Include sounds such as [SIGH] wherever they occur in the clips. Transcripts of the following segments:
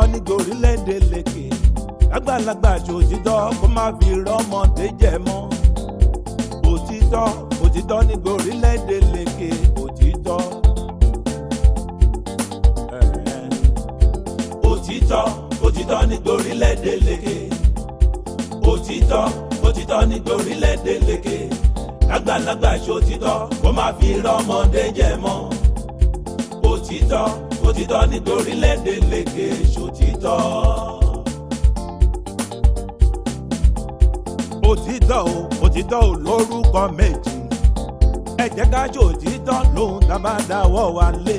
òtítọ́ ní gorílẹ̀-èdè lèkè lágbàlagbà jòtítọ́ kó má fi rọ́mọdé jẹ mọ́ òtítọ́ òtítọ́ ní gorílẹ̀-èdè lèkè òtítọ́. òtítọ́ òtítọ́ ní gorílẹ̀-èdè lèkè òtítọ́ òtítọ́ ní gorílẹ̀-èdè lèkè lágbàlagbà jòtítọ́ kó má fi rọ́mọdé jẹ mọ́ òtítọ́ sòtítọ́ nítorí léde lèkè sòtítọ́. òtítọ́ o òtítọ́ o lórúkọ méjì ẹ jẹ́ ká sòtítọ́ lóhun tá a bá dáwọ́ wa lé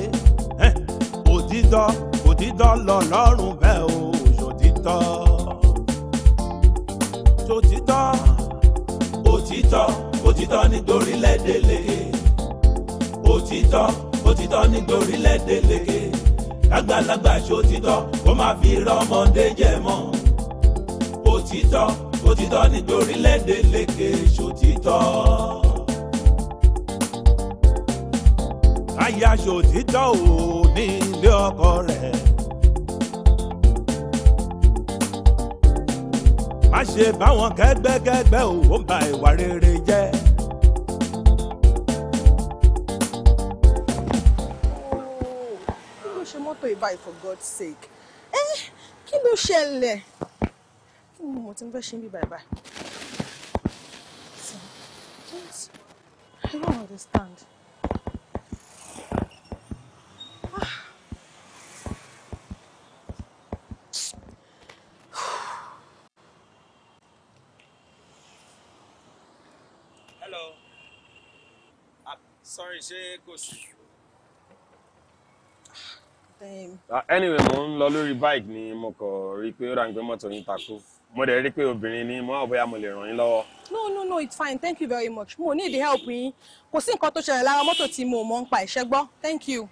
òtítọ́ òtítọ́ lọ́lọ́run bẹ́ẹ̀ o sòtítọ́. sòtítọ́ òtítọ́ òtítọ́ nítorí léde lèkè òtítọ́ òtítọ́ nítorí léde lèkè àgbàlagbà ṣòtítọ́ kó má fi rọ́mọdé jẹ mọ́ òtítọ́ òtítọ́ nítorí lédè lékè ṣòtítọ́. aya ṣòtítọ́ ò ní ilé ọkọ rẹ̀. má ṣe báwọn kẹ́gbẹ́kẹ́gbẹ́ ò ba ìwà rere jẹ́. pray báyìí for God's sake ẹ eh, kí ló ṣẹlẹ̀ kí ni mo ti ń fẹ́ ṣe bí bàbá I don't understand. Ah. Hello. I'm ah, sorry, ṣé kò sí? Ah, anyway mo ń lọ lórí bike ni mo kọ rí i pé ó rà ń gbé mọ́tò yín takú mo dẹ̀ rí pé obìnrin ni mo àwòbẹ́yà mo lè ràn yín lọ́wọ́. no no no it's fine thank you very much mo need the help yín kò sí nǹkan tó ṣẹlẹ̀ lára mọ́tò tí mo mọ̀ ń pa ìṣẹ́ gbọ́ thank you.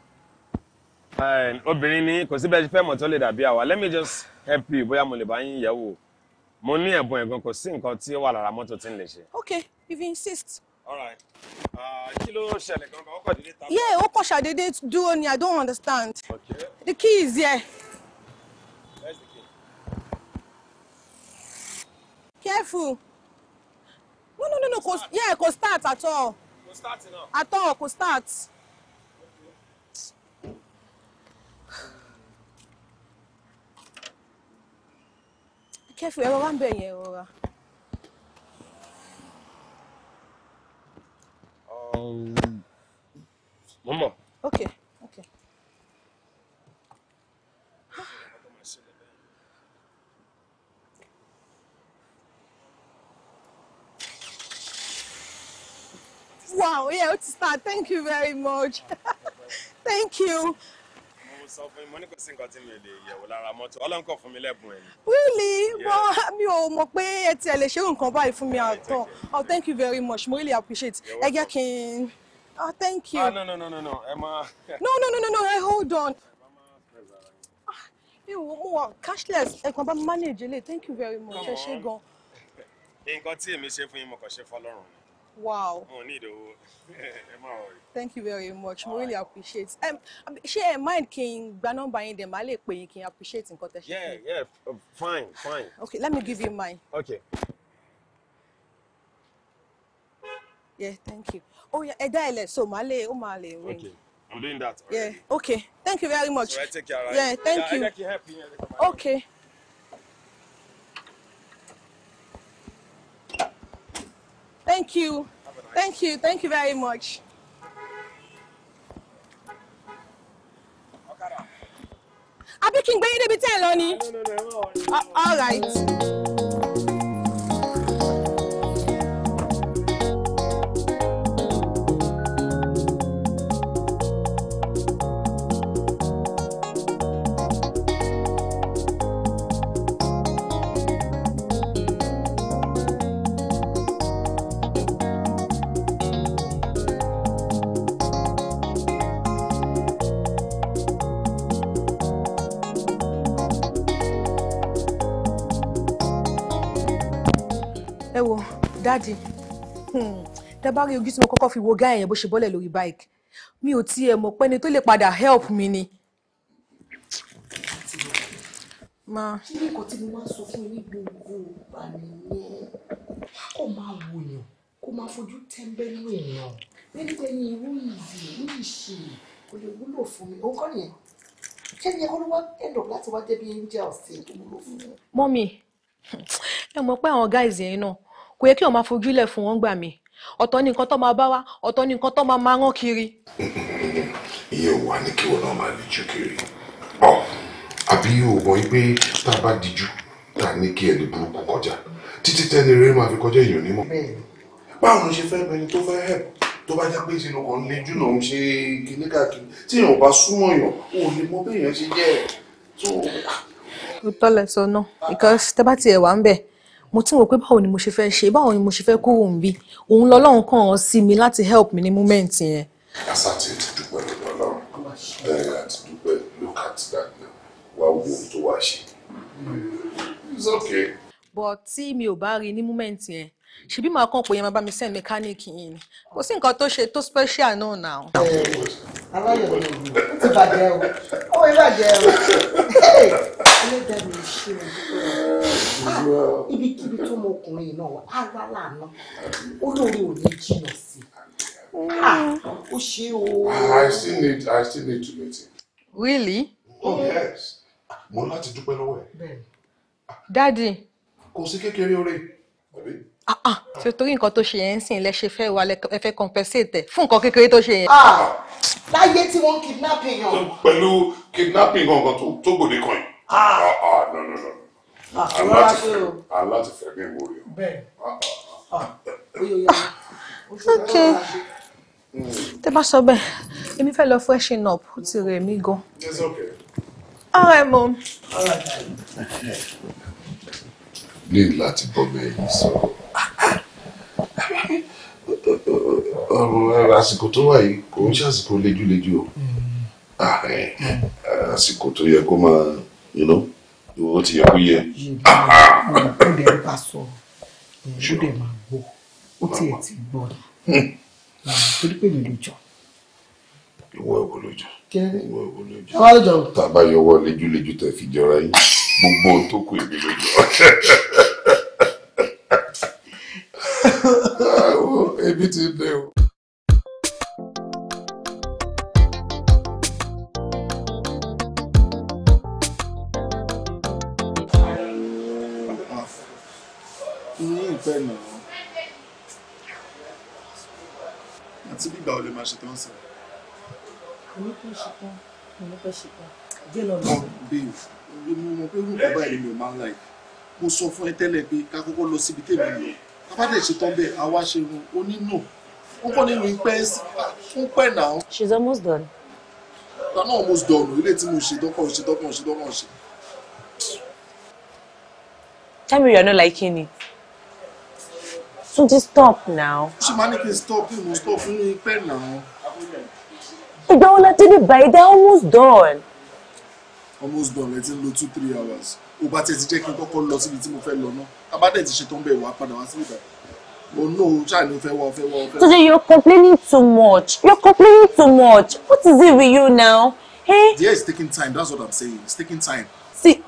Eh, obìnrin ni kò sí bẹ́ẹ̀ ṣe fẹ́ mọ̀ tó lè dàbí àwa let me just help you bóyá mo lè bá yín yẹ̀ wò mo ní ẹ̀bùn ẹ̀gbọ́n kò sí nǹkan tí ó wà lára mọ́tò tí ń lè ṣe. okay if you insist Uh, yeah ó kàn ṣàdédé dúró ni i don't understand okay. the key is here. Where's the key? careful no no no no ko yeah ko start at all ko start now at all ko start. careful ẹ wá wá ń bẹ̀ yẹn Um, Mama. Okay, okay. wow, yeah, it's start. Thank you very much. [LAUGHS] Thank you. mo sọ fún mi mo ní kò sí nǹkan tí mi ò lè yẹ̀wò lára mọ́tò ọlọ́run kò fún mi lẹ́bùn ẹ̀. wíìlì wọn mi ò mọ̀ pé ẹ ti ẹ̀ lè ṣerú nǹkan báyìí fún mi àtọ̀ oh thank you very much mo really appreciate ẹ jẹ́ kí n oh thank you. Ah, no no no no no ẹ máa. no no no no no hey, hold on. ewu ah, mo wa cashless ẹ̀gbọ́n bá manage eléyìí thank you very much ẹ ṣé gan. nǹkan tí èmi ṣe fún yín mo kàn ṣe fọlọ́run wow. Oh, ní ìdánwò [LAUGHS] oh. thank you very much We really appreciate Um, share mind kí n gba nọ́mbà yín dẹ̀ máa lè you can appreciate in tẹ́ yeah yeah um, fine fine. okay let me give you mine. okay. yeah thank you oh yeah A dá so Malay, lè Malay. okay i'm doing that already. yeah okay thank you very much. so i take care right. yeah thank yeah, you. yeah i like your okay. Thank you. Thank you. Thank you very much. àbí kí n gbé yín débi tẹ́ ẹ lọ ni. all right. dáàdì hmm, tẹ bá rí ojú tí mo kọ́kọ́ fi wo gáà yẹn bó ṣe bọ́lẹ̀ lórí bike mi ò tiẹ̀ mọ̀ pẹ́ni tó lè padà help mi ni. Ma. Ṣé ní nǹkan tí mo máa sọ fún yín gbogbo ìgbà nìyẹn? Kó máa wo èèyàn, kó máa fojú tẹ́ńbẹ́lú èèyàn. Nígbà ní irú ìdí, irú ìṣe, kò lè wúlò fún mi. Òun kọ́ nìyẹn. Ṣé ni ẹ̀kọ́ ló wá end láti wá jẹ́ bí angel sí tó wúlò fún mi? Mọ́mì, ẹ mọ̀ pé àwọn guys yẹn náà kò yẹ kí wọn máa fojú ilẹ̀ fún wọn gbà mí ọ̀tọ̀ ni nǹkan tó máa bá wa ọ̀tọ̀ ni nǹkan tó máa máa rán kiri. iye òwò á ní kí wọn náà máa lè jù kiri ọ àbí yóò mọ pé tá a bá dijú tá a ní kí ẹni burúkú kọjá títí tẹni rẹ máa fi kọjá èèyàn nímọ̀. báwo ló ṣe fẹ́ bẹni tó fẹ́ help tó bá jẹ́ pé ìṣẹ̀lẹ̀ kan lejú náà ń ṣe kíní káàkiri tí èèyàn bá súnmọ́ èèyàn ò lè mọ bí èèyàn ṣe jẹ́ ẹ̀ tó. òótọ́ lẹ sọ náà because tẹ bá tiẹ̀ mo tún wò pé báwo ni mo ṣe fẹ́ ṣe báwo ni mo ṣe fẹ́ kúrò ń bí òun lọ́lọ́run kàn án sí mi láti help mi ní moment yẹn. kásá ti ti dúpẹ́ lọ́wọ́ ọlọ́run bẹ́ẹ̀ àti dúpẹ́ look at that now wá wo ohun tó wá ṣe it's okay. but tí mi ò bá rí ní moment yẹn ṣebí màá kàn pé yẹn máa bá mi send mẹkáníìkì yìí ni kò sí nǹkan tó ṣe tó special náà nà. aláyọ̀ ló ti bàjẹ́ ó wọ́n bàjẹ́ o ẹlẹ́dàá mi ṣe o ibikíbi tó mọ ọkùnrin náà wà á wá lànà olórí ò ní jìnnà sí i ó ṣe o. I still need I still need to meet him. Really? Oh yes mo láti dúpẹ́ lọ́wọ́ ẹ̀. Daddy. kò sí kékeré oore ṣe ah, ah. torí nǹkan tó ṣe yẹn ń sìn lẹ́ṣẹ̀ fẹ́ wa ẹ fẹ́ compensate fún nǹkan kékeré tó ṣe yẹn. Ah, láyé tí wọ́n ń kidnapping yàn. pẹ̀lú kidnapping gangan tó gbòde kan yìí. no no no aláti fẹ́ mi wò rí o. ok hmm. tẹ bá sọ bẹ́ẹ̀ èmi fẹ́ lọ freshen up ó ti rẹ̀ mí gan. all right mom. ní láti bọ́ bẹ́ẹ̀ yìí sọ̀rọ̀ àsìkò tó wà yìí kò ń ṣàsìkò lejúlejú o mm. ah, eh, àsìkò tó yẹ kó máa owó ti yẹ kó yẹ. Ah, ah. o lè bá sọ ó lè máa gbọ́ ó tiẹ̀ ti gbọ́ ni hmm. torí pé mi ló jọ. ìwọ ìwọ ló jọ ìwọ ìwọ ló jọ ìwọ ló jọ. tàbá yọwọ́ lejúlejú tẹ fi jọra yín gbogbo ohun tó kù èmi ló jọ. [LAUGHS] ebi ti dé o. ní ìfẹ́ náà àti bí ìgbà wo lè máa ṣe tán sí. èmi kò ṣe tán èmi kò ṣe tán díẹ̀ náà lọ. bẹ́ẹ̀ mo mọ pé irú ìgbà báyìí mi ò máa ń láì mo sọ fún ẹ tẹ́lẹ̀ pé ká kọ́kọ́ lọ síbi tèmi lọ bàbá ṣe tán bẹ́ẹ̀ àwa ṣe run onínú ó kọ́ nínú ipẹ́ ń pẹ́ náà. she's almost done. ta náà almost done ilé tí mo ṣe dọ́kàn ṣe dọ́kàn ṣe dọ́kàn ṣe. tell me you are not liking it. Tunji stop now. ṣé máa ní kí n stop bí mo stop nínú ipẹ́ náà. ìgbà wo la ti dé báyìí they almost done. almost done ẹ ti ń lo two three hours ò bá tiẹ̀ jẹ́ kí n kọ́kọ́ lọ síbi tí mo fẹ́ lọ náà abádẹ́ ti ṣe tó ń bẹ̀ wá padà wá síbi ìgbà oh no ṣáà ni o fẹ́ wá o fẹ́ wá o fẹ́ wá. Today you're complaining too much you're complaining too much what is it with you now. Hey? Eh? there is taking time that's what I'm saying it's taking time. see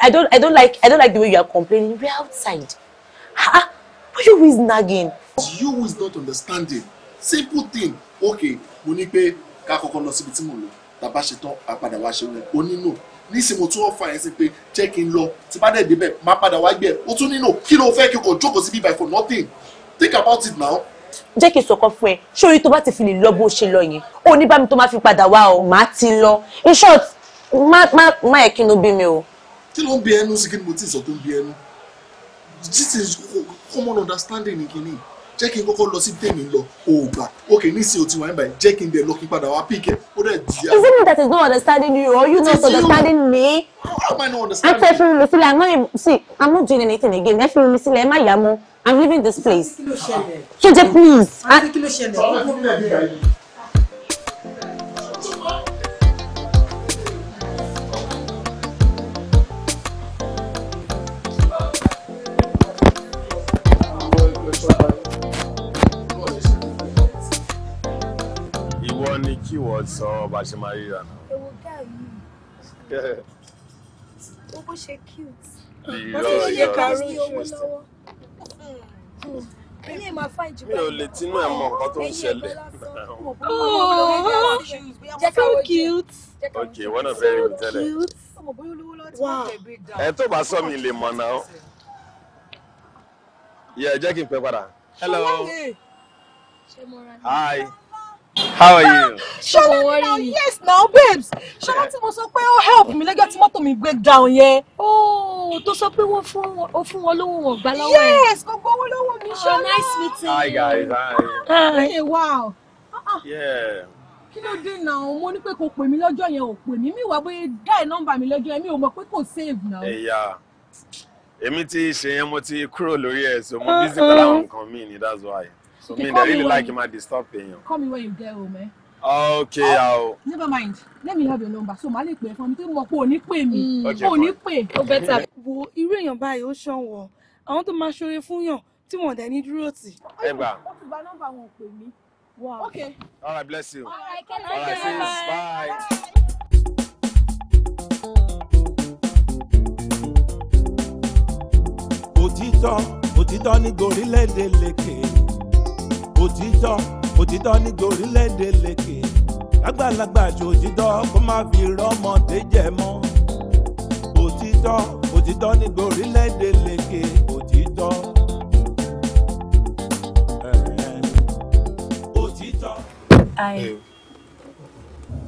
I don't I don't like I don't like the way you are complaining we are outside ah but you is nagging. you who is not understanding simple thing okay mo ní pé ká kọ́kọ́ lọ síbi tí mo lọ tá ṣe tán a wá ṣe rẹ̀ o ní no níṣẹ́ mo tún ọ̀fà yẹn sí pé jẹ́ kí n lọ tí bá dẹ̀ débẹ̀ máa padà wá gbẹ̀ o tún nínú kí ló fẹ́ kí o kò jókòó síbí by for nothing think about it now. jẹ́ kí n sọ̀kan fún ẹ sórí tó bá ti fi lè lọ bó ṣe lọ yẹn ó ní bámi tó máa fi padà wá o màá ti lọ in short má má má yẹ kí n bí mi o. kí ló ń bí ẹnu sí kí ni mo ti sọ tó ń bí ẹnu this is common understanding nìkíní jẹ́ kí n kọ́kọ́ lọ sí tèmi lọ òògbà òkè ní ìsìn òtún wáyé báyìí jẹ́ kí n dẹ̀ lọ kí n padà wá píkẹ́ ó dẹ̀ di àwọn. isn't it that is not understanding you or you not understanding me. how am I not mi sílẹ̀ i'm not see i'm not doing anything again efirin mi sílẹ̀ ẹ má yà mọ́ i'm leaving this place. ṣé jẹ́ please. àti kí ló ṣẹlẹ̀. kí wọ́n sọ bá ṣe máa ríra náà. ewo guy yìí ó bó ṣe cute wọ́n sì ṣe kàró ìṣòwò lọ́wọ́ ilé máa fà ìjìbá mi ò lè tinú ẹ̀ mọ nǹkan tó ń ṣẹlẹ̀. so cute. ok wọ́n náà fẹ́ rí mi tẹ́lẹ̀. ẹ tó bá sọ mi lè mọ̀ náà. yẹ jẹ́ kí n pẹ́ padà. hello. hi. How are you? How are you? yes now babes. Shall tí mo sọ pé help me, let tí mọ́tò mi break down yeah. Oh, to sọ pé wọ́n fún ó fún wọn lówó wọn gbà lọ́wọ́ ẹ̀. Yes, gbogbo owó lọ́wọ́ mi oh, Nice meeting you. Hi guys, hi. Hey, wow. Uh-uh. Yeah. Kí ló dé náà? Mo ní pé kò pè mí lọ́jọ́ yẹn ò pè mí. Mi wà bóyá dáì nọ́mbà mi lọ́jọ́ yẹn mi ò mọ̀ pé kò save náà. Ẹ̀yà Emi ti se yẹn mo ti kúrò lórí ẹ̀ so mo busy uh-uh. pẹ̀lú àwọn nǹkan ni that's why. So okay, me, they really like my disturb you. Call me when you get home, eh? Okay, oh, I'll. Never mind. Let me have your number. So màá lè pè fún mi tí mo kò ní pè mí. Mm. Kò ní pè. Ó bẹ́tà. Wo irú èèyàn báyìí ó ṣàn wọ̀. Àwọn tó máa ṣoore fún yàn tí wọ́n dẹ̀ ní dúró tì. Ẹ gbà. Ó ti gba nọ́mbà wọn Wow. Okay. All right, bless you. All right, All right Bye. bye. bye. Òtítọ́ òtítọ́ ní gorílẹ̀-èdè lékè òtítọ́ òtítọ́ ní gorílẹ̀-èdè lèkè lágbàlagbà ju òtítọ́ kó má fi rọ́mọdé jẹ mọ́ òtítọ́ òtítọ́ ní gorílẹ̀-èdè lèkè òtítọ́. òtítọ́. ayé.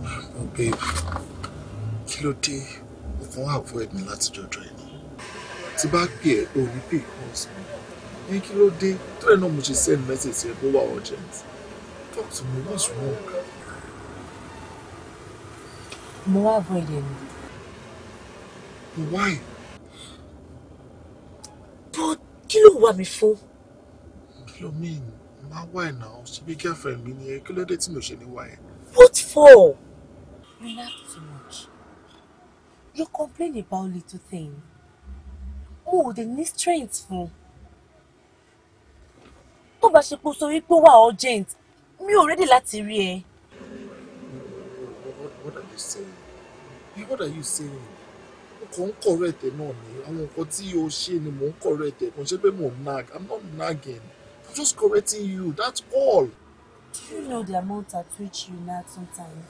Oh, babe kí ló dé o kàn wá avoid mi láti jọjọ ẹ ní tí bá pè é o rí pé kò sí mi ní kí ló dé tó lẹ́nu mo ṣe send message yẹn kó wà urgent talk to me what's wrong. mo wá avoid ẹni. why. but kí ló wà mí fún. kí ló mean máa wá ẹ̀ náà ṣe bí girlfriend mi nìyẹn kí ló dé tí mi ṣe ní wá ẹ̀. what for. relax too much you complain about little things. mo ò dey ní strength fún tó bá ṣe kó sórí pé wà urgent mi ò rédè láti rí ẹ. what are you saying? what are you saying? kò ń kọ̀rọ̀ ẹ̀tẹ̀ náà ni àwọn nǹkan tí o ṣe ni mò ń kọ̀rọ̀ ẹ̀tẹ̀ kò ṣe pé mò nag i'm not nagging i'm just correcting you that's all. do you know the amount at which you nag sometimes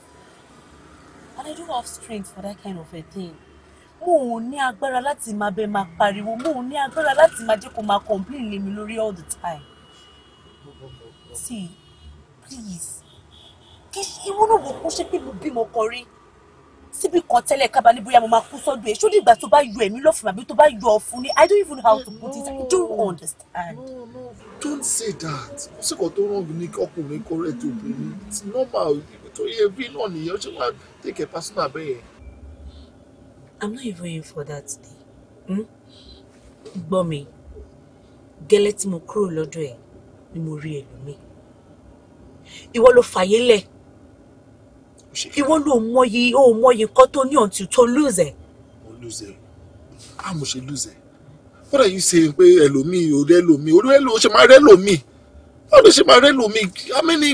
and i don't have strength for that kind of a thing mo ò ní agbára láti máa bẹ máa pariwo mo ò ní agbára láti máa jẹ́ kó máa complain lé lórí all the time see please kì í ṣe ìwọ náà wò ó ṣe pé mo bímọ kan rí síbi kan tẹ́lẹ̀ kábà ní bóyá mo máa kú sọ́dọ̀ ẹ̀ ṣó dìgbà tó bá yọ ẹ̀mí lọ́fun àbí tó bá yọ ọ̀fun ni i don't even know how to put it i don't understand. don't say that ó sì kọ́ tó rán mi ní ọkùnrin correct obìnrin it's normal nítorí ẹbí náà nìyẹn ṣé wàá take a personal bẹ́ẹ̀. i'm not even in for that today. Hmm? gbọ́ mi gẹ́lẹ́ tí mo kúrò lọ́dọ̀ ẹ̀ ni mo rí ẹlòmíì ìwọ ló fàyè lẹ ìwọ ló mọyì ó mọyì nǹkan tó ní ọ̀ntì tó lùzẹ. mo lùzẹ a mo ṣe lùzẹ what are you saying pé ẹlòmíì orí ẹlòmíì orí ẹlòmíì ó ṣe máa rẹ ẹlòmíì wọ́n lè ṣe máa rẹ lòmíì how many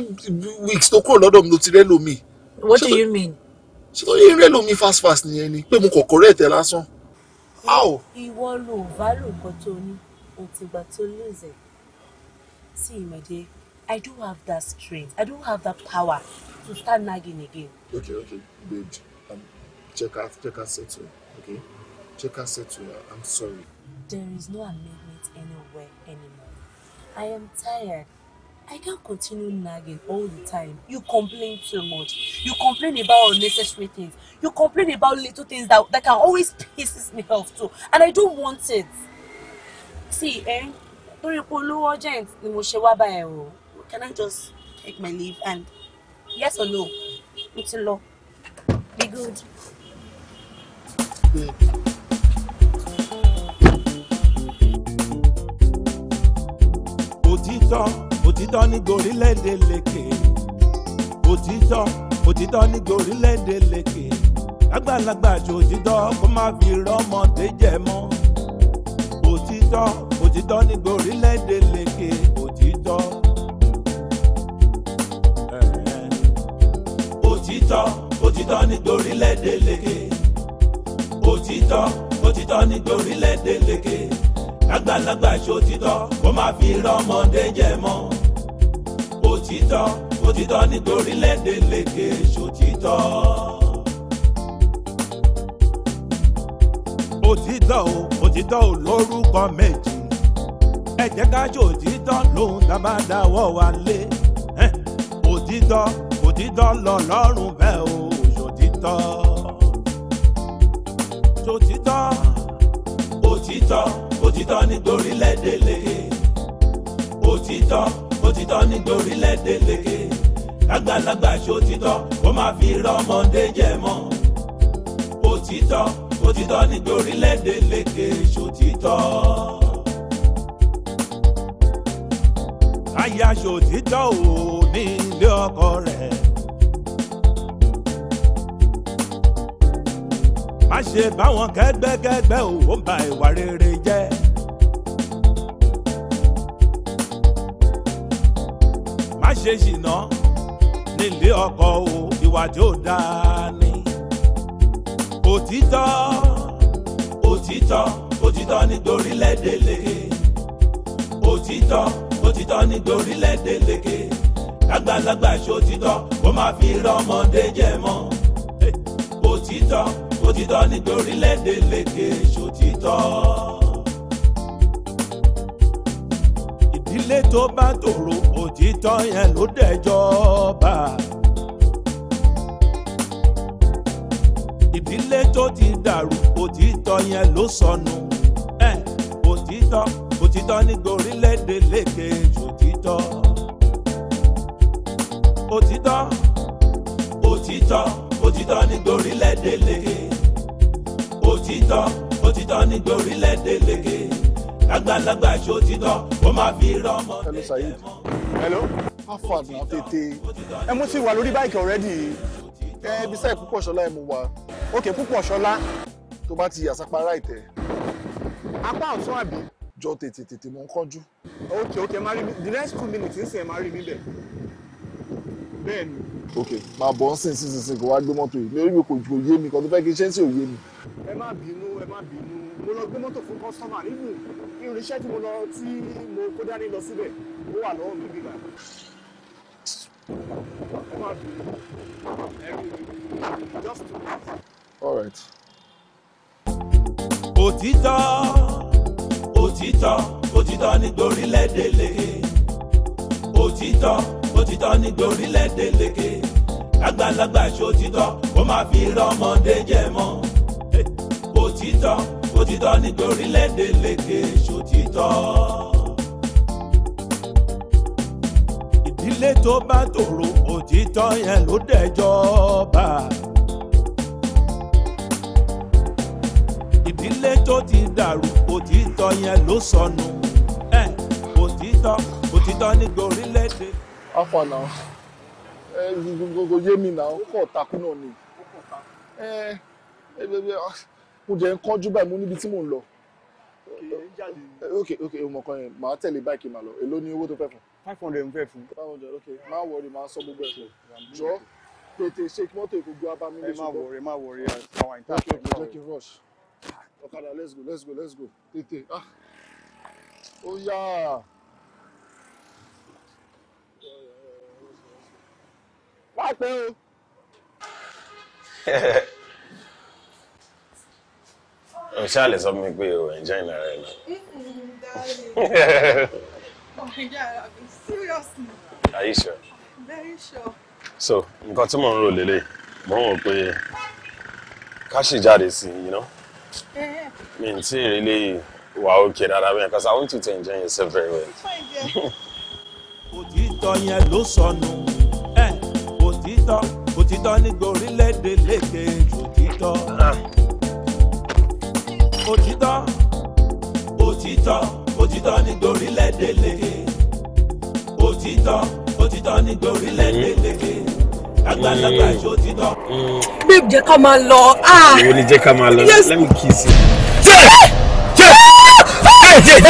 weeks tó kúrò lọ́dọ̀ mi ló ti rẹ lòmíì. what do you mean. ṣé tó yẹ rẹ lòmíì fast fast nìyẹn ni pé mo kọ̀ correct ẹ lásán. ìwọ ló value nǹkan tó ní òtìgbà tó lùzẹ̀. See, my dear, I do have that strength. I do have that power to start nagging again. Okay, okay, babe. Um, check her, check her settle. Okay, check her settle. I'm sorry. There is no amendment anywhere anymore. I am tired. I can't continue nagging all the time. You complain too much. You complain about unnecessary things. You complain about little things that, that can always [LAUGHS] pisses me off too. And I don't want it. See, eh? torí pé olówó urgent ni mo ṣe wá báyìí o can I just take my leave and yes or no mo ti lọ be good. Mm. òtítọ́ òtítọ́ ní gorílẹ̀-èdè lékè òtítọ́ òtítọ́ ní gorílẹ̀-èdè lékè lágbàlagbà ju òtítọ́ kó má fi rọ́mọdé jẹ mọ́ òtítọ́ òtítọ́ ní eh. gborílẹ̀-èdè lékè òtítọ́. òtítọ́ òtítọ́ ní gborílẹ̀-èdè lékè òtítọ́ òtítọ́ ní gborílẹ̀-èdè lékè lágbàlagbà ṣòtítọ́ kó má fi rọ́mọdé jẹ mọ́ òtítọ́ òtítọ́ ní gborílẹ̀-èdè lékè ṣòtítọ́. òtítọ́ o òtítọ́ o lórúkọ méjì ẹ jẹ́ ká jò òtítọ́ lòun tá bá dáwọ́ wa lé òtítọ́ òtítọ́ lọ́lọ́run bẹ́ẹ̀ o òtítọ́ òtítọ́ òtítọ́ òtítọ́ nítorí lẹ́dẹ̀lẹ́gẹ̀ òtítọ́ òtítọ́ nítorí lẹ́dẹ̀lẹ́gẹ̀ lágbàlagbà ṣòtítọ́ ó máa fi rọ́mọdé jẹ mọ́ òtítọ́ òtítọ́ nítorí lẹ́dẹ̀lẹ́gẹ̀ ṣòtítọ́. aya ṣòtítọ́ ò ní ilé ọkọ rẹ̀. má ṣe báwọn kẹ́gbẹ́kẹ́gbẹ́ ò ó ba ìwà rere jẹ́. má ṣe ṣìnà nílé ọkọ o ìwà tí ó dáa ni. òtítọ́ òtítọ́ òtítọ́ nítorí lẹ́dẹ̀ẹ́lẹ́ òtítọ́ òtítọ́ ní gborílẹ̀-èdè lékè lágbàlagbà ṣòtítọ́ kó máa fi rọ́mọdé jẹ mọ́ òtítọ́ òtítọ́ ní gborílẹ̀-èdè lékè ṣòtítọ́. ìdílé tó bá tòrò òtítọ́ yẹn ló dẹjọba. ìdílé tó ti dàrú òtítọ́ yẹn ló sọnù òtítọ́. Eh, òtítọ́ ní gborílẹ̀-èdè lékè òtítọ́ òtítọ́ òtítọ́ òtítọ́ ní gborílẹ̀-èdè lékè òtítọ́ òtítọ́ ní gborílẹ̀-èdè lékè lágbàlagbà ṣe òtítọ́ ó máa fi rọ́mọ tẹ̀lé mọ́. hello tètè ẹ mú ti wà lórí báyìí already ẹ bisẹ́ púpọ̀ ṣọlá ẹ mú wa òkè púpọ̀ ṣọlá tó bá ti yà sápá ráìtẹ̀ apá ọ̀tún àbí jọ tètè tètè mò ń ok ok máa rí mi the next two minutes ń sìn máa rí mi bẹ̀ bẹ́ẹ̀ ni. ok máa bọ̀ ń sìn sí sí sí kó wá gbé mọ́tò yìí lórí mi kò kò yé mi kan tó fẹ́ kí iṣẹ́ sì ò yé mi. ẹ má bínú ẹ má bínú mo lọ gbé mọ́tò fún kọ́sọ́mà nínú irinṣẹ́ tí mo lọ tí mo kó dání lọ síbẹ̀ ó wà lọ́wọ́ mi bíbá. ẹ má bínú ẹ rí mi just two all right. òtítọ́ òtítọ́ òtítọ́ ní gborílẹ̀-èdè lékè òtítọ́ òtítọ́ ní gborílẹ̀-èdè lékè àgbàlagbà ṣòtítọ́ ó máa fi rọ́mọdé jẹ mọ́ òtítọ́ òtítọ́ ní gborílẹ̀-èdè lékè ṣòtítọ́. ìdílé tó bá tòrò òtítọ́ yẹn ló dẹjọba. sílé tó ti dàrú òtítọ́ yẹn ló sọnù ẹ̀ òtítọ́ òtítọ́ ní gorílẹ̀-èdè. ọ̀fọ̀ náà ẹ gbogbo yé mi náà ó kọ̀ takú náà ni ẹ ẹ ah, mo jẹ́ ń kánjú báyìí mo níbi tí mò ń lọ ok ok ọmọ kan yẹn màá tẹ̀lé báyìí màá lọ èló ni owó tó fẹ́ fún. five hundred ń fẹ́ fún. five hundred ok máa wọrí máa sọ gbogbo ẹ̀ jọ tètè ṣe mọ́tò ìgbógun abamílẹ̀ ṣùgbọ́n. ẹ má wọrí ẹ má wọrí àwọn ìtàkùn. ok jẹ́ kí rush ọ̀kadà let's go let's go let's go tètè ah ó yá. láìpẹ́ o. o [LAUGHS] ṣáà lè sọ fún mi pé o enjoy náà rẹ [LAUGHS] náà. Are you sure? Very sure. So, nǹkan tí mò ń rò lélẹ̀, mò ń wò pé ká ṣì jáde sí i, you know mean, tea really wow, okay, that I mean, because I want you to enjoy yourself very well. Òtítọ́ yẹn ló sọnù, òtítọ́ òtítọ́ ní gborílẹ̀-èdè lékè àgbàlagbà ìṣó ti tọ́. Mm. babe jẹ́ ká máa lọ. Ah. èwo ni jẹ́ ká máa lọ let me kiss you. jẹ́ jẹ́ jẹ́ jẹ́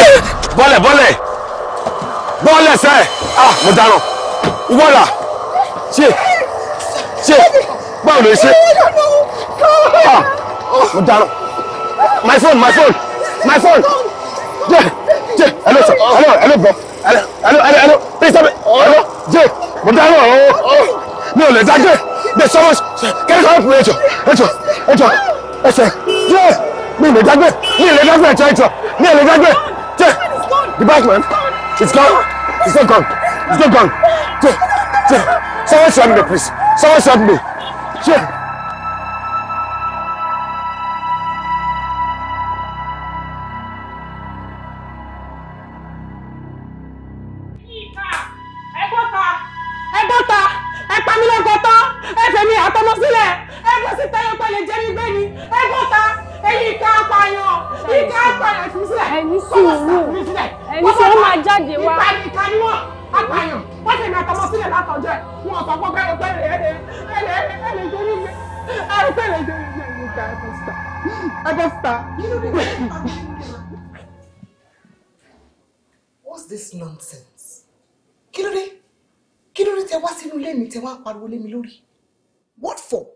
bọ́lẹ̀ bọ́lẹ̀ bọ́lẹ̀ sẹ́ ah mo dáràn ìwọ́là ṣe ṣe báwo lè ṣe ah mo dáràn my phone my phone my phone jẹ́ jẹ́ hello sir hello hello bro hello hello hello please help hello jẹ́ mo dáràn o no le dagbe there's so much can you come help me ejo ejo ejo ẹsẹ̀ jẹ́ mi le dagbe mi le dagbe ejo ejo mi le dagbe jẹ́ the bike man it's gone it's not gone it's not gone jẹ́ jẹ́ someone help me please someone help me jẹ́. ọmọ sílẹ̀ ẹgbẹ́ sí tẹ́yọ̀ pẹ̀lẹ́ jẹ́ mi gbé ni ta ẹyin ìka apààyàn ìka apààyàn fi sílẹ̀ ẹni sùúrù ẹni sùúrù máa jáde wá ìka ni wọ́n apààyàn wọ́n sì ní àtọmọ sílẹ̀ látọjọ́ ẹ̀ wọn sọ fún kẹ́lẹ́ pẹ̀lẹ́ ẹ̀ẹ́dẹ̀ ẹ̀ẹ́dẹ̀ ẹ̀ẹ́dẹ̀ jẹ́ mi gbé ẹ̀ẹ́dẹ̀ jẹ́ mi gbé ìka ẹ̀ẹ́dẹ̀ What's this nonsense? Kí ló dé? Kí ló dé tẹ wá sínú ilé what for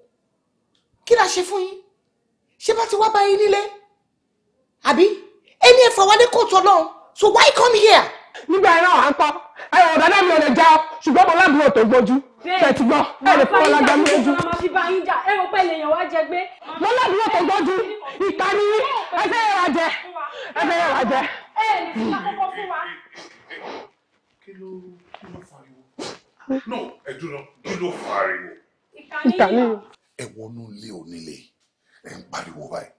kí la ṣe fún yín ṣé bá ti wá bá yín nílé àbí ẹni ẹ̀fọ́ wa ní kóòtù ọlọ́run so why come here. nígbà yẹn náà à ń kọ́ ẹ̀rọ ọ̀dàdà mi ò lè já ọ ṣùgbọ́n mo láàbùrò tó gbójú tẹ̀tí gbọ́ ẹ̀rọ fún ọlágbá mi lójú. mo láàbùrò tó gbójú ìkànnì ẹgbẹ́ yẹn wà jẹ ẹgbẹ́ yẹn wà jẹ. kí ló kí ló fariwo. no ẹ̀dùn náà kí ló ìkà ni. ẹ wọnú ilé onílé ẹ ń pariwo báyìí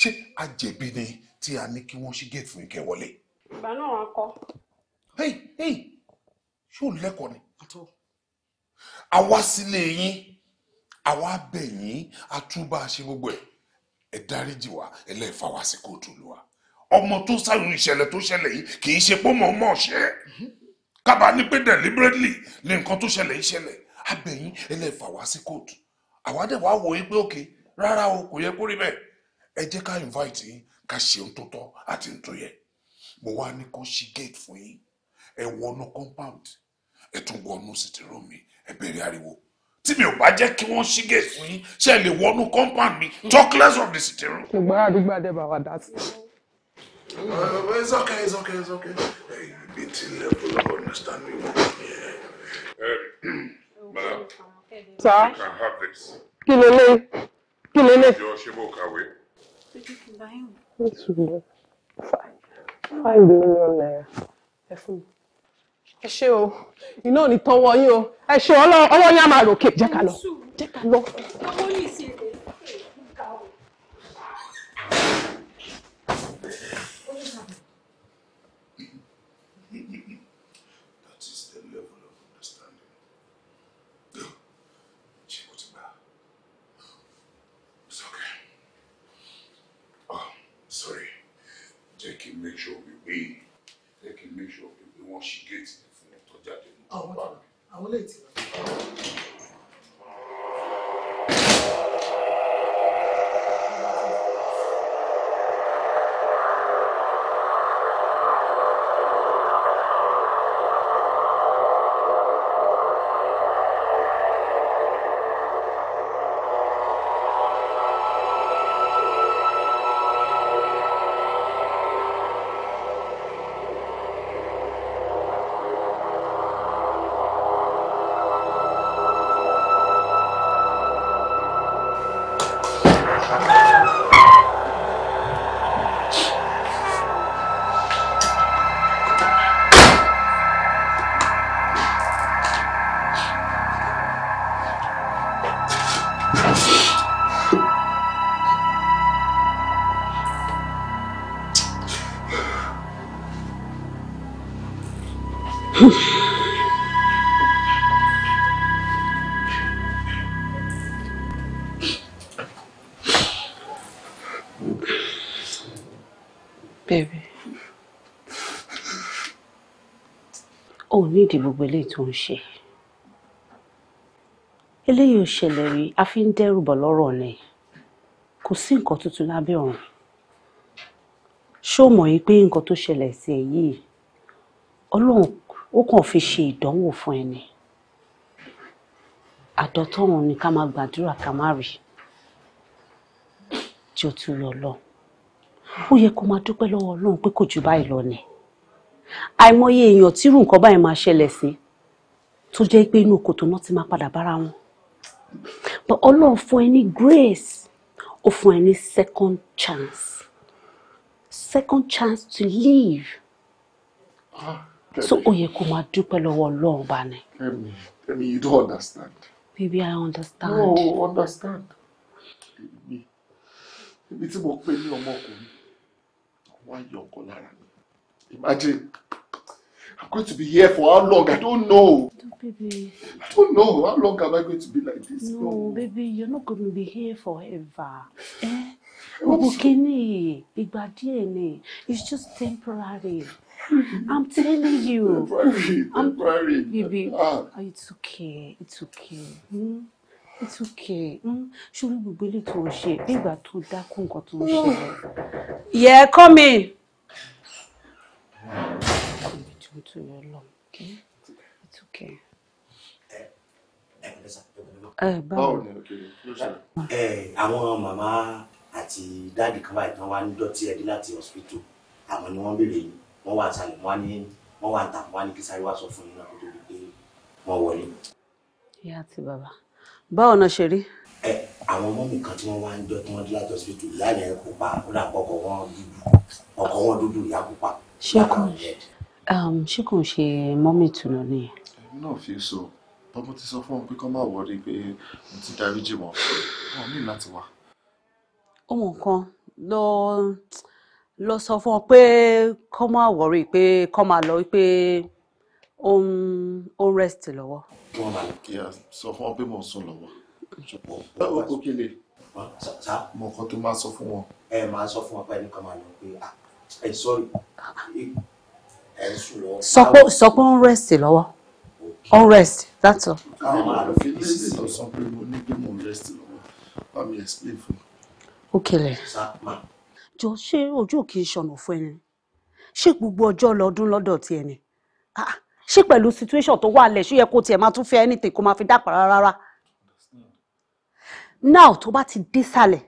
ṣé àjẹbí ni tí a ní kí wọ́n ṣí géètì fún ìkẹ́ wọlé. ìgbà náà wọn kọ. ṣé ò lẹ́kọ̀ọ́ ni. àwa sílé yín àwa bẹ̀ yín àtúbà ṣe gbogbo ẹ̀ ẹ dáríjì wá ẹlẹ́ẹ̀fà wá sí kóòtù olúwa ọmọ tó sáyún ìṣẹ̀lẹ̀ tó ṣẹlẹ̀ yìí kì í ṣe pé mọ̀ ọ́n mọ̀ ṣe é mhm. kábàá ní pé deliberately ni nǹkan tó ṣẹlẹ̀ yìí ṣẹlẹ̀ abẹ̀yìn ẹlẹ́fà wá sí kóòtù àwa dẹ̀ wá wòye òkè rárá o kò yẹ kó rí bẹ́ẹ̀ ẹ jẹ́ ká invite yín ká ṣe ohun tó tọ́ àti ohun tó yẹ mo wá ní kán ṣí gate fún yín ẹ wọnú compound ẹ tún wọnú sitting room mi ẹ bẹ̀rẹ̀ ariwo tí mi ò bá jẹ́ kí wọ́n ṣí gate fún yín ṣe lè wọnú compound mi talk less of the sitting room. ṣùgbọ́n àdúgbò àdẹ́bà wà dá sí. Uh, it's okay it's okay it's okay. ibi tí ilẹ̀ bọ́lá understand me wọ́n. Um, Sá. Kí ló lé? Kí ló lé? Ìjọ ṣé mo kàwé? Five million naira. Ẹ fún mi. Ẹ ṣé o, iná ò ní tọwọ́ yín o. Ẹ ṣé ọlọ́wọ́ yín á máa ròkè. Jẹ́ ká lọ. Jẹ́ ká lọ. Owó ní ìsìn. àwọn am late. láìkí gbogbo eléyìí tó ń ṣe eléyìí ò ṣẹlẹ̀ rí a fi ń dẹ́rù bọ̀ lọ́rọ̀ ni kò sí nǹkan tuntun lábẹ́ ọ̀run ṣó mọ̀ yìí pé nǹkan tó ṣẹlẹ̀ sí ẹ yìí ọlọ́run ó kàn fi ṣe ìdánwò fún ẹ ni àdọ́tọ̀run ni ká máa gbàdúrà ká má rí tí ó ó yẹ kó máa dúpẹ́ lọ́wọ́ ọlọ́run pé kò jù báyìí lọ ni àìmọye èèyàn tírú nǹkan báyìí máa ṣẹlẹ̀ sí tó jẹ́ pé inú kòtò náà ti máa padà bára wọn but ọlọ́run fún ẹ ní grace ó fún ẹ ní second chance second chance to live ah, so ó yẹ kó máa dúpẹ́ lọ́wọ́ ọlọ́run bá ní. Kẹ́mi Kẹ́mi you don't understand. Baby I understand. No understand. Èmi èmi tí mo pè ní ọmọkùnrin àwọn ayé ọkọ lára mi. Imagine. I'm going to be here for how long? I don't know. No, baby. I don't know. How long am I going to be like this? No, no. baby, you're not going to be here forever. Eh? Obukini, ìgbà díẹ̀ ni. It's just temporary. I'm telling you. Temporary, temporary. Baby, ah. ah. it's okay. It's okay. Hmm? It's okay. Should hmm? we gbogbo ilé tó ń ṣe? Bí ìgbà tó dákú nǹkan tó ń ah. Yeah, come in. Ibi tí ó tún yọ lọ. Hmm? It's okay. Báwo ni Àwọn màmá àti dáàdì kan báyìí tán wá ní dọ́tí ẹdí láti hospital. Àmọ́ ni wọ́n béèrè yìí. Wọ́n wà àtàlẹ̀ wọ́n ní wọ́n wà àtàlẹ̀ wọ́n ní kí sáré wá sọ fún yín náà kó tó di pé wọ́n wọlé. Ìyá àti bàbá. Báwo náà ṣe rí? ẹ àwọn ọmọ mi kan tí wọn wá ń jọ tí wọn láti ọsibítù láàyè kópa ó dà wọn dúdú ọkọ wọn dúdú ìyá kópa ṣé kò ń ṣe um, ṣé kò ń ṣe mọ́mì ìtùnú nìyẹn. èmi náà fi so bọ́mọ ti sọ fún wọn pé kọ́ máa wọrí pé mo ti dáríjì wọn wọn ní láti wá. ohun kan lọ lọ sọ fún ọ pé kọ́ máa wọrí pé kọ́ máa lọ pé ó ń rest lọ́wọ́. wọn kì í sọ fún ọ pé mò sùn lọ́wọ́. báwo kò kí lè. mo kàn tó máa sọ fún wọn. ẹ máa sọ fún wọn pé ẹnì máa lọ pé ah ẹ sọrí ah. ẹ ń sùn lọ́wọ́. sọ pé sọ pé ń rest lọ́wọ́ ń rest that's all. káwọn máa lọ fi ní sísè sọ pé mo ní bí mo rest lọ́wọ́ bá mi explain fún mi. ó kẹlẹ. jọ ṣé ojú kì ṣọ̀nà fún ẹni ṣé gbogbo ọjọ́ lọ́dún lọ́dọ̀ tiẹ̀ ni ah, ṣé pẹ̀lú situation tó wà lẹ̀ ṣó yẹ kó tiẹ̀ máa tún fẹ́ anything kó máa fi dàpọ̀ rárá now tó bá ti désàlẹ̀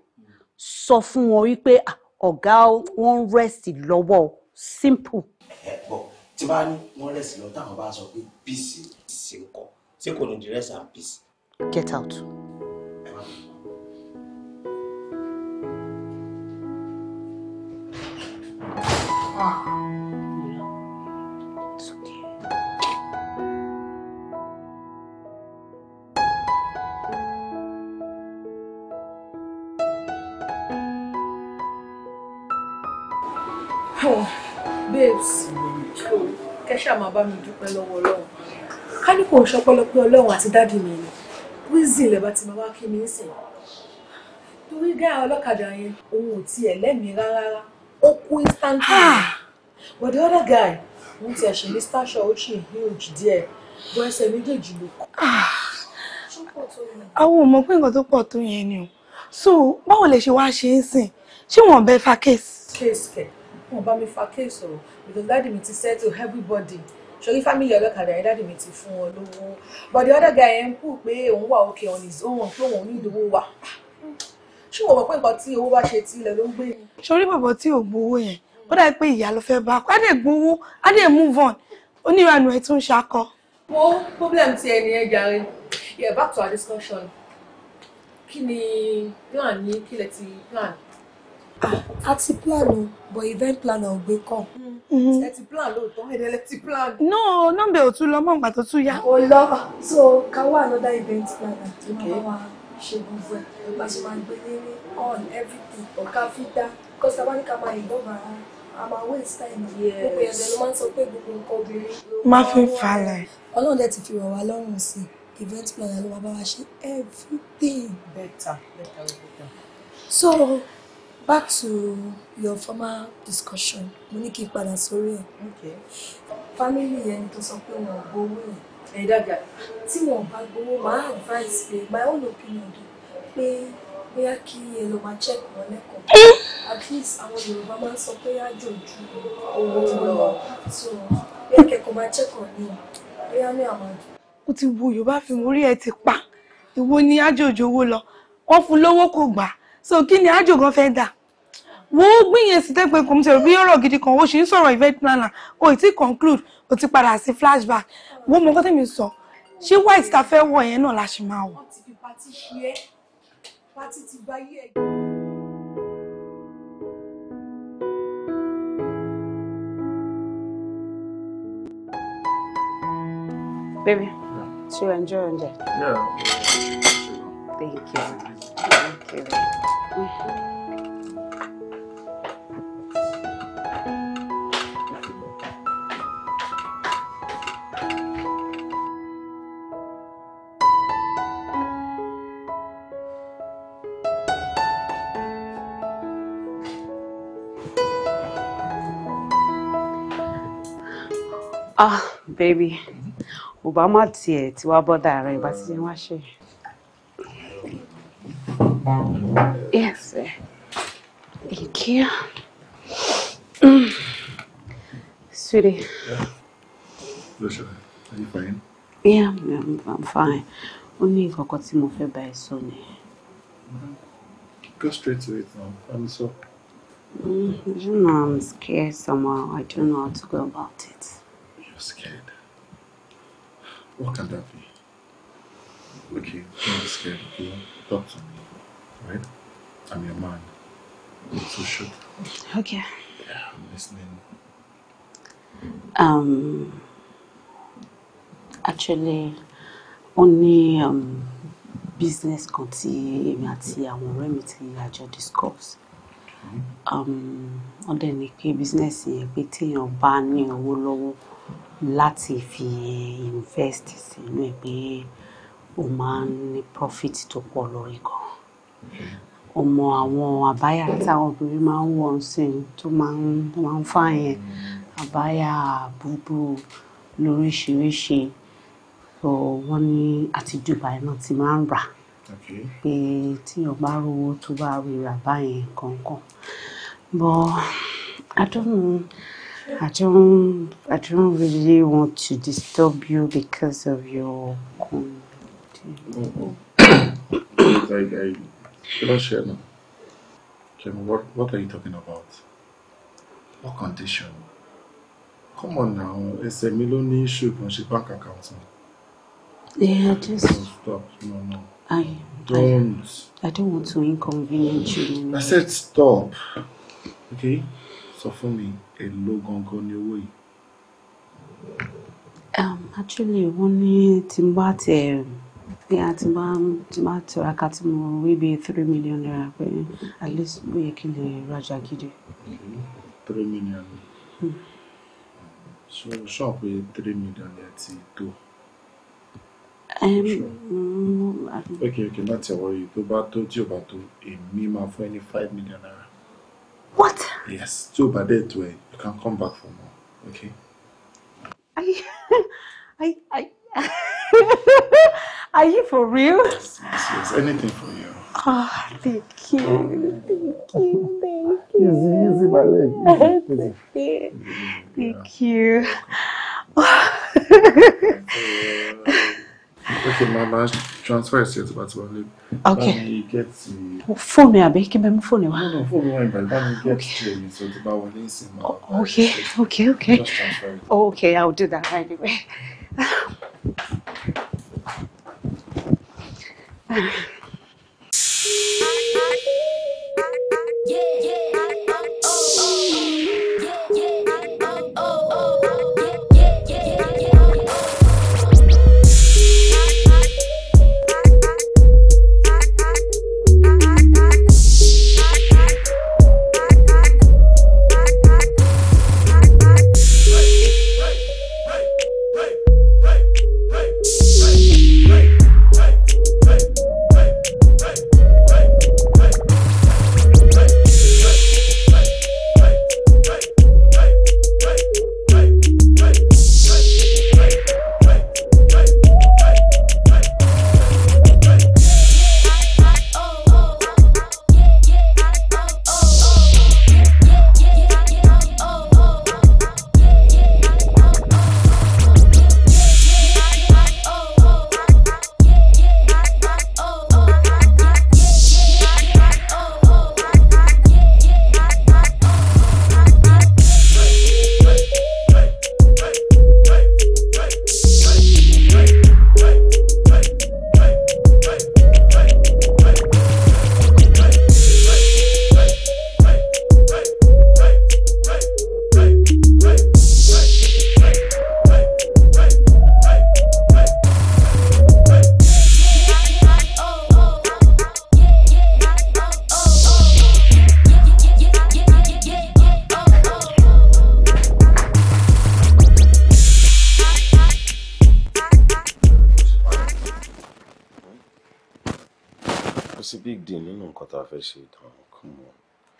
sọ fún wọn wípé ah ọ̀gá wọn ń rẹ́sì lọ́wọ́ simple. ẹ gbọ́ tí bá ní wọ́n rẹ́sì lọ táwọn bá sọ pé peace ṣe ń kọ́ ṣé kò ní di rest and peace. get out. Ah. ṣáà máa bá mi dúpẹ́ lọ́wọ́ ọlọ́run ká ní kò ń ọlọ́run àti dáàdì mi ni wíìzì ilẹ̀ bá ti kí mi ń sìn torí gáà ọlọ́kadà yẹn òun ò tiẹ̀ lẹ́mìí rárá ó kú instantly ah! but the other guy wọ́n ti ẹ̀ṣẹ̀ ní stasha ó ṣì huge díẹ̀ bọ́ ẹsẹ̀ méjèèjì ló kọ́. Ah! àwọn ò mọ̀ pé nǹkan tó pọ̀ tó yẹn ni o so báwo lè ṣe wá ṣe é sìn ṣé wọ́n bẹ fa kéèsì. kéèsì kẹ wọn bá mi fa kéèsì ọ̀rọ̀ because dáàdì mi ti settle everybody sori family ọlọ́kadà yẹn dáàdì mi ti fún wọn lówó but the other guy yẹn kú pé òun wà okay on his own pé òun ní ìdówó wà ṣé wọ́n mọ̀ pé nǹkan tí owó bá ṣe tí ilẹ̀ ló ń gbé ni. sori bàbá tí ò gbowó yẹn ó dàbí pé ìyá ló fẹ́ bá a kó á dẹ̀ gbowó á dẹ̀ move on oníranù ẹ̀ tún ṣakọ. wo problem ti ẹni ẹ jàre yeah back to our discussion kí ni plan yín kí lẹ ti plan. ah a ti plan o but event plan. ò gbé kàn. Mm. Mm-hmm. ẹ ti plan lóòótọ́ ẹ̀dẹ̀ ti plan. no nọ́mbà ò tún lọ mọ́ ìgbà tó tún yá. o lọ so ká wà another event planner tó máa wá ṣe gbogbo ẹ̀ bá ṣe máa gbé ní on everything ọ̀ká fi dá kọ́sítà bá ní ká máa a bàrà àmà waste time gbogbo ẹ̀dẹ̀ ló máa ń sọ pé gbogbo nǹkan obìnrin. má fi falẹ̀. ọlọ́run dẹ̀ ti fi rọ̀ wá lọ́rùn sí event planner ló wá bá wa ṣe everything. better better better. so back to your former discussion mo ní kí n padà sórí ẹ̀. family yẹn tó sọ pé wọn ò gbowó yẹn. ẹ̀yin dàgbà. tí wọn bá gbowó máa advice pé my own opinion do pé bóyá kí ẹ lọ máa check wọn lẹ́kọ̀ọ́ at least àwọn yorùbá máa ń sọ pé àjò ju owó lọ so bóyá kẹ́kọ̀ọ́ máa check wọn ní bóyá ní àwọn àjò. ó ti wo yorùbá fi orí ẹ ti pa ìwo ni àjòjò owó lọ wọ́n fún lówó kò gbà so kí ni àjò gan fẹ́ dà wo gbìyànjú sí tẹ́pẹ́ kò ń ṣe ọ̀rọ̀ gidi kan ó ṣì ń sọ̀rọ̀ event planner o tí conclude o ti padà sí flashback wo mọ nǹkan tẹ̀mí sọ ṣé white ta fẹ́ wọ̀ yẹn náà la ṣe máa wọ̀. Baby, yeah. so enjoy your Yeah. Thank you. Thank you. Mm -hmm. ah baby obama tiẹ̀ tí wàá bọ́dà rẹ̀ ìbá ti wá ṣe. yes sir. thank you. Mm. Sweetie. Yeah. Lucia, are you fine? Yeah, I'm, I'm fine. Ó ní nǹkan tí mo fẹ́ bá ẹ sọ ni. Go straight to it now. I'm sorry. Mm, you know, I'm scared somehow. I don't know how to go about it you're scared. What can that be? Okay, don't be scared, okay? Talk to me, right? I'm your man. I'm so shook. Okay. Yeah, I'm listening. Um, actually, only um, business kan tí èmi àti àwọn ọ̀rẹ́ mi ti àjọ discuss mm-hmm. um, On the ní business yẹn pé téèyàn bá ní owó lọ́wọ́ láti fi invest sínú ẹ̀ pé ó máa ń ní profit tó pọ̀ lórí kan ọmọ àwọn àbáyà táwọn obìnrin máa ń wọ̀ nsìn tó máa ń fà yẹn àbáyà búbú lóríṣiríṣi so wọ́n ní àti Dubai náà ti máa ń rà pé tí o bá rówó tó bá rí rà báyẹn kankan but I don't know. I don't I don't really want to disturb you because of your conduct. [COUGHS] I, I don't share no. Ken, what what are you talking about? What condition? Come on now, it's a ló issue, ṣùgbọ́n ṣe bank account Yeah, just no, stop. No, no. I don't. I, I don't want to inconvenience you. I said stop. Okay sọ fún mi èló gangan ni owó yìí. Um, actually wọ́n ní tí n bá tẹ̀ bí a ti bá ti bá tiraka tí mo rí bíi three million naira pé at least ó yẹ kí n lè rajà gidi. three million. Hmm. so ṣọ́ọ̀pù three million ẹ̀ ti tó. Um, sure. okay okay má tẹ̀ yìí tó bá tó tí ò bá tó èmi máa fún ẹ ní five million naira. What? Yes. two by that way, you can come back for more. Okay? I, I, I. Are you for real? Yes, yes, yes. Anything for you. Oh, thank you. Thank you. Thank you. Easy, easy, my leg. [LAUGHS] Thank you. Thank you. [LAUGHS] Okay, Mama, ma transfer ṣe ti bàtí wọlé. Okay. Bá mi get the. phone, mi àbí kí n phone me. fóònù No no fóònù wa ìbàlẹ̀ bá mi get the ẹ̀mí tó ti bá wọlé ìsìn Okay okay okay. Just transfer it. okay, I will do that anyway. yeah, yeah, oh, oh, oh, yeah, yeah, oh, oh, oh, oh yeah.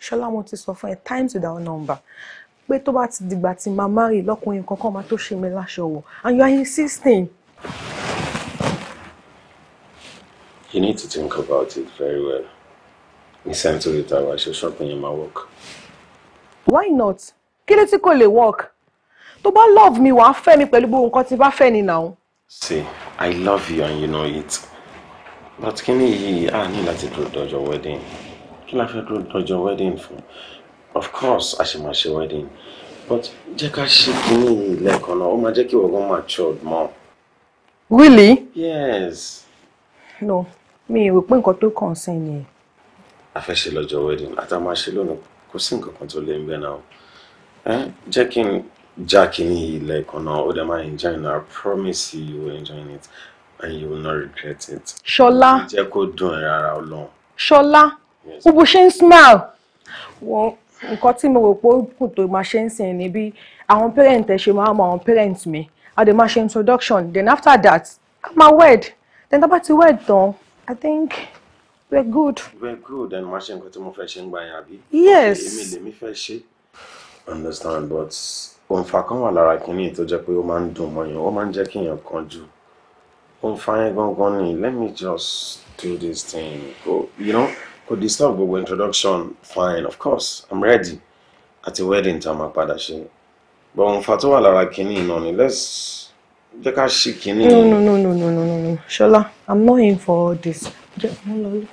ṣọlá mo ti sọ fún ẹ times without number pé tó bá ti dìgbà tí màá má rí lọ́kùnrin kankan máa tó ṣe mi láṣọ and you are insisting. You need to think about it very well. ní sẹ́ńtúrì tàwa ṣe ṣọ́ọ̀bù yẹn máa work. Why not? kí ló tí kò lè work? tó bá love mi wàá fẹ́ mi pẹ̀lú gbogbo nǹkan tí bá fẹ́ ni now. See, I love you and you know it. But kí ni yìí, a ah, ní láti dúró dọ́jọ́ wedding kí la fẹ́ dúró tọ́jọ́ wedding for. of course a ṣe máa ṣe wedding but jẹ́ ká ṣe kínní lẹ́ẹ̀kan náà ó máa jẹ́ kí ọgbọ́n máa matured more. really. yes. no mi ò rò pé nǹkan tó kàn sí ni. a fẹ́ ṣe lọ́jọ́ wedding àtàwọn àṣẹ lónìí kò sí nǹkan kan tó lè ń bẹ náà ẹ jẹ́ kí n já kínní lẹ́ẹ̀kan náà ó dẹ̀ máa enjoy it I promise you you will enjoy it and you will not regret it. ṣọlá jẹ́ kó dùn ẹ̀ rárá ọlọ́run. ṣọlá o bó ṣe ń smile wọn nǹkan tí mo rò pé ó kù tó máa ṣe ń sìn ni bí àwọn parent ẹ ṣe máa mọ àwọn parent mi a dẹ̀ máa ṣe introduction then after that a máa wed then tá bá ti wed tán i think we're good. we're good Then máa ṣe nǹkan tí mo fẹ́ ṣe ń gbà yẹn àbí. yes èmi lèmi fẹ́ ṣe. understand but òǹfà kan wà lára kínní tó jẹ́ pé ó máa ń dùn mọ́yàn ó máa ń jẹ́ kíyàn kanjú òǹfà yẹn gangan ni let me just do this thing go oh, you know kò disturb gbogbo introduction fine of course i'm ready àti wedding tá a máa padà ṣe but òun fa tó wà lára kínní iná ni let's jẹ́ ká ṣí kínní. no no no no no no no ṣọlá i'm not in for all this. jẹ́ mo lọ lé.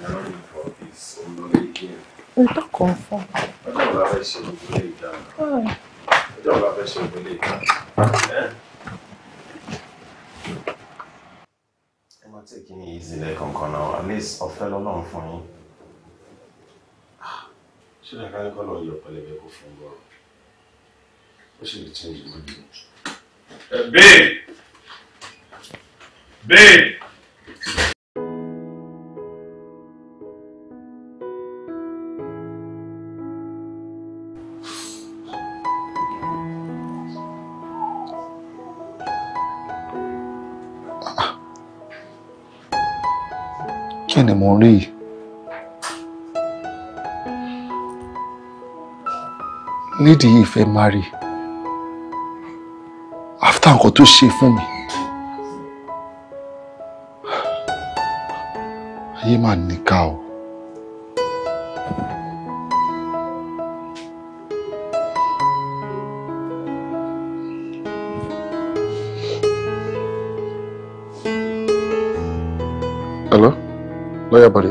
you're not in for all this ọmọ ilé kí n. n tó kàn fún. ọjọ́ ọ̀la fẹ́ ṣe gbogbo ilé ìdáná. ọjọ́ ọ̀la fẹ́ ṣe gbogbo ilé ìdáná. Taking it easy, ni yìí sílẹ̀ at least ọ̀fẹ́ lọ́lọ́run fún for ah, ṣé ìdàkà ní kọ́ lọ yọ pẹlẹbẹ kó fún un bọ̀ ó sì lè change mind. Eh, babe babe. kí ni mo rí yìí. lédi yìí fẹ́ after nǹkan tó ṣe fún mi ayé mà níkà o. Lawyer buddy,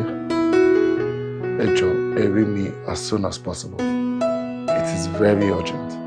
ẹ jọ ẹ rí as soon as possible it is very urgent.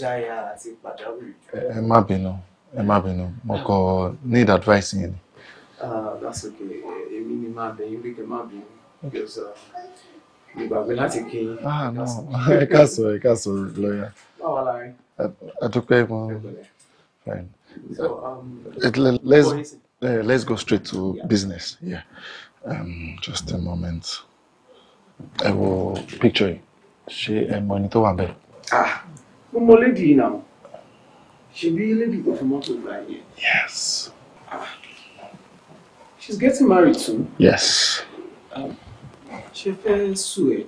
jáyà àti pàjáwìrì. ẹ má bínú ẹ má bínú mo kọ need advice yẹn ah, that's okay èmi ni máa bẹ̀yìn bí kẹ́ má bínú because ìgbàgbé uh, láti kí yín. Ah, ẹ káàsọ [LAUGHS] ẹ káàsọ lọ́yà. báwo la rí. ẹ mo fine. So, um, let's uh, let's go straight to yeah. business. Yeah. Um, just a moment. I will picture you. She and mọ ẹni tó wà Ah, mo mọ lady yìí náà ṣebí lady tó fi mọ́tò gbà yẹn. yes. Ah. she's getting married soon. yes. Um, ṣe fẹ́ sù ẹ́.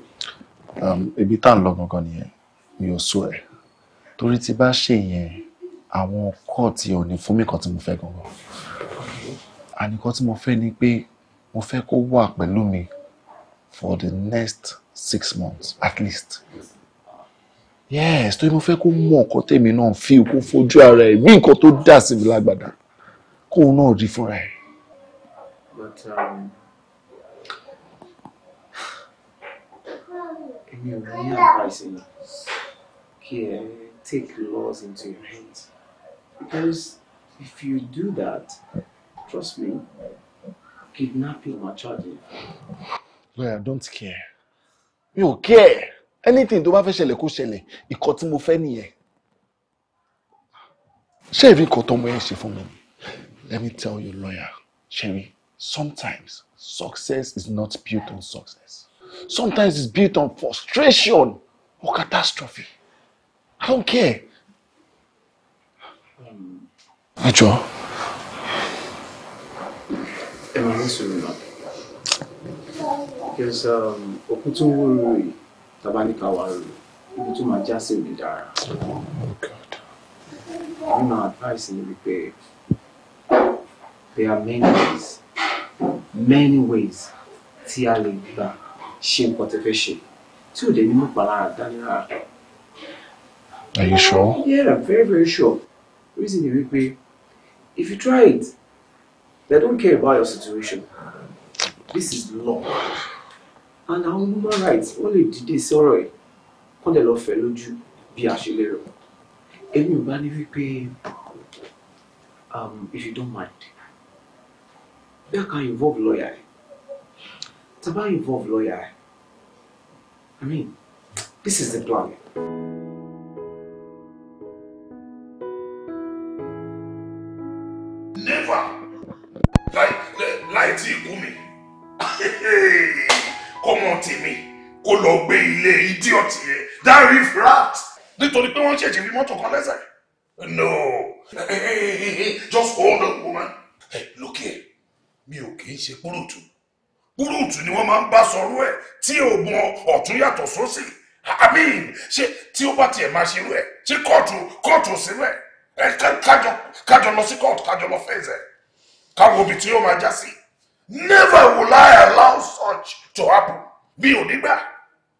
Um, ibi tá à ń lọ gangan nìyẹn mi ò sọ ẹ torí tí bá ṣe yẹn àwọn kóòtù ò ní fún mi kan tí mo fẹ́ gangan àníkan tí mo fẹ́ ni pé mo fẹ́ kó wà pẹ̀lú mi for the next six months at least yes torí mo fẹ́ kó mọ ọ̀kọ́ tèmi náà fi kó fojú ara ẹ̀ bí nǹkan tó dà sí mi lágbàdà kóun náà rí fúnra ẹ̀. but um, èmi ò ní advice yẹn kí ẹ take laws into your hands because if you do that trust me kidnapping my child. you. lawyer don't care You care anything tó bá fẹ́ ṣẹlẹ̀ kó ṣẹlẹ̀ ìkọ́ tí mo fẹ́ nìyẹn ṣebí nǹkan tó ọmọ yẹn ṣe fún mi let me tell you lawyer ṣebí sometimes success is not built on success sometimes it's built on frustration or catastrophe i don't care. Ajo. Hmm. ẹ máa ń sọ̀rọ̀ náà because um, òkú tó wúwo yìí tabaníkà wà lò ibi tó máa já sí òní dára. Oh, nínú advice ni wípé there are many ways many ways tí a lè gbà ṣe nǹkan tẹ́ fẹ́ ṣe tí ò dé ní mú palára dání rárá. Are you sure? Yeah, I'm very very sure. Reason ni wípé if you try it they don't care about your situation. This is law and àwọn human rights wọ́n lè dìde sọ̀rọ̀ ẹ̀ kọ́ dẹ̀ lọ fẹ́ lójú bí a ṣe lérò èmi ò bá ní wípé um, if you don't mind bí a kan involve lawyer ẹ̀ tá a bá involve lawyer ẹ̀ I mean this is the plan. Never! like tí ikú mi. lọ gbé ilé idiot yẹn that riff rat nítorí pé wọ́n ṣèṣì fi mọ́tò kan lẹ́sẹ̀. no hey, [LAUGHS] hey, just hold on woman. Hey, look here mi ò kì í ṣe kúrúùtù kúrúùtù ni wọ́n máa ń bá sọ̀rọ̀ ẹ̀ tí ò mọ ọ̀tún yàtọ̀ sósì àmín ṣé tí ó bá tiẹ̀ máa ṣerú ẹ̀ ṣé kóòtù kóòtù sírú ẹ̀ ẹ kájọ kájọ lọ sí kóòtù kájọ lọ fẹ́ẹ̀sẹ̀ káwọn obì tí yóò máa já sí never will I allow such to happen mi ò nígbà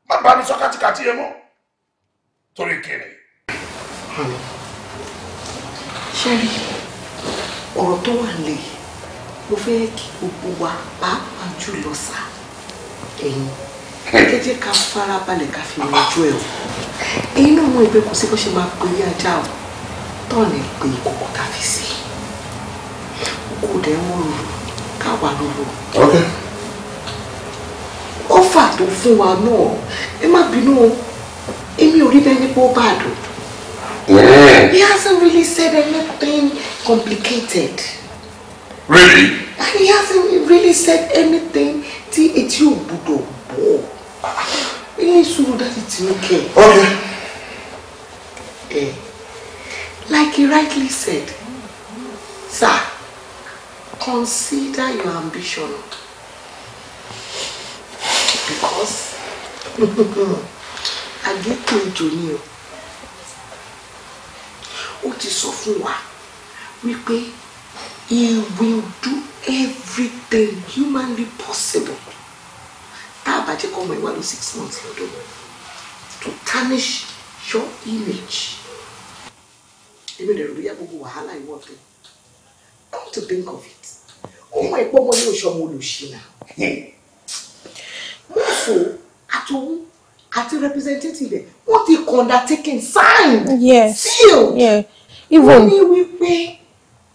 má bá mi sọ kátikáti yẹn mọ́ torí kiri. sọ́rí ọ̀rọ̀ tó wà lè mo fẹ́ kí gbogbo wa pàápàá jùlọ sá ẹ̀yìn jẹ́jẹ́ ká farabalẹ̀ ká fi yanjú ẹ̀ o èyí náà mú ẹgbẹ́ kò sí bó ṣe máa pè é ajá o tọ́ ni pé kòkó ká fi sí kò dẹ̀ ń wọ́n káwa ló ọ́fà tó fún wa náà ẹ má bínú o èmi ò rí bẹ́ẹ̀ ní bó bá dùn. He hasn't really said anything complicated. Really? And he hasn't really said anything tí etí ò gbúdọ̀ bọ̀. Ilé ìṣòro dájú ti ń kẹ̀. Okay. Eh, like he rightly said, sir, consider your ambition because [LAUGHS] àgékù ejò ni o ó ti sọ fún wa wípé he will do everything humanly possible tá a bá jẹ́ kọ́ ọmọ ìwà ló six months lọ́dọ̀ to tarnish your image èmi lè rí agbègbè wàhálà ìwọ́fẹ́ come to think of it ọmọ ìpọ́nmọ́ ní oṣù ọmọ olùṣínà mọ́fò àtòun àti representative rẹ̀ wọ́n ti kọ̀ǹda taking signed yes. sealed yeah. even wọ́n ní wípé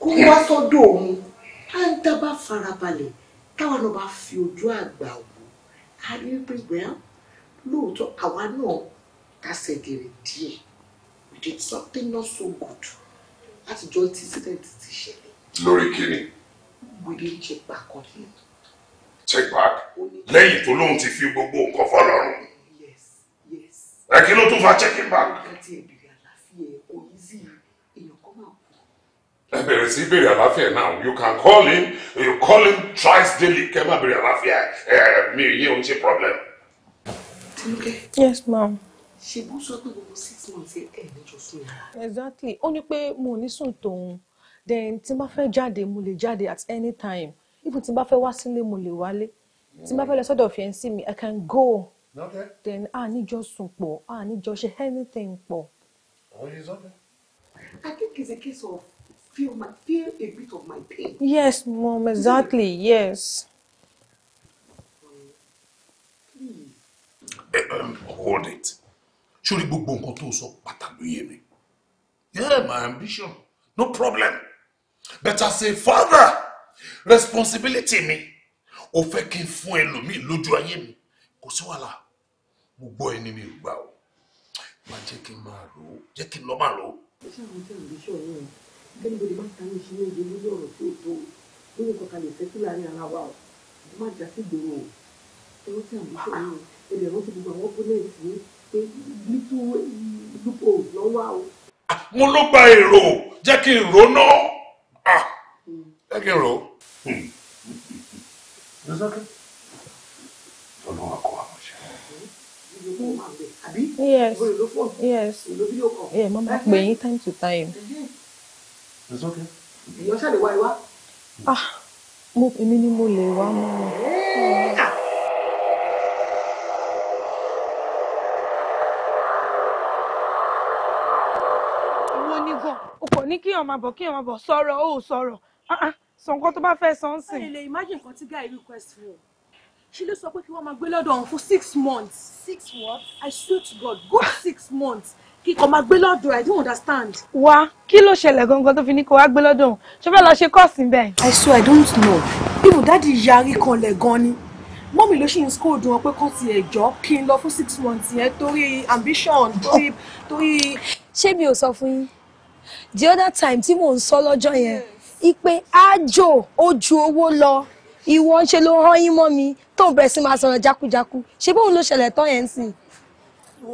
kó wá sọ́dọ̀ òun táǹtà bá farabalẹ̀ táwọn náà bá fi ojú àgbà wò á rí pé well lóòótọ́ àwa náà ká ṣègèrè díẹ̀ we did something not so good láti jọ incident ti ṣẹlẹ̀. lórí kíni. we didn't check back on him take back lẹ́yìn tó lóun ti fi gbogbo nǹkan fọlọ́run ẹ kí ló tún fa checking back. ẹ bẹ̀rẹ̀ sí béèrè àlàáfíà now you can call him you call him twice daily kẹ́ má béèrè àlàáfíà ẹ mi yé òun ṣe problem. yes ma'am ṣe sọ pé gbogbo six months ẹ níjọ sùn yàrá. exactly ó ní pé mo ò ní sùn tòun then tí n bá fẹ́ jáde mo lè jáde at any time even tí n bá fẹ́ wá sílé mo lè wálé tí n bá fẹ́ lọ sọ́dọ̀ fiancé mi i can go okay. then a níjọ sùn pọ̀ a níjọ ṣe anything pọ̀. Oh, I think it's a case of feel my feel a bit of my pain. yes mom exactly yes. Please. [CLEARS THROAT] hold it Surely, gbogbo nǹkan so sọ pàtàkì ló yé yeah my ambition no problem but as a father responsibility mi ò fẹ́ kí n fún ẹlòmíì lójú ayé mi kò sí wàhálà mo ẹni mi ò gbà o má jẹ́ kí n máa rò ó jẹ́ kí n lọ́ máa rò ó. ó ṣàkóso ìgbésọ̀ yẹn bẹ́ẹ̀ ni bá ta ní ìṣúná ìdí lórí ọ̀rọ̀ tí ò tó ó ní kọ̀ọ̀kan lè fẹ́tí láàrin ara wa o ó má jà sí ìgboro o ẹ̀rọ tí àmúṣe yẹn ẹ̀rẹ̀ ẹ̀rọ ti gbogbo àwọn opponents ní pé little loophole lọ́wọ́ o. Ah, mo ló gba èrò jẹ́ kí n ròó ẹ kí n rò ó. ọlọ́run àkọ́ wa mọ̀ ṣe. yes yes ẹ mọ bá pè yín time to time. èèyàn ṣàlè wá iwá. ah mo èmi ni mo lè wá mọ́ ọ. ní kíyàn máa bọ̀ kíyàn sorrow, oh sorrow. ah ah sọ nǹkan tó bá fẹ́ sọ ń sìn. ẹ imagine nǹkan tí guy request fún She ṣe ló sọ pé kí wọ́n máa gbé lọ́dọ̀ òun fún six months. six what? I swear to God good six months kí kò máa gbé lọ́dọ̀ I don't understand. wá kí ló ṣẹlẹ̀ gangan tó fi ní kó wá gbé lọ́dọ̀ òun ṣé fẹ́ lọ ṣe kọ́ọ̀sì I swear I don't know ibù dáàdi yarí kanlẹ̀ gan ni mọ́mì ló ṣì ń skó dùn wọn pé kán ti ẹ̀jọ́ kí n lọ fún six months yẹn torí ambition torí torí. ṣé mi ò sọ fún yín the other time tí mò ń sọ lọ́jọ́ yẹn ipe àjò ojú owó lọ ìwọ ń ṣe ló hán yín mọ́ mi tó ń bẹ̀rẹ̀ sí máa sọ̀rọ̀ jákujáku ṣé bóun ló ṣẹlẹ̀ tán yẹn sìn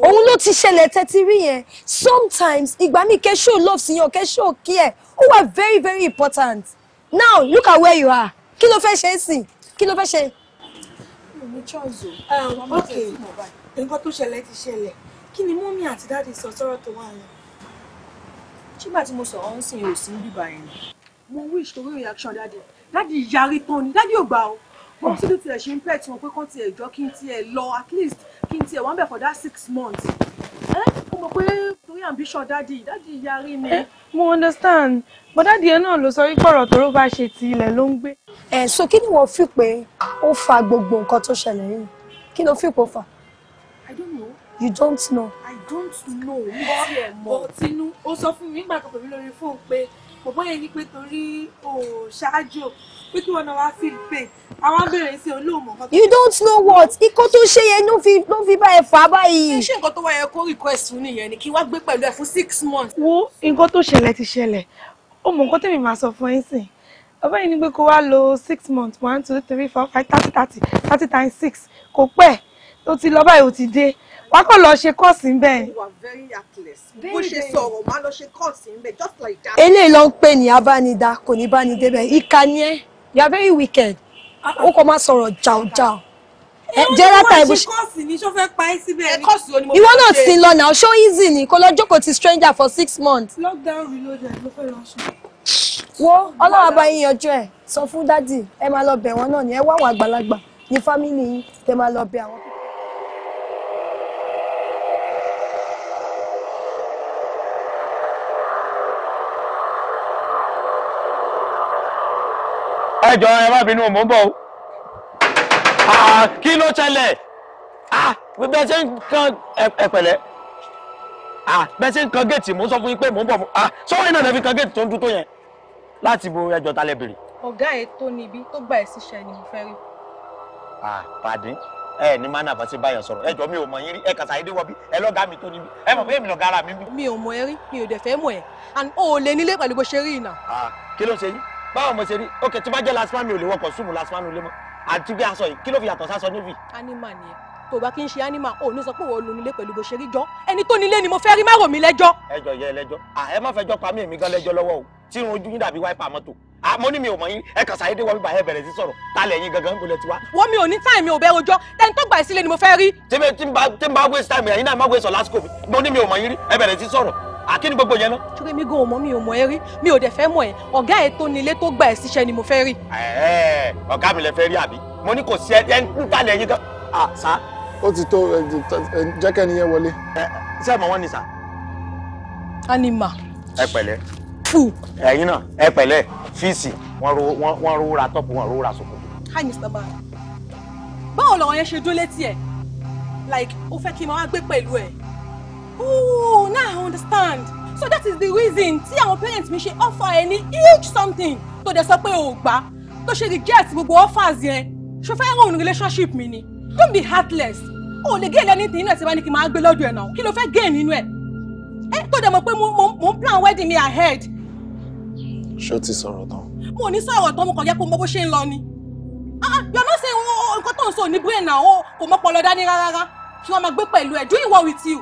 òun ló ti ṣẹlẹ̀ tẹ́tí rí yẹn sometimes ìgbà mi kẹ́sọ́ love sí yàn kẹ́sọ́ kí ẹ̀ ó wà very very important now look at where you are kí ló fẹ́ ṣe é sìn kí ló fẹ́ ṣe. Eh, ok nǹkan tó ṣẹlẹ̀ ti ṣẹlẹ̀ kí ni mọ́mí àti dáàdi sọ sọ́rọ̀ tó wà yẹn. ṣígbà tí mo sọ̀rọ̀ ń sìn yóò sí bíbá yẹn mo wish to win reaction dáàdi dáàdi yarí tán ni dáàdi ò gbà o mo sì tún tiẹ̀ ṣe ń pẹ̀ tí wọn pé kán tiẹ̀ jọ kí n tiẹ̀ lọ at least kí n tiẹ̀ wọ́n bẹ̀ for that six months ẹ mo mọ̀ pé torí ambition dáàdi dáàdi yarí ni. mo understand but dáàdi ẹ náà ló sọ wípé ọ̀rọ̀ tó bá ṣe ti ilẹ̀ ló ń gbé. ẹ so kí ni wọ́n fi pé ó fa gbogbo nǹkan tó ṣẹlẹ̀ yìí kí ló fi pò fà. I don't know. You don't know. I don't know. mo ti ẹ̀ mọ̀. bọ́tínú ó sọ fún mi nígbà kan pẹ̀lú lórí fóònù pé bọ̀bọ́ yẹn ni pé torí o ṣáájú pé kí wọn náà wá feel pain àwọn abẹ́rẹ́ sí olóòmọ̀ you don't know what ikọ́ tó ṣe yẹn ló fi ló fi bá ẹ fà á báyìí. ṣé nǹkan tó wáyé kó request fún nìyẹn ni kí wá gbé pẹ̀lú ẹ fún six months. wo nǹkan tó ṣẹlẹ̀ ti ṣẹlẹ̀ O mọ nǹkan tẹ̀mí máa sọ fún ẹ sìn bàbá yìí ni pé kó wá lò six months one two three four five thirty thirty thirty times six kò pẹ́ tó ti lọ báyìí ó ti dé wàá kàn lọ ṣe kọ́ọ̀sì ń bó ṣe sọ̀rọ̀ máa lọ ṣe kọ́ọ̀sì ń just like that. eléyìí ló ń pè ní abánidá kò ní bá ní débẹ̀ ìka ni ẹ́ you are very wicked ó kọ́ máa sọ̀rọ̀ jàùjàù jẹ́rẹ́ta ìbú ìwọ náà ti lọ náà ṣó easy ni kó lọ jókòó ti stranger for six months. lockdown reloaded ló fẹ́ lọ sùn. wo ọlọ́wà bá yín yanjú ẹ̀ sọ fún dádì ẹ máa lọ bẹ̀ wọ́n náà ni ẹ wá àwọn àgbàlagbà ní fámìlì yín tẹ máa lọ bẹ̀ àwọn. ẹjọ ẹ má bínú mò ń bọ̀ o ah, kí ló ṣẹlẹ̀ ah, bẹ́ẹ̀ ṣe ń kan ẹ̀pẹ̀lẹ́ ah, bẹ́ẹ̀ ṣe ń kan géètì mò ń sọ fún yín pé mò ń bọ̀ sọ́wọ́n iná lẹ́fi kan géètì tó ń dún tó yẹn láti bo ẹjọ́ ta lẹ bèrè. ọ̀gá ẹ̀ tó níbi tó gbà ẹ́ síṣẹ́ ni mo fẹ́ rí. pàdé ẹ ní mánà àbáṣe báyọ̀ sọ̀rọ̀ ẹ jọ mi ò mọ̀ yín rí ẹ kàṣà ìdíwọ́ bí ẹ lọ́gàá mi tó níbi ẹ mọ̀ pé èmi lọ́gàá and o ò lè nílé pẹ̀lú bó ṣe rí ìnà. kí báwo mo ṣe rí ok tí bá jẹ́ lasman mi ò lè wọkọ̀ súnmù lasman ò lè mọ́ àti gbé aṣọ yìí kí ló fi yàtọ̀ sásọ níbí. anima ni ẹ tó bá kí n ṣe anima ò ní sọ pé òun lónìí lé pẹ̀lú bó ṣe rí jọ ẹni tó nílé ni mo fẹ́ rí má rò mí lẹ́jọ́. ẹjọ yẹ lẹ́jọ́ ẹ má fẹjọ́ pa mí èmi gan lẹ́jọ́ lọ́wọ́ o tí irun ojú yín dàbí wáìpà mọ́tò àmọ́ ní mi ò mọ̀ yín ẹ kàn ṣàyédé wọ bíbá ẹ bẹ̀rẹ̀ sí sọ̀rọ̀ ta lẹ̀ yín gangan gbọ́lẹ̀ tiwa. wọ́n mi ò ní táìmì ò bẹ́ rojọ́ ẹni tó gbà sílẹ̀ ni mo fẹ́ rí. tí n bá waste time ẹ̀yin náà má waste ọ̀ lásìkò mi mo ní mi ò mọ̀ yín rí ẹ bẹ̀rẹ̀ sí sọ̀rọ̀ àkíní ah, gbogbo yẹn ná. torí mi gan ò mọ mi ò mọ ẹ rí mi ò dẹ̀ fẹ́ mọ̀ ẹ ọ̀gá ẹ tó nílé tó gbà ẹ síṣẹ́ ni mo fẹ́ rí. ẹẹ ọ̀gá mi lè fẹ́ rí àbí mo ní kò sí ẹ ẹ ń talẹ̀ yín gan. à ah, sá. ó ti tó jẹ́kẹ́ ni yẹn wọlé. ṣé ẹ mọ wọn ni sá. anima. ẹ pẹ̀lẹ́. fù. ẹ̀yin náà ẹ pẹ̀lẹ́ fíìsì wọ́n rówó ra tọ́pù wọ́n rówó ra sòkò. hi mr bar báwo lọ̀rọ̀ yẹn ṣe dún létí ẹ̀ like o, fẹ́ kí n máa wá gbé pẹ̀lú ẹ̀ oh now i understand so that is the reason tí àwọn parents mi ṣe offer any huge something tó dẹ̀ sọ pé o gbà tó ṣe reject gbogbo offers yẹn ṣe fẹ́ ràn relationship mi ni don't be heartless o lè gain anything nínú ẹ̀ tí wọ́n ní kí n máa gbé lọ́dọ̀ ẹ̀ náà kí ló fẹ́ gain nínú ẹ̀ ẹ tó dẹ̀ mọ̀ pé mo ń plan wedding mi ahead. ṣé o ti sọ̀rọ̀ tán. mo ò ní sọ̀rọ̀ tán mo kàn yẹ kó mọ bó ṣe ń lọ ni yọ náà ṣe nǹkan tó ń sọ ní brain náà oh, kò mọ́ pọlọ dání rárá kí wọ́n máa gbé pẹ̀lú ẹ̀ do you well with you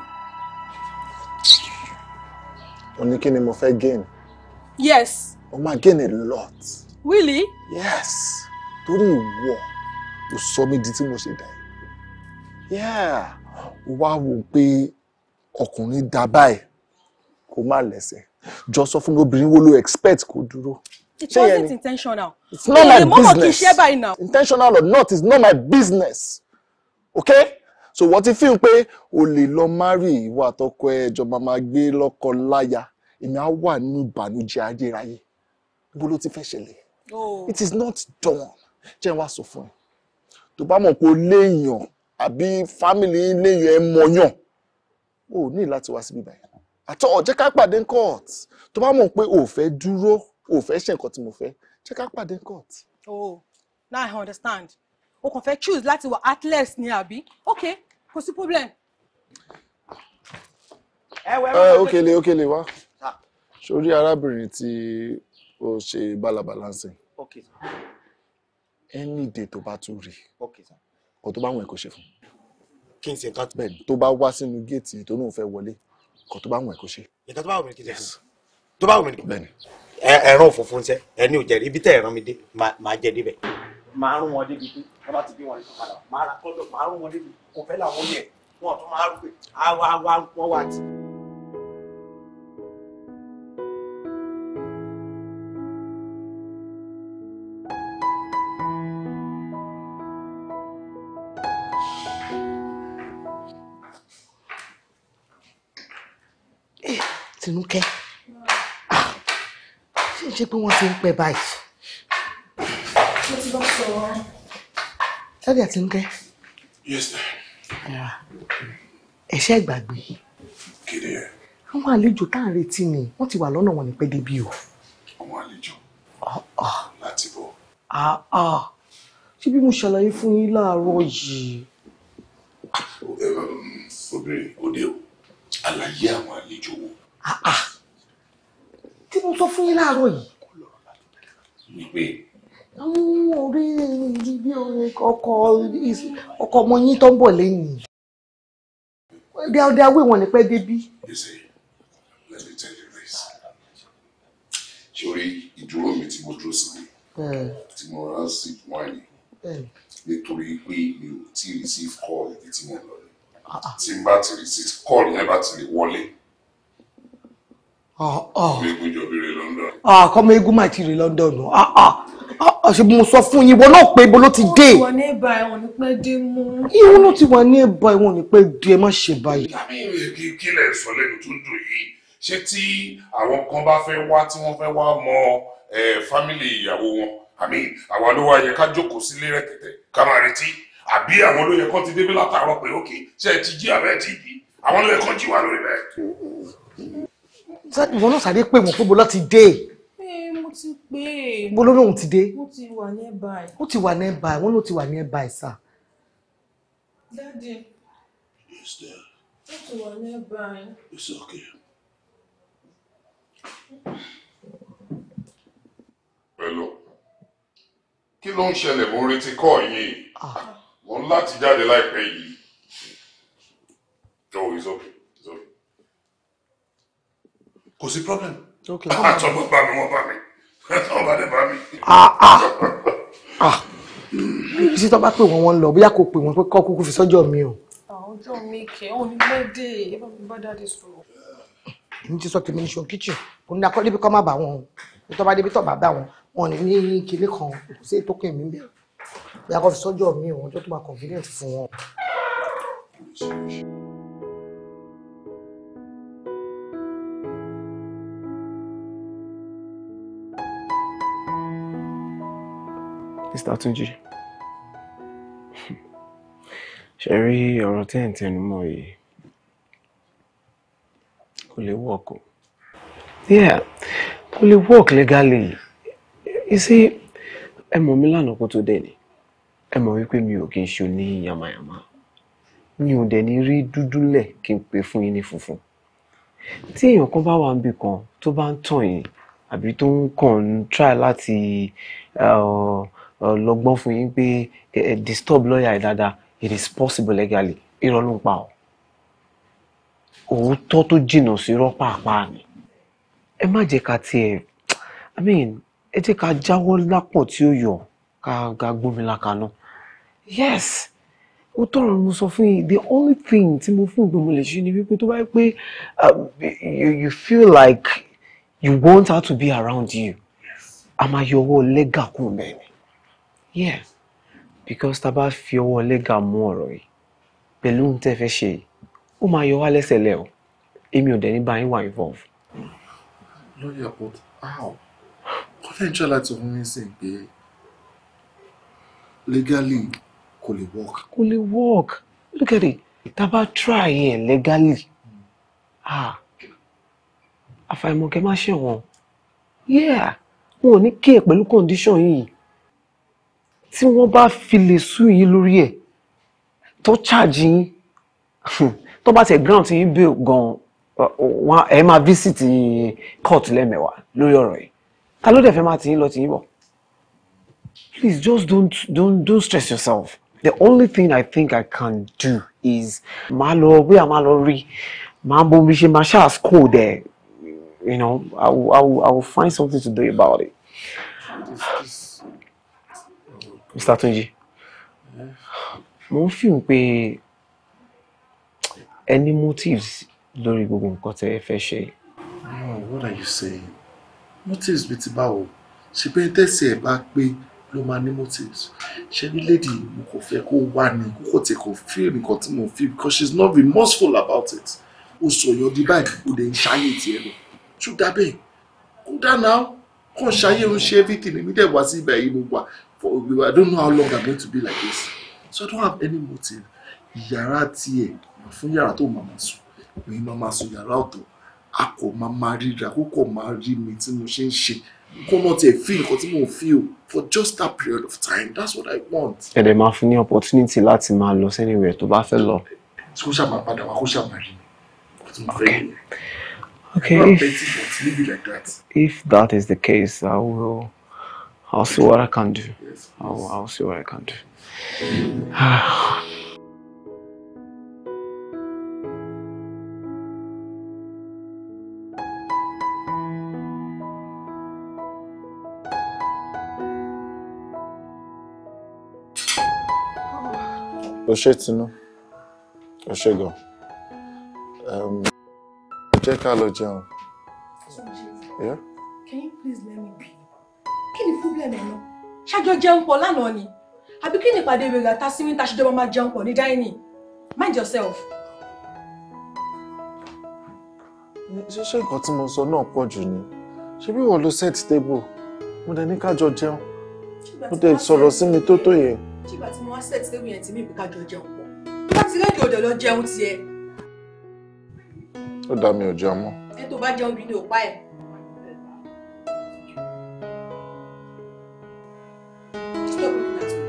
mo ní mo fe gain. yes. o máa gain a lot. really. yes torí ìwọ o sọ mi di tí mo ṣe dà yìí. o wá wò pé ọkùnrin dá báyìí kó má lẹ́sẹ̀ jọ sọ fún obìnrin wo ló expect kó dúró. it wasn't intentional. it's not my business intentional or not it's not my business okay so wọ́n ti fi hàn pé o lè lọ márì ìwà àtọkọ ẹ jọ máa máa gbé lọ́kọ láya èmi á wà ní ìbànújẹ́ ayérayé ibo ló ti fẹ́ ṣẹlẹ̀ oh. it is not done jẹ́ wá sọ fún ẹ tó bá mọ̀ pé o léèyàn àbí fámìlì léèyàn ẹ mọ̀yàn o ní láti wá síbí báyìí àtọ jẹ́ ká pàdé court tó bá mọ̀ pé o fẹ́ dúró o fẹ́ ṣe nǹkan tí mo fẹ́ jẹ́ ká pàdé court. oh now i understand o kàn fẹ́ choose láti wà atlas ni àbí ok kò sí problem. ẹ òkèlè eh, òkèlè wá ah. sórí arábìnrin tí ó ṣe bálabàlá ń sìn any day tó bá tún rí ọ tó bá wọn kò ṣe fún kí n ṣe nǹkan bẹ́ẹ̀ ni tó bá wá sínú géètì tó náà fẹ́ wọlé kò tó bá wọn kò ṣe. ìtàn tó bá wọn kì í ṣe fún tó bá wọn kì í ṣe fún ẹran òfófó ń sẹ ẹni ò jẹrìí ibi tẹ ẹran mi dé máa jẹ níbẹ̀ máa wọn débi pé wọn bá ti bí wọn nìkan padà máa ra kọ́ńdọ̀ wọn débi kò fẹ́ làwọn yẹ wọn tún máa rú pé àwa àwa wọn wà tì. Tinúkẹ́ ah, ṣé ṣe pé wọ́n ti ń pẹ́ báyìí sọ́jà ti ń kẹ́. yes sir. ẹ̀ṣẹ́ ìgbàgbé. kéde ẹ. àwọn àlejò tá à ń retí ni wọ́n ti wà lọ́nà wọn ní pẹ́ débi o. àwọn àlejò. Ah, ah. láti bọ̀. Ah, ṣé bí mo ṣàlàyé fún yín láàárọ̀ yìí. obìnrin òde o àlàyé àwọn àlejò wo. tí mo sọ fún yín láàárọ̀ yìí. ni pé orí ibi bí ọkọ ọkọ ọmọ yín tó ń bọ̀ lẹ́yìn dáadáa wé wọn ní pẹ́ débí. sórí ìdúró mi tí mo dúró sí mi tí mo rán sí wáìnì nítorí pé mi ò tí receive call ibi tí mo lọ rẹ ah, ah. tí n bá ti receive call yẹn bá ti lè wọlé. Ah, ọmọ egun jọ bí egun máa ti re London àṣebí mo sọ fún yín ìwọ náà pé ibo ló ti dé. ìwọ ní ibà ẹ̀wọ̀n ní pẹ́ dé mú. ìwọ náà ti wà ní ibà ẹ̀wọ̀n ní pẹ́ dé ẹ má ṣe báyìí. àbí kí lẹ̀ sọ lẹ́nu tó ń dùn yìí ṣé tí àwọn kan bá fẹ́ wá tí wọ́n fẹ́ wá mọ fámìlì ìyàwó wọn àmì àwa ló wá yẹ ká jókòó sílé rẹ̀kẹ̀tẹ̀ ká máa retí àbí àwọn ló yẹ kán ti débí látàárọ̀ pé ókè ṣe ti jí àbẹ́ ti jí àwọn ló yẹ kán jí wà lórí bẹ́ẹ̀. ìwọ náà sáré pé wọn fún bo láti dé ti pè é. bó ló lóun ti dé. ó ti wà nearby. ó ti wà nearby wọ́n ló ti wà nearby sà. dáàdi ó ti wà nearby. it's okay. hello kí ló ń ṣẹlẹ̀ mo retí kọ́ yìí ah. mo ń láti jáde láìpẹ́ yìí. no it's okay it's okay. kò sí problem. okay. àtọ́gbọ́n bá mi wọ́n bá mi sí ah, ah. ah. tó bá pè wọ́n wọ́n lọ bóyá kò pè wọ́n pé kọ́ kúkú fi sọ́jọ́ mi o. ọjọ́ mi kẹ́ ò ní gbẹ́dẹ̀ ẹ bá mi bá dáadé sọ̀rọ̀. èmi ti sọ tèmi ní ṣòun kíchìn kò ní akọ́ débi kọ́ má bà wọ́n o tó bá débi tó bá bá wọn wọn ní ní kílé kan kò sí ètò kẹ́mi bẹ́ẹ̀ bóyá kọ́ fi sọ́jọ́ mi o ọjọ́ tó bá convenient fún wọn. Mr. Tunji ṣe rí ọ̀rọ̀ tí ẹ̀ ń tẹnu mọ́ yìí kò lè work o. yeah kò lè work legally you see ẹ mọ̀ mí lánàá kó tó dé ni ẹ mọ̀ wípé mi ò kí n ṣe ní yamayama mi ò dẹ̀ ní rí dúdú lẹ̀ kí n pè fún yín ní funfun tí èèyàn kan bá wà níbì kan tó bá ń tàn yín àbí tó ń kàn ń try láti. Uh, lọ́gbọ́n fún yín pé ẹ disturb lawyer. ẹ̀ dáadáa it is possible legally irọ́ ló ń pa ọ́ òótọ́ tó jìnnà sí irọ́ pàápàá ni ẹ má jẹ́ ká tiẹ̀ i mean ẹ jẹ́ ká jáwọ́ lápọ̀ tí ó yọ ká ga gbómìnira kaná yes ó tọrọ mo sọ fún yín the only thing tí mo fún ìgbìmọ̀ lè ṣe ni wípé tó bá yẹ pé um, you feel like you want her to be around you a máa yọ ọwọ́ lẹ́gà kún bẹ́ẹ̀ ni yeah because tá bá fi ọwọ́ lẹ́gà mú ọ̀rọ̀ yìí pẹ̀lú ohun tẹ́ fẹ́ ṣe yìí ó máa yọ wá lẹ́sẹ̀ lẹ́ o èmi ò dẹ̀ ní bá wà involve. lọ́yà but how kò fẹ́ jọ láti fún mi pé legally kò lè work. kò lè work look at it tá bá try ẹ̀ legally ah àfàìmọ̀ kẹ́ má ṣẹ̀wọ̀n yeah wọn ò ní kí ẹ̀ pẹ̀lú condition yìí tí wọ́n bá fi lè sùn yín lórí ẹ̀ tó charge yín [LAUGHS] tó bá tẹ̀ ground yín bill gan-an ẹ máa visit court lẹ́mẹ̀wàá lórí ọ̀rọ̀ yìí ta ló dẹ̀ fẹ́ máa tìyín lọ tìyín bọ̀ please just don't don't don't stress yourself the only thing I think I can do is máa lọ bóyá máa lọ rí máa bó mi ṣe máa ṣáà school there you know I will, I will, I will find something to do about it. Mr. Tunji mo ń fìhùn pé ẹ motives lórí gbogbo nǹkan tẹ ẹ fẹ́ ṣe. no what are you saying motives bíi ti báwo ṣe pé tẹ́sí ẹ̀ bá pé ló máa ní motives ṣe ní lady mo kò fẹ́ kó wá ní kókò tí kò feel nǹkan tí mo feel because she's not remorseful about it o sọ̀yọ́ di báyìí o lè ń ṣayé tiẹ̀ lọ ṣùgbọ́n bẹ́ẹ̀ kódà náà kàn ṣayé ń ṣe everything èmi dẹ̀ wá sí ibẹ̀ yìí mo wà for I don't know how long I'm going to be like this so I don't have any motive yàrá tiẹ̀ fún yàrá tó máa ma sùn mi máa ma sùn yàrá ọ̀tọ̀ a kò máa ma ríra kó kò máa rí mi tí mo ṣe ń ṣe kó náà feel nǹkan tí mo feel for just that period of time that's what I want. ẹ̀rẹ̀ máa fún ní opportunity láti máa lọ sẹ́ni To tó bá fẹ́ lọ. tí kò ṣàmà padà wá kó ṣàmà rí mi kó tí mo fẹ́ okay if that is the case I will. I'll see what I can do. I'll, I'll see what I can do. o [SIGHS] ṣe tinú o ṣe gan um, jẹ́ ká lọ jẹun. Yeah? Can you please let me be? problem ẹ̀ náà ṣájọ jẹun pọ̀ lánàá ni àbí kí ni ìpàdé rẹ̀ àta sí wíńtà ṣíjọba máa jẹun pọ̀ ní dining mind yourself. ṣé ṣé nǹkan tí mo sọ náà pọ̀ jù ni ṣé bí wọ́n lo set table mo dẹ̀ ní kájọ jẹun mo dẹ̀ sọ̀rọ̀ sí mi tó tó yẹn. ṣígbà tí mo wá set table yẹn tí mi kájọ jẹun pọ̀ tó bá ti rédíò ọ̀dọ̀ lọ jẹun tiẹ̀. ó dá mi ò jẹun mọ́. ẹ tó bá jẹun bí ni ò pa ẹ̀.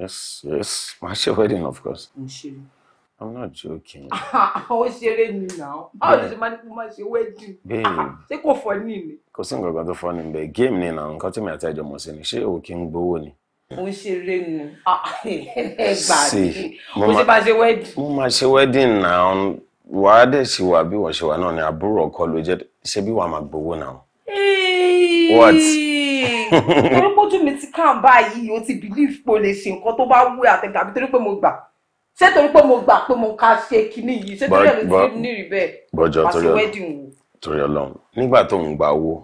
Yes, yes. Màá ṣe wedding, of course. Nṣe. I'm not joking. How is [LAUGHS] ni náà. now? How is máa ní kó máa ṣe wedding? Babe. Ah, ṣé kò fọ́ ní ni? Kò going to kan him, fọ́ game bẹ́ẹ̀. Géèmù ni náà nǹkan tí mi àti ẹ̀jọ̀ mọ̀ sí ni. Ṣé òun kì í gbowó ni? Ó ṣeré wedding. Mo wedding náà. Wàá dẹ̀ ṣe wà bí wọ́n ṣe wà náà ni àbúrò ọkọ ló jẹ́. Ṣé bí wàá máa gbowó What? torí pé ojú mi ti kàn báyìí o ti believe pé o lè ṣe nǹkan tó bá wú àtẹ̀gbà àbí torí pé mo gbà ṣé torí pé mo gbà pé mo ka ṣe kinní yìí ṣé torí ẹ̀ ló ti ní rí bẹ́ẹ̀ pàṣẹ wedding wò. torí Ọlọ́run nígbà tó ń gba owó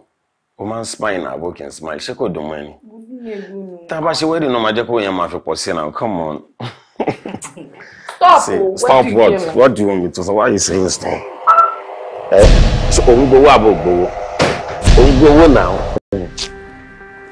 o máa ń smile na abo kì smile ṣé kò dùn mọ́ ẹni tá a bá ṣe wedding náà máa jẹ́ pé yẹn máa fi pọ̀ sí now come on. stop [LAUGHS] what do you want me to say why you saying stop. ẹ ṣe òun gbowó àbò gbowó òun gbowó náà.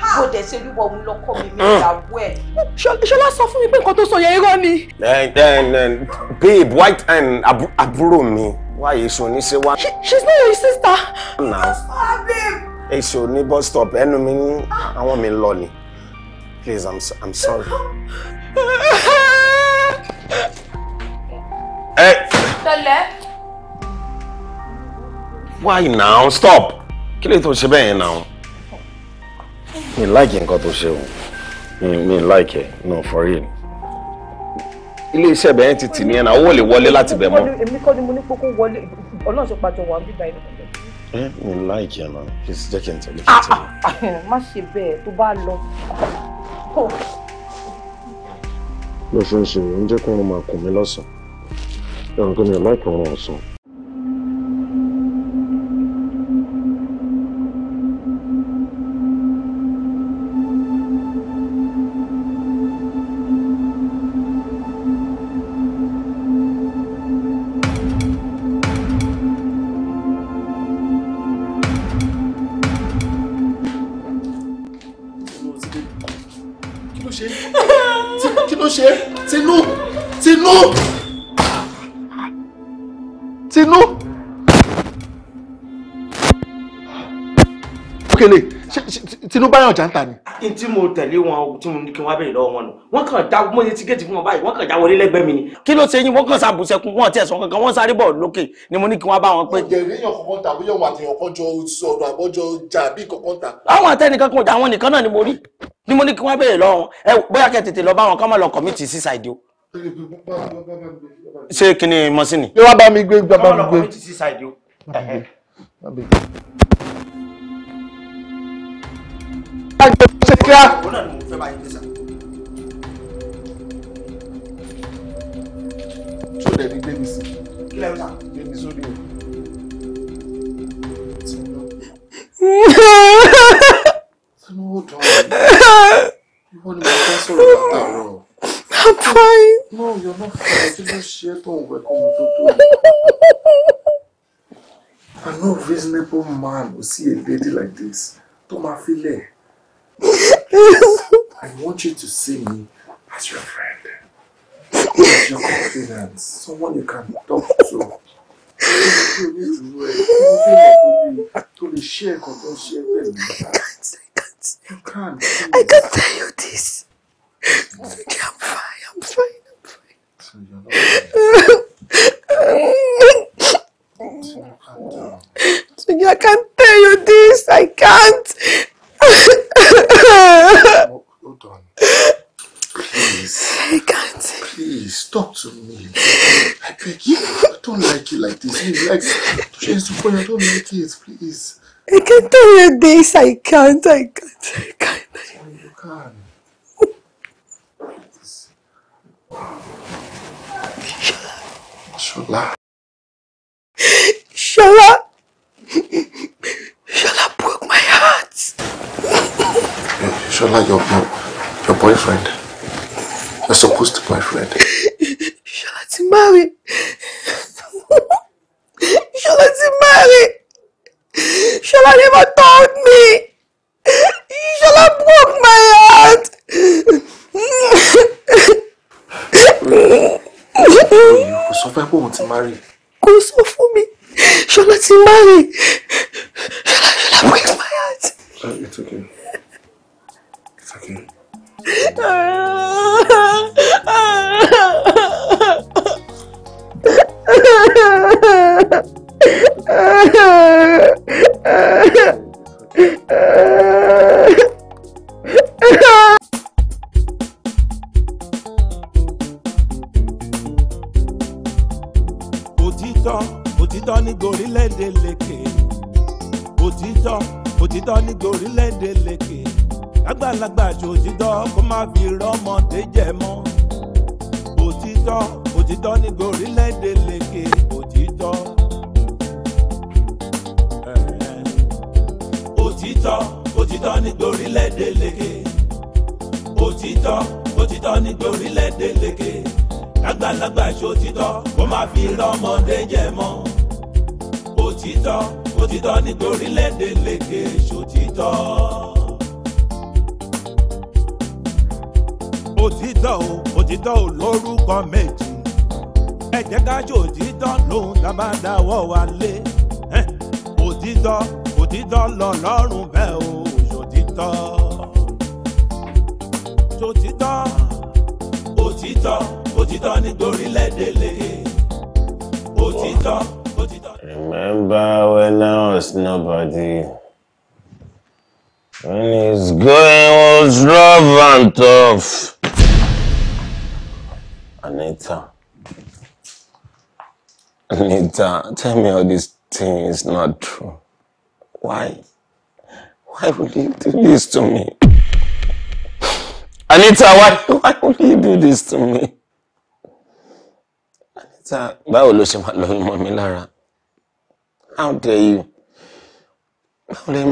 bó dẹ̀ ṣe olúwọ̀ òun lọ́kọ́ mi ìyàwó ẹ̀. ṣọlá sọ fún mi pé nǹkan tó sọ yẹn irọ́ ni. babe white and àbúrò mi wáyé èso ní ṣe wá. she's not your sister. now ah, èso ní bus stop ẹnu mi ní ah. àwọn mi lọ ni please i'm, I'm sorry. ẹ. [LAUGHS] Eh! tẹ̀lé. why now stop kí ló tó ṣe bẹ́ẹ̀ yẹn now mi like nǹkan tó ṣe o mi láìkì ẹ̀ no for real ilé iṣẹ́ bẹ̀rẹ̀ ti tì ní ẹ̀nà owó lè wọlé láti bẹ̀ mọ́. èmi kọ́ ni mo ní pé kó wọlé ọlọ́run ṣe pàjọ wà ń bíbá ẹni kọ́lẹ̀. ẹ mi láìkì ẹ̀ please jẹ́ kí n tẹ̀lé kí ah, tẹ̀lé. Ah, ah, má ṣe bẹ́ẹ̀ tó bá lọ. mo ṣe ń ṣe oúnjẹ kó oorun máa kùn mí lọ́sàn-án ẹ̀rọ kí mi ò láìkì oorun ọ̀sán. ló bá yàn jàǹtà ni. n tí mo tẹ̀lé wọn tí mo ní kí wọ́n bẹ̀rẹ̀ lọ́wọ́ wọn nù wọ́n kàn já mo ti géètì fún wọn báyìí wọ́n kàn já wọlé lẹ́gbẹ̀ẹ́ mi ni. kí ló ṣe yín wọ́n kàn sàbùsẹ̀kùn wọ́n tiẹ̀ sọ kankan wọ́n sáré bọ̀ lókè ni mo ní kí wọ́n bá wọn pé. ọ̀jẹ̀rẹ̀ yàn kọ̀ọ̀kan tà bóyá òun àtẹ̀yàn kan jọ sọ̀rọ̀ àbọ̀jọ jà bí kọ̀ọ̀kan tà. àwọn o ṣé kí ni mọ́sí ni. ló wá bá mi gbé gbá bá mi gbé. jẹ kó ṣe kíá. No, not fine. reasonable man will see a lady like this. Tó máa I want you to see me as your friend, as your confidant, someone you can talk to. to know everything I told I can't, I can't. You can't. I can't tell you this. Okay, I'm fine, I'm fine, I'm fine. So you're not So you can't tell. So I can't tell you this. I can't. Hold on. Please. I can't. Please, talk to me. I beg you. I don't like you like this. Please, like, change the point. I don't like it. Please. I can't tolerate this. I can't. I can't. I can't. Oh, you can. Shola. Shola. [LAUGHS] Shola, your, your, your boyfriend. You're supposed to be my friend. Shola ti marry. Shola ti marry. Shola never told me. Shola broke my heart. You kò sọ fẹ́ pé òun ti marry. Kò so fún me? Shall I marry. Shall I breaks my heart. Uh, it's okay kí. òtítọ́ òtítọ́ ní gorílẹ̀-èdè lèkè òtítọ́ òtítọ́ ní gorílẹ̀-èdè lèkè àgbàlagbà ṣòtítọ́ kó má fi rọ́mọdé jẹ mọ́ òtítọ́ òtítọ́ ní gorílẹ̀-èdè lékè òtítọ́. òtítọ́ òtítọ́ ní gorílẹ̀-èdè lékè òtítọ́ òtítọ́ ní gorílẹ̀-èdè lékè àgbàlagbà ṣòtítọ́ kó má fi rọ́mọdé jẹ mọ́ òtítọ́ òtítọ́ ní gorílẹ̀-èdè lékè ṣòtítọ́. òtítọ́ o òtítọ́ o lórúkọ méjì ẹ jẹ́ òtítọ́ lòun tá a bá dáwọ́ wa lé òtítọ́ òtítọ́ lọ́lọ́run bẹ́ẹ̀ o òtítọ́ òtítọ́ òtítọ́ òtítọ́ ní torílẹ̀-èdè lè òtítọ́ òtítọ́. Remember when I was nobody. When it's going was rough and tough. Anita. Anita, tell me all this thing is not true. Why? Why would you do this to me? Anita, why, why would you do this to me? Anita, báwo ló ṣe máa lóyún mọ́ mi lára? How dare you? Báwo ló ṣe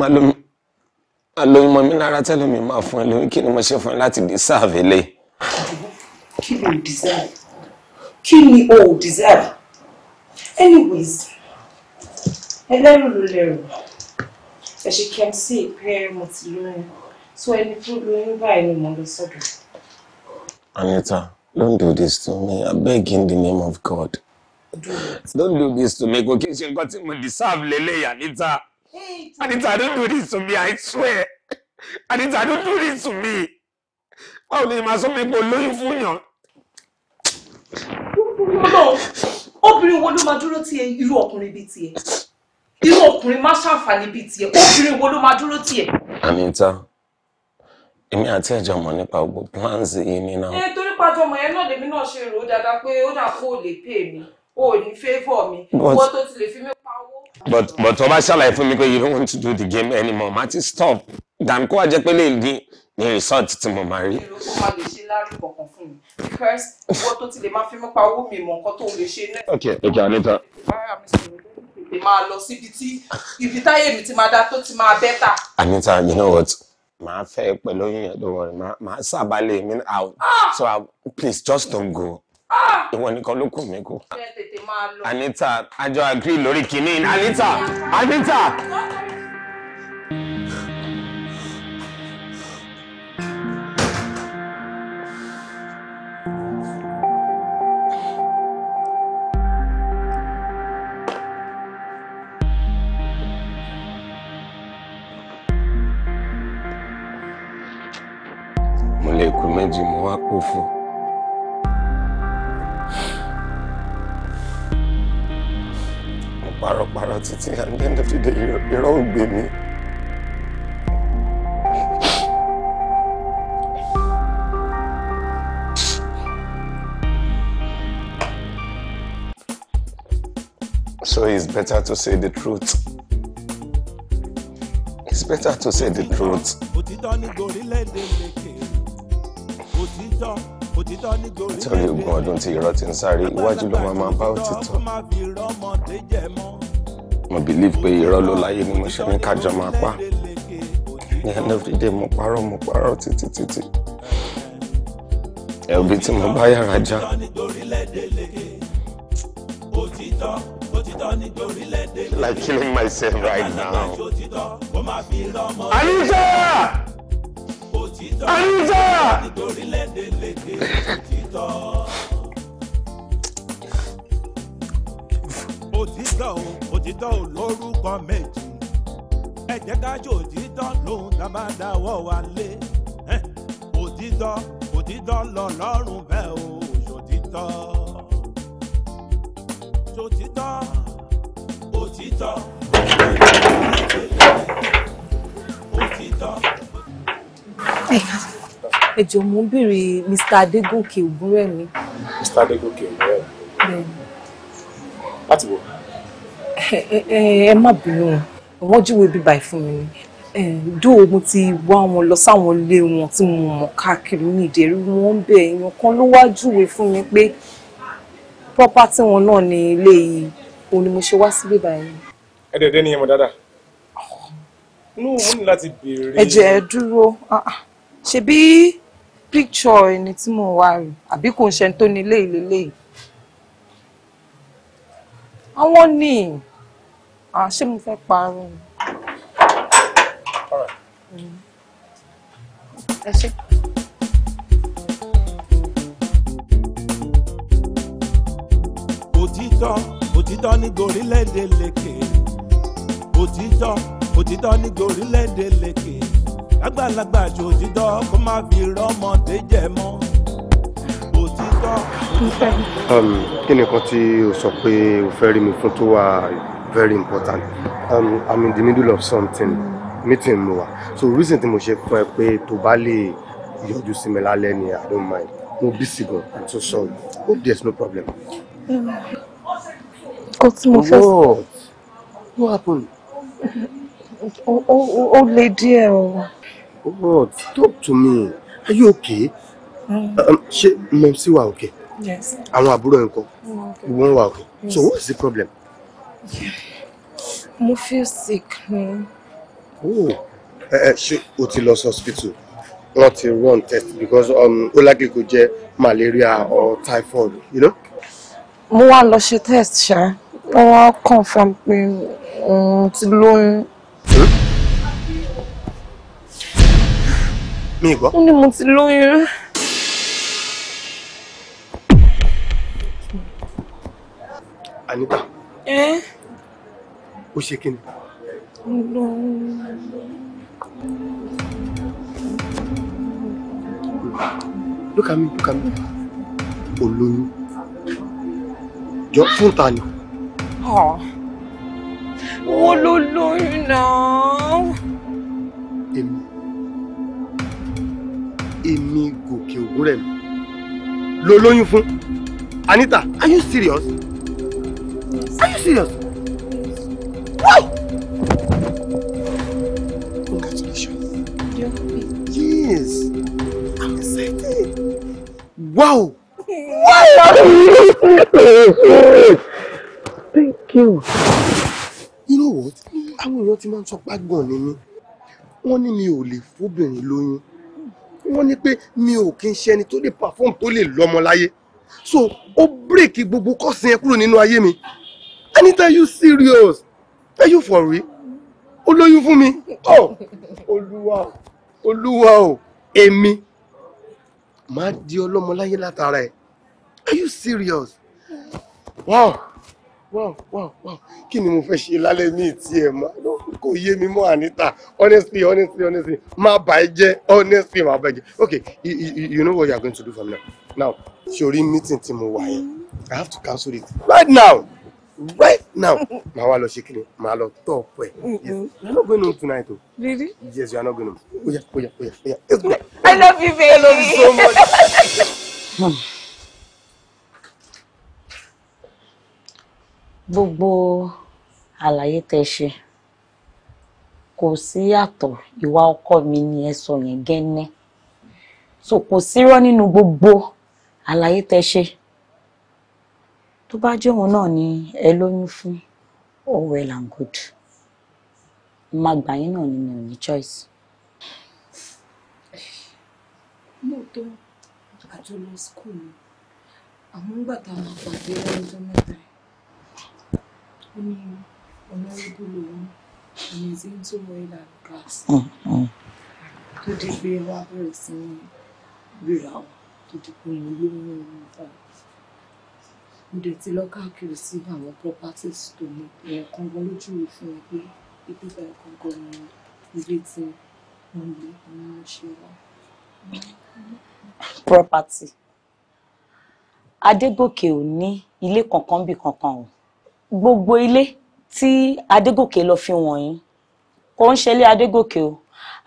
máa lóyún mọ́ mi lára tẹ́lẹ̀ mi máa fún ẹ lóyún kí ni mo ṣe fún ẹ láti dé sáàvélé? kí ló deserve kí ni o deserve anyways ẹlẹ́rù ló lẹ́rù ẹ ṣe kí n sí pé mo ti lóyún so ẹni tó lóyún báyìí ni mo lọ sọ́dọ̀. Anita don't do this to me I beg in the name of God don't do this to me kò kí n ṣe nǹkan tí mo deserve lélẹ́yà Anita Anita don't do this to me I swear Anita don't do this to me báwo ni màá sọ mi pé olóyún fún yàn obìnrin wo ló máa dúró ti ẹ irú ọkùnrin bíi tiẹ̀ irú ọkùnrin má ṣàǹfààní bíi tiẹ̀ obìnrin wo ló máa dúró tiẹ̀. Anita èmi àti ẹjọ mọ̀ nípa gbogbo plans yìí ní náà. ẹ eh, torí pàjọ ọmọ yẹn náà lèmi náà ṣe rò ó dáadáa pé ó dà kó o lè pè mí o ò ní favour mi wọ́n tó ti lè fi mí pa owó. but but ọba ṣàlàyé fún mi pé you don't want to do the game anymore ma ti stop dan kó wàá jẹ́ pé lè ní ní result tí mo máa rí. èrò kó má lè ṣe lárí kankan fún mi because owó tó ti lè máa fi mú owó mi mọ̀ nǹkan tó lè ṣe náà. ok ẹ jà níta. rárá mi sọ̀rọ̀ lè máa lọ síbi tí ibi táyé mi ti máa dá tó ti máa bẹ́tà. Anita you know what màá fẹ́ pẹ̀lú yín yẹn don't worry màá sábàlẹ̀ mi out ah! so I, please just don't go ah! ìwọ nìkan ló kù mí kù. Anita àjọ agree lórí kìíní Anita Anita. méjì mo wá kó fún. mo parọ́parọ́ títí and then the irọ́ ò mi. So it's better to say the truth. It's better to say the truth òtítọ́ òtítọ́ ní gorí. nítorí ogún ọdún tí irọ́ ti ń sáré iwájú ló máa máa bá òtítọ́. mo believe pé irọ́ ló láyé ni mo ṣe ní kájọ máa pa ní end of mo parọ́ mo parọ́ títí títí ẹ̀rùbí tí mo bá yàrá já. Like killing myself right now. Anita! Anita! èdè òtítọ́. òtítọ́ o òtítọ́ o lórúkọ méjì ẹ jẹ́ ká jẹ́ òtítọ́ lòun tá máa dáwọ́ wa lé òtítọ́ òtítọ́ lọ́lọ́run bẹ́ẹ̀ o òtítọ́ òtítọ́ òtítọ́ òtítọ́ ẹ jọ̀ọ́ mo ń béèrè Mr. Adégòkè Ògúnrẹ̀mí. Mr. Adégòkè Ògúnrẹ̀mí. láti wò. ẹ má bínú wọ́n júwe bíbá ìfún mi ni dóò mo ti wá wọn lọ sáwọn ilé wọn tí mo mọ̀ káàkiri ní ìdérí wọn bẹ èèyàn kan ló wá júwe fún mi pé property wọn náà ní ilé yìí òun ni mo ṣe wá sí bíbá yìí. ẹ dẹ̀ dẹ́ nìyẹn mọ̀ dáadáa inú òun ní láti béèrè. ẹ jẹ́ ẹ dúró ah, ah. ṣebí picture ẹni tí mò ń wá rí àbí kò ń ṣe tó ní ilé ìlélẹ yìí àwọn ní àṣé mo fẹ́ parun. ẹ ṣe. òtítọ́ òtítọ́ ní gorílẹ̀-èdè lèkè òtítọ́ òtítọ́ ní gorílẹ̀-èdè lèkè lágbàlagbà ṣòtítọ́ kó má fi rọ́mọdé jẹ mọ́ òtítọ́. Um, kí ni kan tí o sọ pé o fẹ́ rí mi fún tó wà very important um, i'm in the middle of something meeting mo wà so reason tí mo ṣe fún ẹ pé tó bá lè yọjú sí mi lálẹ́ ni i don't mind mo busy gan i'm so sorry hope there's no problem. Um, kò tí mo fẹ́ sọ. what happened. ó le díẹ̀ o. What? Talk to me. Are you okay? She, mọ̀mí sí wa okay? Yes. Àwọn àbúrò ẹ̀ mm, ń kọ́. won't wà okay. So what is the problem? I [LAUGHS] feel sick ni. Oh, ṣé o ti lọ sí hospital? Not ti run test because ó um, lágbè kó jẹ́ malaria or typhoid, you know? Mo wá lọ ṣe test ṣá. Wọ́n wá confirm pé òun mm, ti lóyún. Hmm? mi gbọ́. ó ní mo ti lóyún. Anita. ẹ. o ṣe kí ni. mo lóyún. look at me look at me olóyún jọ fún ta ni. owó ló lóyún náà. ìyàwó rẹ ló lóyún fún Anita are you serious are you serious Wow! congratulations yes i'm excited wow wow [LAUGHS] thank you. you know what àwọn èèyàn ti máa ń sọ pé ni mí wọ́n ní mi ò lè fóbìnrin lóyún wọ́n ní pé mi ò kí n ṣe ẹni tó lè perform tó lè lọ́mọ láyé so ó break gbogbo kọ́sìn yẹn kúrò nínú ayé mi anita you serious are you for real olóyún fún mi ọ oh, olúwa olúwa o èmi máa di ọlọ́mọ láyé látara ẹ are you serious wow wow wow wow kí ni mo fẹ́ ṣe lálẹ́ ní ìtì ẹ̀ mọ́ kò yé mi mọ́ Anita honestly honestly honestly má bà ẹ́ jẹ́ honestly má bà ẹ́ jẹ́ okay you, you, you know what you are going to do for now now sori meeting tí mo wà yẹn I have to cancel it right now right now [LAUGHS] màá wá lọ ṣe kí ni màá lọ tọ́ ọ̀pọ̀ ẹ̀ you are not going home tonight o oh. really yes you are not going home oya oya oya oya let's go I love you baby I love you so much. [LAUGHS] Hmm. gbogbo àlàyé tẹ ṣe kò sí yàtọ̀ ìwà ọkọ mi ni ẹ sọ yẹn gẹ́nẹ́ so kò sírọ́ nínú gbogbo àlàyé tẹ ṣe tó bá jẹ́ òun náà ni ẹ lóyún fún well and good máa gbà yín náà ni mi ní choice. lóòótọ́ àjọ lọ skul àmọ́ ń gbà tá a máa pàdé lọ́jọ́ mẹ́ta yìí ní ọlọ́rìbó lòun amazing to oil and gas tó di pé wá bẹ̀rẹ̀ sí ní gbéra wọn tó di pé òun ló ń rìn ní ìfà mo dẹ̀ ti lọ káàkiri sí àwọn properties tó ní ẹ̀yìn kan gan lójú mi fún ibi báyìí kan gan ni ilé tí wọ́n gbé ní ṣe wá. property Adégòkè ò ní ilé kankan bí kankan o gbogbo ilé tí adégòkè lọ fi wọ̀nyí kò ń ṣẹlẹ̀ adégòkè o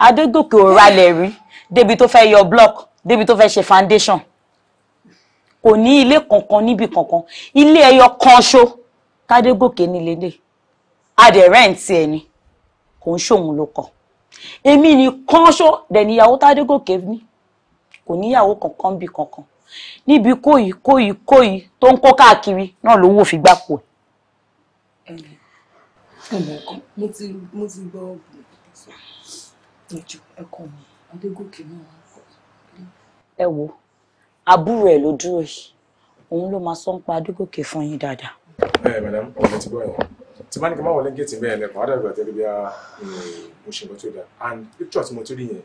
adégòkè ò ralẹ̀ rí débi tó fẹ́ yọ block débi tó fẹ́ ṣe foundation kò ní ilé kankan níbi kankan ilé ẹyọ kan ṣo tádégòkè nílé lè adẹ̀rẹ́ǹtì ẹ̀ ni kò ń ṣòun ló kọ èmi ni kan ṣo dẹ̀ níyàwó tádégòkè ní kò níyàwó kankan bí kankan níbi kóyí kóyí kóyí tó ń kó káàkiri náà ló wò fi gbáko ẹ̀ ọmọ kan mo ti mo ti gbọ́ ọ̀bùn ẹjọ́ ẹ̀kọ́ mi adégòkè náà wà fọ́. ẹ wo àbúrò ẹ ló dúró yìí òun ló máa sọ ń pa adégòkè fún yín dáadáa. ẹ ẹ madam ọmọ ti gbọ́ ẹ tí bá ní kí n máa wọlé géètì bẹ́ẹ̀ lẹ́kọ̀ọ́ adàgbà tẹ́lẹ̀ bí a mo ṣe nǹkan tó dáa and picture tí mo tún rí yẹn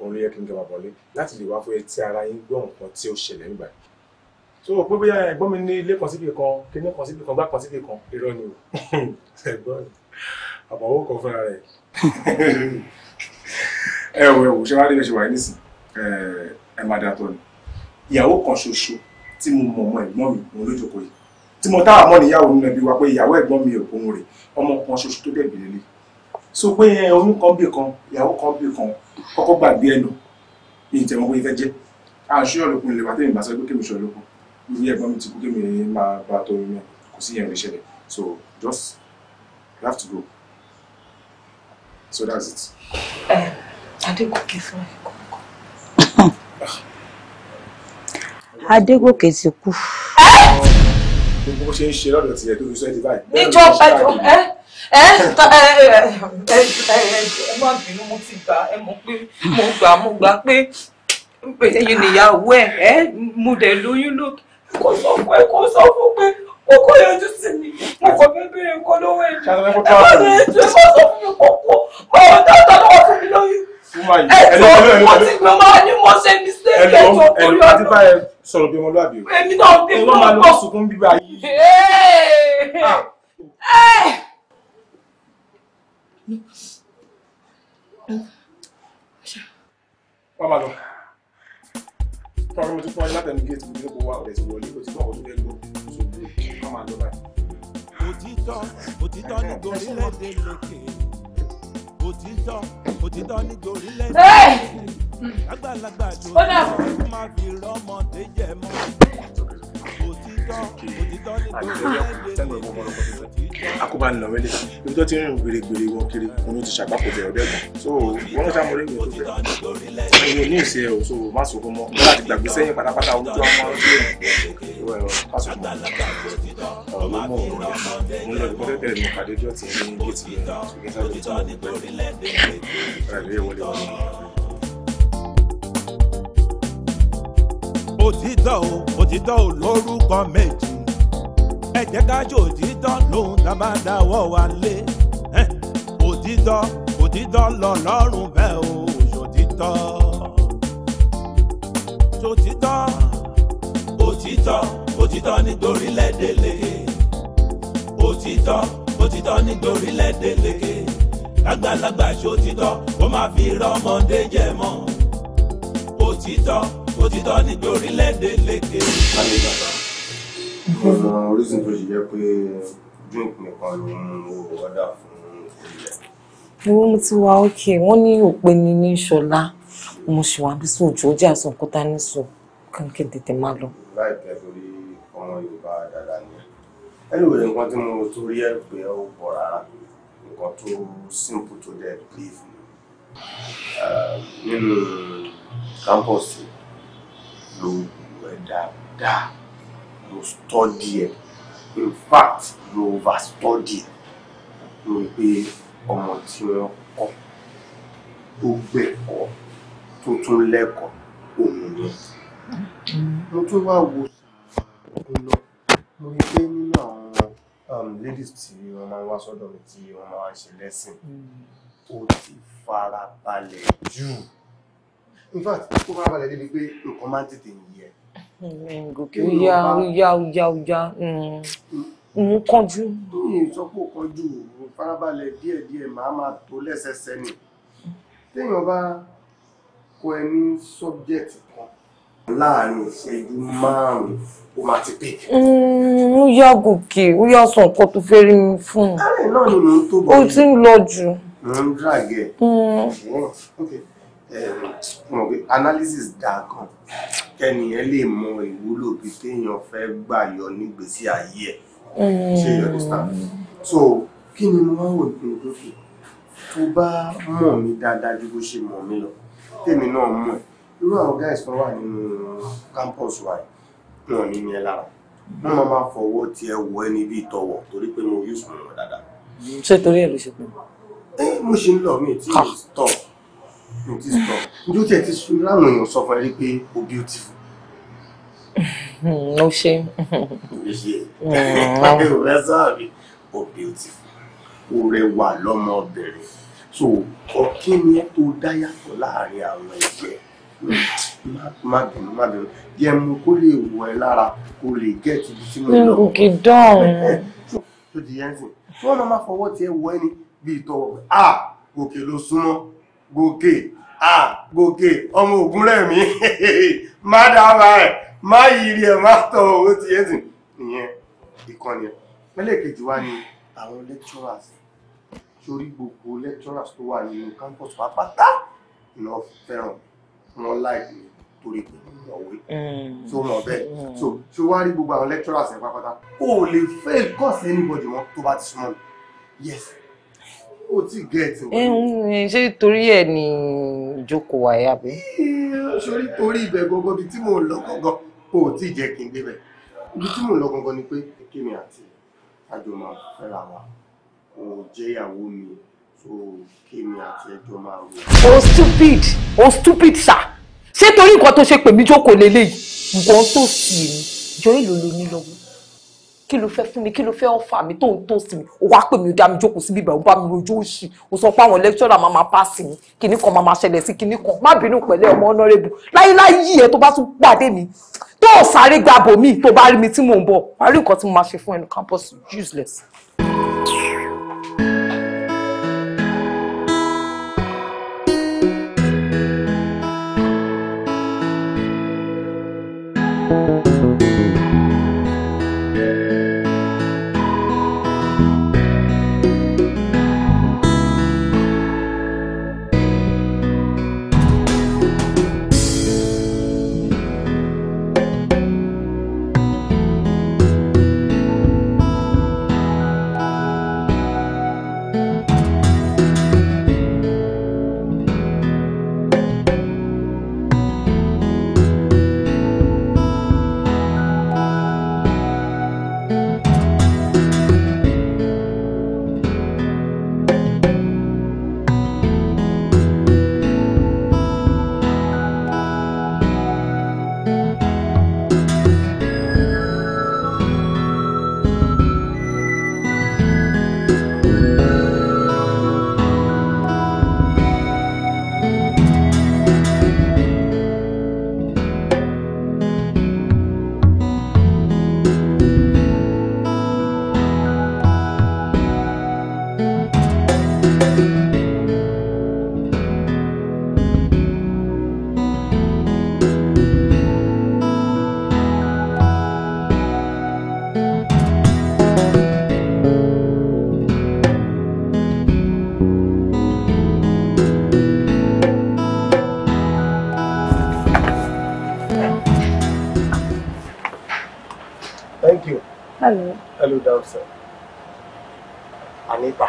òun ló yẹ kí n gbà wọlé láti lè wá fún ẹ tí ara yín gbọ́ nǹkan tí ó ṣẹlẹ̀ nígbà yìí so pé bóyá ẹ̀gbọ́n mi ní ilé kan síbi kan kíní kan síbi kan gbá kan síbi kan irọ́ ni o [LAUGHS] ẹ̀gbọ́n àbọ̀wò kan fúnra rẹ̀. [LAUGHS] ẹ wò ẹ wò ṣé wàá rí ẹṣin wàá nísìn ẹ máa dàtọ ni ìyàwó kan ṣoṣo tí mo mọ̀ ọmọ ẹ̀gbọ́n mi òun ló jókòó yìí tí mo táwọn mọ̀ níyàwó nínú ẹbí wa pé ìyàwó ẹ̀gbọ́n mi ò kóhun rè ọmọ kan ṣoṣo tó dẹ̀ bìrẹ̀ lé so pé oyún kan bì kan ìyàwó kan bì kan kọ́kọ́ gbàgbé ẹnu ní ìtẹ̀wọ́n pé ìfẹ́ jẹ́ àṣùyọ̀ lókun ilé wa tẹ́yìn pé kí mi ṣọ lókun ilé ẹ̀gbọ́n mi ti kú tèmi máa bá tó yín náà kò sí yẹn lè ṣẹlẹ̀ so just you have to go so that's it. Adégòkè fún ẹ kọ̀ọ̀kan. Ah. Adégòkè ti kú. Gbogbo ṣe ń ṣe lọ́dọ̀ tiẹ̀ tó fi sọ ẹ́ di báyìí. Níjọ́ ẹjọ́ ẹ́ ẹ́ ẹ má bínú mo ti gbà ẹ mọ̀ pé mo gbà mo gbà pé ẹ̀yin nìyàwó ẹ̀ ẹ́ mo dẹ̀ lóyún lókè kò sọ fún ẹ kò sọ fún pé kò kó yọjú sí mi mo kò fẹ́ bèrè nǹkan lọ́wọ́ ẹ̀ ẹ má lè ju ẹ má sọ fún mi kò báwo dáadáa lọ́wọ́ fún mi lóyún ẹjọ́ mo ti gbé máa ní mo ṣe mistake ẹjọ́ torí ọdún. ẹ̀rọ àti sọ̀rọ̀ bí ọmọlúwàbí o. èmi náà bí mo máa lọ sùnkún bíbá yìí. Vamos lá fún mi ti fún ọ látẹnu gate kò ní kó wá ti wọlé kò ti fún ọ̀rọ̀ tó fẹ́ lọ sóbi máa lọ báyìí. òtítọ́ òtítọ́ ní gorílẹ̀-èdè lókè òtítọ́ òtítọ́ ní gorílẹ̀-èdè lókè àgbàlagbà ló máa fi rọ́mọdé jẹ mọ́ akóbá ń lọ wẹlé tó ti rìn gbèrègbèrè wọ kiri òun ti ṣàgbákò bẹ̀rẹ̀ ọ̀bẹ̀ so wọn ṣá mo rẹ́gbẹ̀ẹ́ tó fẹ́ ẹ̀yin ò ní ìṣe ẹ̀ so má sọ fún mọ́ láti gbàgbé sẹ́yìn pátápátá ojú ọmọ ọdún lẹ́nu má sọ mọ́ ọ̀rọ̀ ló mọ̀ ọ̀rọ̀ mo lọ ìbọn tẹ́tẹ̀rẹ̀ mi pàdé ọjọ́ tí ń gbé ti yẹn ṣùgbọ́n sábẹ́ tí mo gbẹ́ òtítọ́ o òtítọ́ o lórúkọ méjì ẹ jẹ́ ká jẹ́ òtítọ́ lòun tá a bá dáwọ́ wa lé òtítọ́ òtítọ́ lọ́lọ́run bẹ́ẹ̀ o òtítọ́ òtítọ́ òtítọ́ òtítọ́ nítorí lẹ́dẹ̀lẹ́gẹ̀ òtítọ́ òtítọ́ nítorí lẹ́dẹ̀lẹ́gẹ̀ lágbàlagbà ṣòtítọ́ ó máa fi rọ́mọdé jẹ mọ́ òtítọ́ òtítọ́ ní torílẹ̀-èdè lékè lálẹ́gbàdàn. Uh, orísun tó ṣe jẹ́ pé drink nìkan ló ń wo ọ̀dà fún ilẹ̀. ìwọ mo ti wá òkè wọn ní òpin ní ní ṣọlá mo ṣì wà bí sóòjò ó jẹ́ àìsàn kúta ní sọ kankan tètè máa lọ. láìpẹ́ torí ọmọ yorùbá dáadáa ni ẹni wèrè nǹkan tí mo tó rí ẹ ó pọ̀ rárá nǹkan tó simple tó dẹ̀ brief uh, nínú campus yìí ló ń wù ẹ́ dáadáa ló stọ́dì ẹ̀ in fact ló over stọ́dì ẹ̀ ló ń pé ọmọ tí wọ́n kọ́ tó gbẹ̀kọ́ tó tún lẹ́kọ̀ọ́ òun ni mo tún wá wo sàmù lọ mo rí pé nínú àwọn um, ladies tí wọ́n máa ń wá sọ́dọ̀ mi tí wọ́n máa ń ṣe lẹ́sìn ó ti fara balẹ̀ in fact ó fara balẹ̀ débi pé nǹkan máa ń tètè yẹ. gòkè mm, mm, ó yá ó yá ó yá ó yá òun mm. kánjú. mi ò sọ pé ó kánjú o farabalẹ̀ díẹ̀díẹ̀ màá máa tó lẹ́sẹsẹ ni téèyàn bá kọ ẹ ní sọ́bjẹ̀tì kan láàrin ìṣẹ́jú márùn-ún ó máa ti pè. ó yá gòkè ó yá sọ nǹkan tó fẹ́ rí mi fún un. ó ti ń lọ jù. mò ń dàgẹ̀. ok mo pe analysis dáa gan kẹ́niyẹn lè mọ ìwúlò bí téèyàn fẹ́ gbà yọ nígbésí ayé ẹ̀ ṣe yọ ní sàn so kí ni mo máa ń wò ní lókè tó bá mọ̀ mí dáadáa ju bó ṣe mọ̀ mí lọ tèmi náà mọ̀ irú àwọn guys kan wà nínú campus wa yìí wọn ní ní ẹ lára wọn máa máa fọwọ́ tí ẹ wọ ẹ níbi ìtọwọ̀ torí pé mo use mo rọ dáadáa. ṣé torí ẹ ló ṣe pé. mo ṣe ń lọ mí tí mo stop ló ti sọ ní ó tẹ̀ ti sọ láwọn èèyàn sọ fún ẹ pé o beautiful. ó ṣe. ó ṣe ẹ ò rẹ sọ́ọ̀rì o beautiful o rẹwà lọ́mọbìnrin so ọ̀kí ni ẹ tó dá yàtọ̀ láàrin àwọn ẹgbẹ́ hmm, má bínú má bínú díẹ̀ mú kó lè wọ ẹ lára kó lè gẹ̀ẹ́tì ibi tí mo lọ. kì í dán. tó di yẹn sìn wọ́n máa fọwọ́ tiẹ̀ wọ ẹni bíi tọwọ́ ah gòkè ló súnmọ́ gòkè à gòkè ọmọ ògún rẹ̀mí [LAUGHS] má dábà ẹ̀ má yiri ẹ̀ má tọ̀ owó ti yẹn sìn ìyẹn ìkànnì ẹ̀ mẹ́lẹ̀ kejì wá ní àwọn lecturers sórí gbogbo lecturers tó wà nínú campus pátá lọ fẹ́ràn wọn láìpẹ́ torí pé ìyọ̀wé tó mm. mọ̀ bẹ́ẹ̀ mm. so ṣé wàá rí gbogbo àwọn lecturers ẹ̀ pátápátá o ò lè fail course anybody wọn tó bá ti súnmọ́ yes o ti gẹ̀ẹ́tì wọn. ṣé torí ẹ ni ìjókòó wa yá bẹ́ẹ̀. sori torí ibẹ̀ gangan ibi tí mò ń lọ gangan o ti jẹ́ kí n débẹ̀ ibi tí mò ń lọ gangan ni pé kíni àti àjọ máa fẹ́ra wa kò jẹ́ ìyàwó mi so kíni àti ẹjọ́ máa wò. o stupid o stupid sa ṣé torí nǹkan tó ṣe pè mí jókòó lélẹ́yìí ìwọ tó sì ní jọ èlò ló ní lọ́wọ́ kí ló fẹ́ fún mi kí ló fẹ́ ọ̀fà mi tó ń tó sí mi ó wá pè mí ó dá mi jókòó síbi ìbẹ̀rù bá mi rojọ́ òṣì ó sọ pé àwọn lecturer máa máa pàṣẹ mi kinní kan máa máa ṣẹlẹ̀ sí kinní kan má bínú pẹ̀lẹ́ ọmọ honorable láyéláyé ẹ tó bá tún pàdé mi tó sáré gbàbọ̀ mi tó bá rí mi tí mò ń bọ̀ wàá rí nǹkan tí mo máa ṣe fún ẹnu campus useless. hello dawson anita.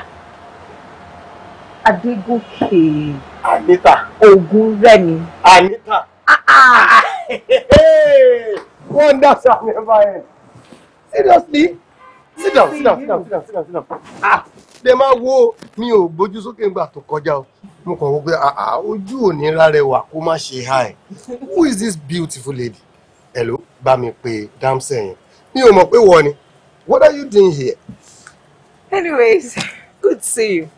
adégòkè. anita. ògúnrẹ̀mí. anita. wọ́n dá sí àmì ẹ̀fà yẹn seriously sit down sit down sit down sit down sit down sit down ah lè máa wo mi o gbójú sókè ńgbà tó kọjá o mo kàn wọ pé ah, ah, ojú òní rárẹwà kó má ṣe hi who is this beautiful lady hello bá mi pè dámsẹ̀ yẹn mi ò mọ̀ pé wọ ni What are you doing here? Anyways, [LAUGHS] good to see you.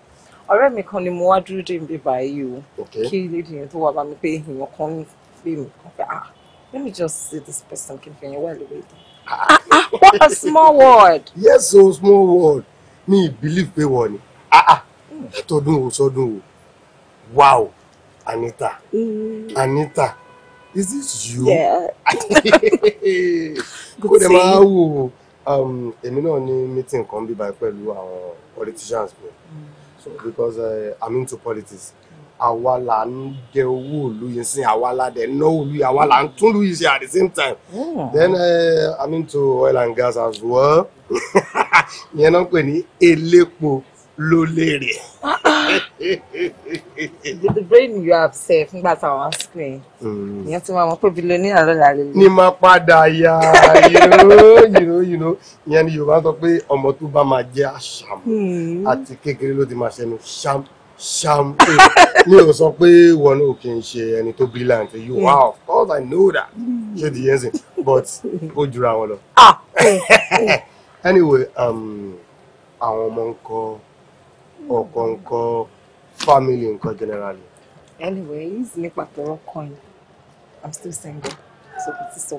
Ọ̀rẹ́ mi kan ni mo wá dúró dé ibi báyìí o. Kí lèdìyàn tó wá bá mi pé èèyàn kan ń pè kan pé ah let me just see this person kí n fi ẹ̀yìn wá ìlú wẹ̀dẹ̀. Ah, ah, ah, ah what a small word. Yes o oh, small word mi ì believe pé wọ ni ah ah tọdún wo sọdún wo wow Anita mm. Anita is this you? Yeah. kó [LAUGHS] dẹ̀ máa wò ó um, èmi náà ní meeting kan bíbá pẹ̀lú àwọn politicians mi mm. so because uh, i'm into politics àwa là ń jẹ owó ìlú yìí sí àwa la dẹ̀ ná ìlú yìí àwa là ń tún ìlú yìí at the same time yeah. then uh, i'm into oil and gas as well [LAUGHS] ìyẹn náà ń pè ní elépo ló lérè. the brain you have sef nígbà táwọn screen mm. ìyẹn tí wọn mọ pé billionaire lọ́la lè lè. ní máa padà ya yìnyín yìnyín ìyẹn ni yorùbá sọ pé ọmọ tó bá máa jẹ àṣàm hmm. àti kékeré ló ti máa ṣẹnu ṣàm ṣàm mi ò sọ pé wọn ò kì í ṣe ẹni tó brilliant you wow hmm. of course i know that hmm. ṣé di yẹn but ó jura wọn lọ. Ah. [LAUGHS] anyway um, àwọn ọmọ ń kọ́ ọkàn family nǹkan generally. anyways nípa tọrọ kan yìí i'm still single so kò tí sọ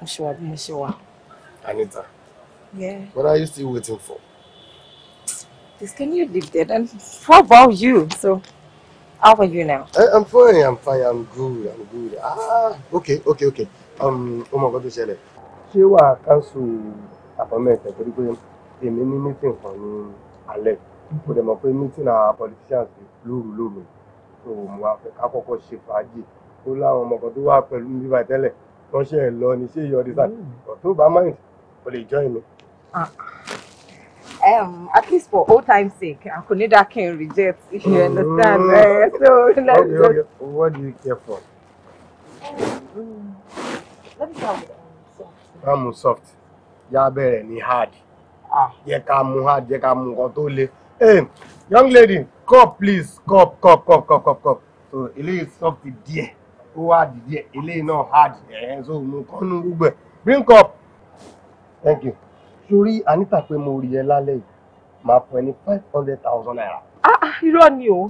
mo ṣe wà bí mo ṣe wà. anita yeah. what are you still waiting for. This can you leave that and how about you so how are you now. I, eh, i'm fine i'm fine i'm good i'm good ah okay okay okay um ọmọ nǹkan tó ṣẹlẹ̀ ṣé wàá cancel appointment ẹ̀ torí pé èmi ní meeting kan ní alẹ́ mo dẹ̀ mọ̀ pé meeting our politicians dey lóru lóru so mo wá fẹ́ ká kọ́kọ́ ṣe fàájì ó láwọn ọmọ kan tó wà pẹ̀lú mi tẹ́lẹ̀ wọ́n ṣe lọ ní ṣé yọ sáà hmm. tó mind o lè join mi. Ah. Um, at least for old time's sake, I could need that can reject if [LAUGHS] you hmm. understand. Mm. Uh, so let's okay, just... okay. What do you care for? Um, let me try with um, soft. Ká mu soft. Yá bẹ̀rẹ̀ ah. hard. Jẹ́ ká hard, jẹ́ ká Hey, young lady, cup please, cup, cup, cup, cup, cup, cup. So, is soft díẹ̀, Who wá di díẹ̀, is not hard, eh, so mo kàn nu Bring cup. Thank you. Sori Anita pé mo rí ẹ lálẹ́ yìí, màá five hundred thousand naira. Ah ah, irọ́ ni o. [LAUGHS]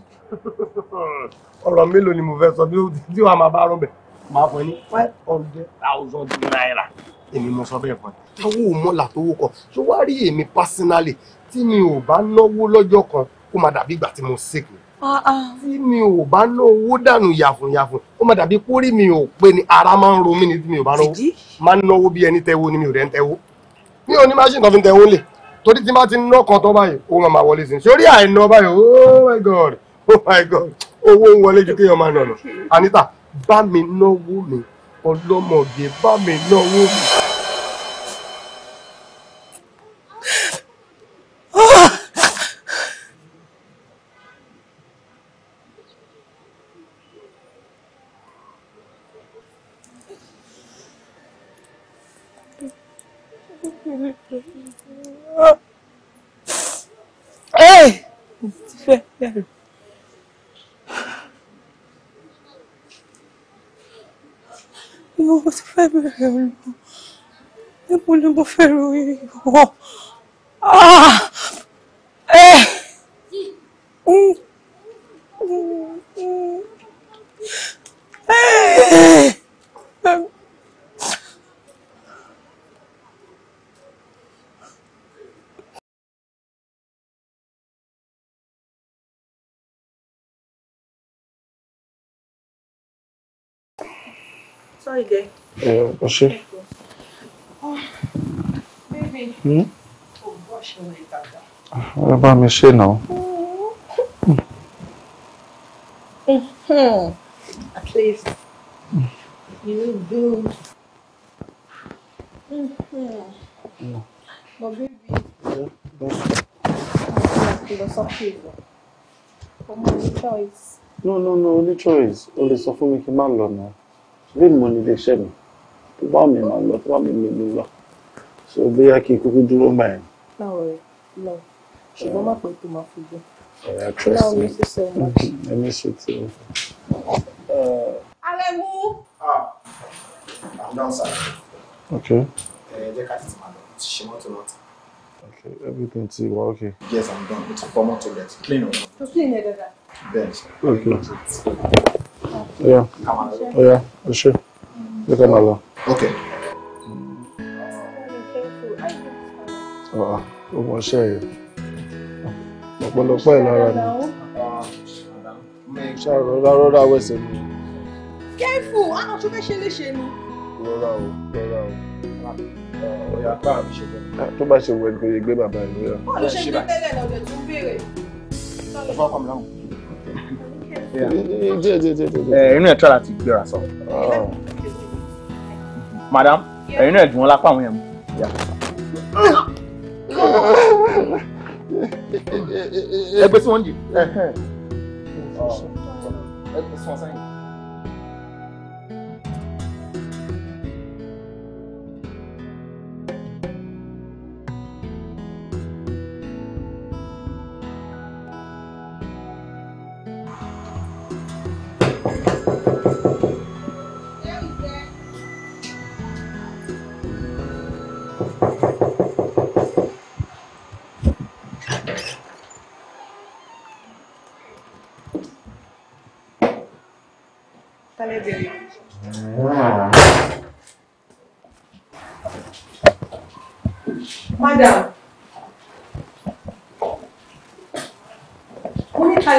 Ọ̀rọ̀ mélòó ni mo move. So, bí do máa bá rọ̀ bẹ̀? Màá fún five hundred thousand naira èmi mo sọ bẹ́ẹ̀ fún ẹ táwọn ò to tó wọ́kọ̀ tó wá rí èmi personally tí mi ò bá náwó lọ́jọ́ kan kó máa dàbí ìgbà tí mo sick ni tí mi ò bá ná owó dànù yàfùnyàfùn ó máa dàbí pórí mi ò pé ni ara máa ń ro mí ni tí mi ò bá náwó máa náwó bí ẹni tẹ́wó ni mi ò rẹ́ ń tẹ́wó mi ò ní máṣíìnì tó fi ń tẹ́wó lè torí tí má ti ná kan tán báyìí ó máa máa wọlé sí i sórí àìná báyìí oh my god oh my god owó ń wọlé ju kéèyàn máa nà nà Anita bá mi náwó mi ọlọ́mọge bá mi náwó mi. ferro. Eu pulo no ferro e. Ah! É! Um. Um. Um. É! Só ideia. ẹ hum ṣe. não bá mexer não náà. At least you do. Mm-hmm. No. But baby, yeah, that's... philosophy. Ọmọ ní choice. No, no, no, only choice. O lè sọ fún mi kí n má lọ náà tó bá mi máa lọ tó bá mi lè lọ so bóyá kí n kúkú dúró mbà yẹn. báwo rẹ lọ ṣùgbọ́n má pé tó máa fi jẹ. báwo ni sísè ẹ̀ máa ẹ ok. Okay, everything ti wa okay. Yes, I'm done. Mo ti fọ mọ́tò rẹ̀ ti clean To clean ẹ̀ dada. Bẹ́ẹ̀ni. Okay. Oya, yeah o oh, sure ló fẹ́ máa lọ. ok. ó mọ iṣẹ́ yìí ọ̀pọ̀lọpọ̀ ìlara ni ṣàròrá rọ́rá wẹ̀sẹ̀ mi. careful àwọn tó fẹ́ ṣe léṣe ni. rọra o rọra o tó bá ṣe wẹ̀lú kòye gbé bàbá ìlú yà. bọ́ọ̀lù ṣe gbé tẹ́lẹ̀ lọ́dẹ̀ tó ń béèrè. ẹ madam ẹ̀yin náà jù wọ́n lápá àwọn yẹn mu. ẹgbẹ́ sí wọ́n jì. ẹgbẹ́ sí wọ́n sẹ́yìn.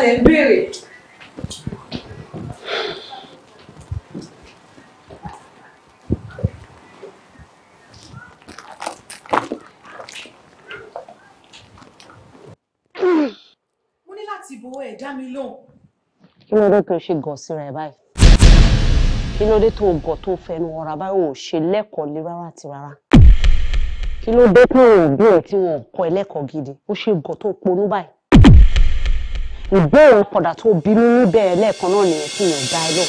lẹ̀ ń béèrè. mo ní láti bo ẹ̀ dá mi lóhùn. kí ló dé tó ṣe gàn síra ẹ báyìí kí ló dé tó gàn tó fẹnu ọ̀rá báyìí ò ṣe lẹ́kọ̀ọ́ lé rárá àti rárá kí ló dé pé òbí ẹ tí wọn kọ́ ẹ lẹ́kọ̀ọ́ gidi ó ṣe gàn tó ponú báyìí ìbéèrè ọkọ̀dà tó bínú níbẹ̀ lẹ́ẹ̀kan náà nìyẹn tí mi ò dá ẹ lọ.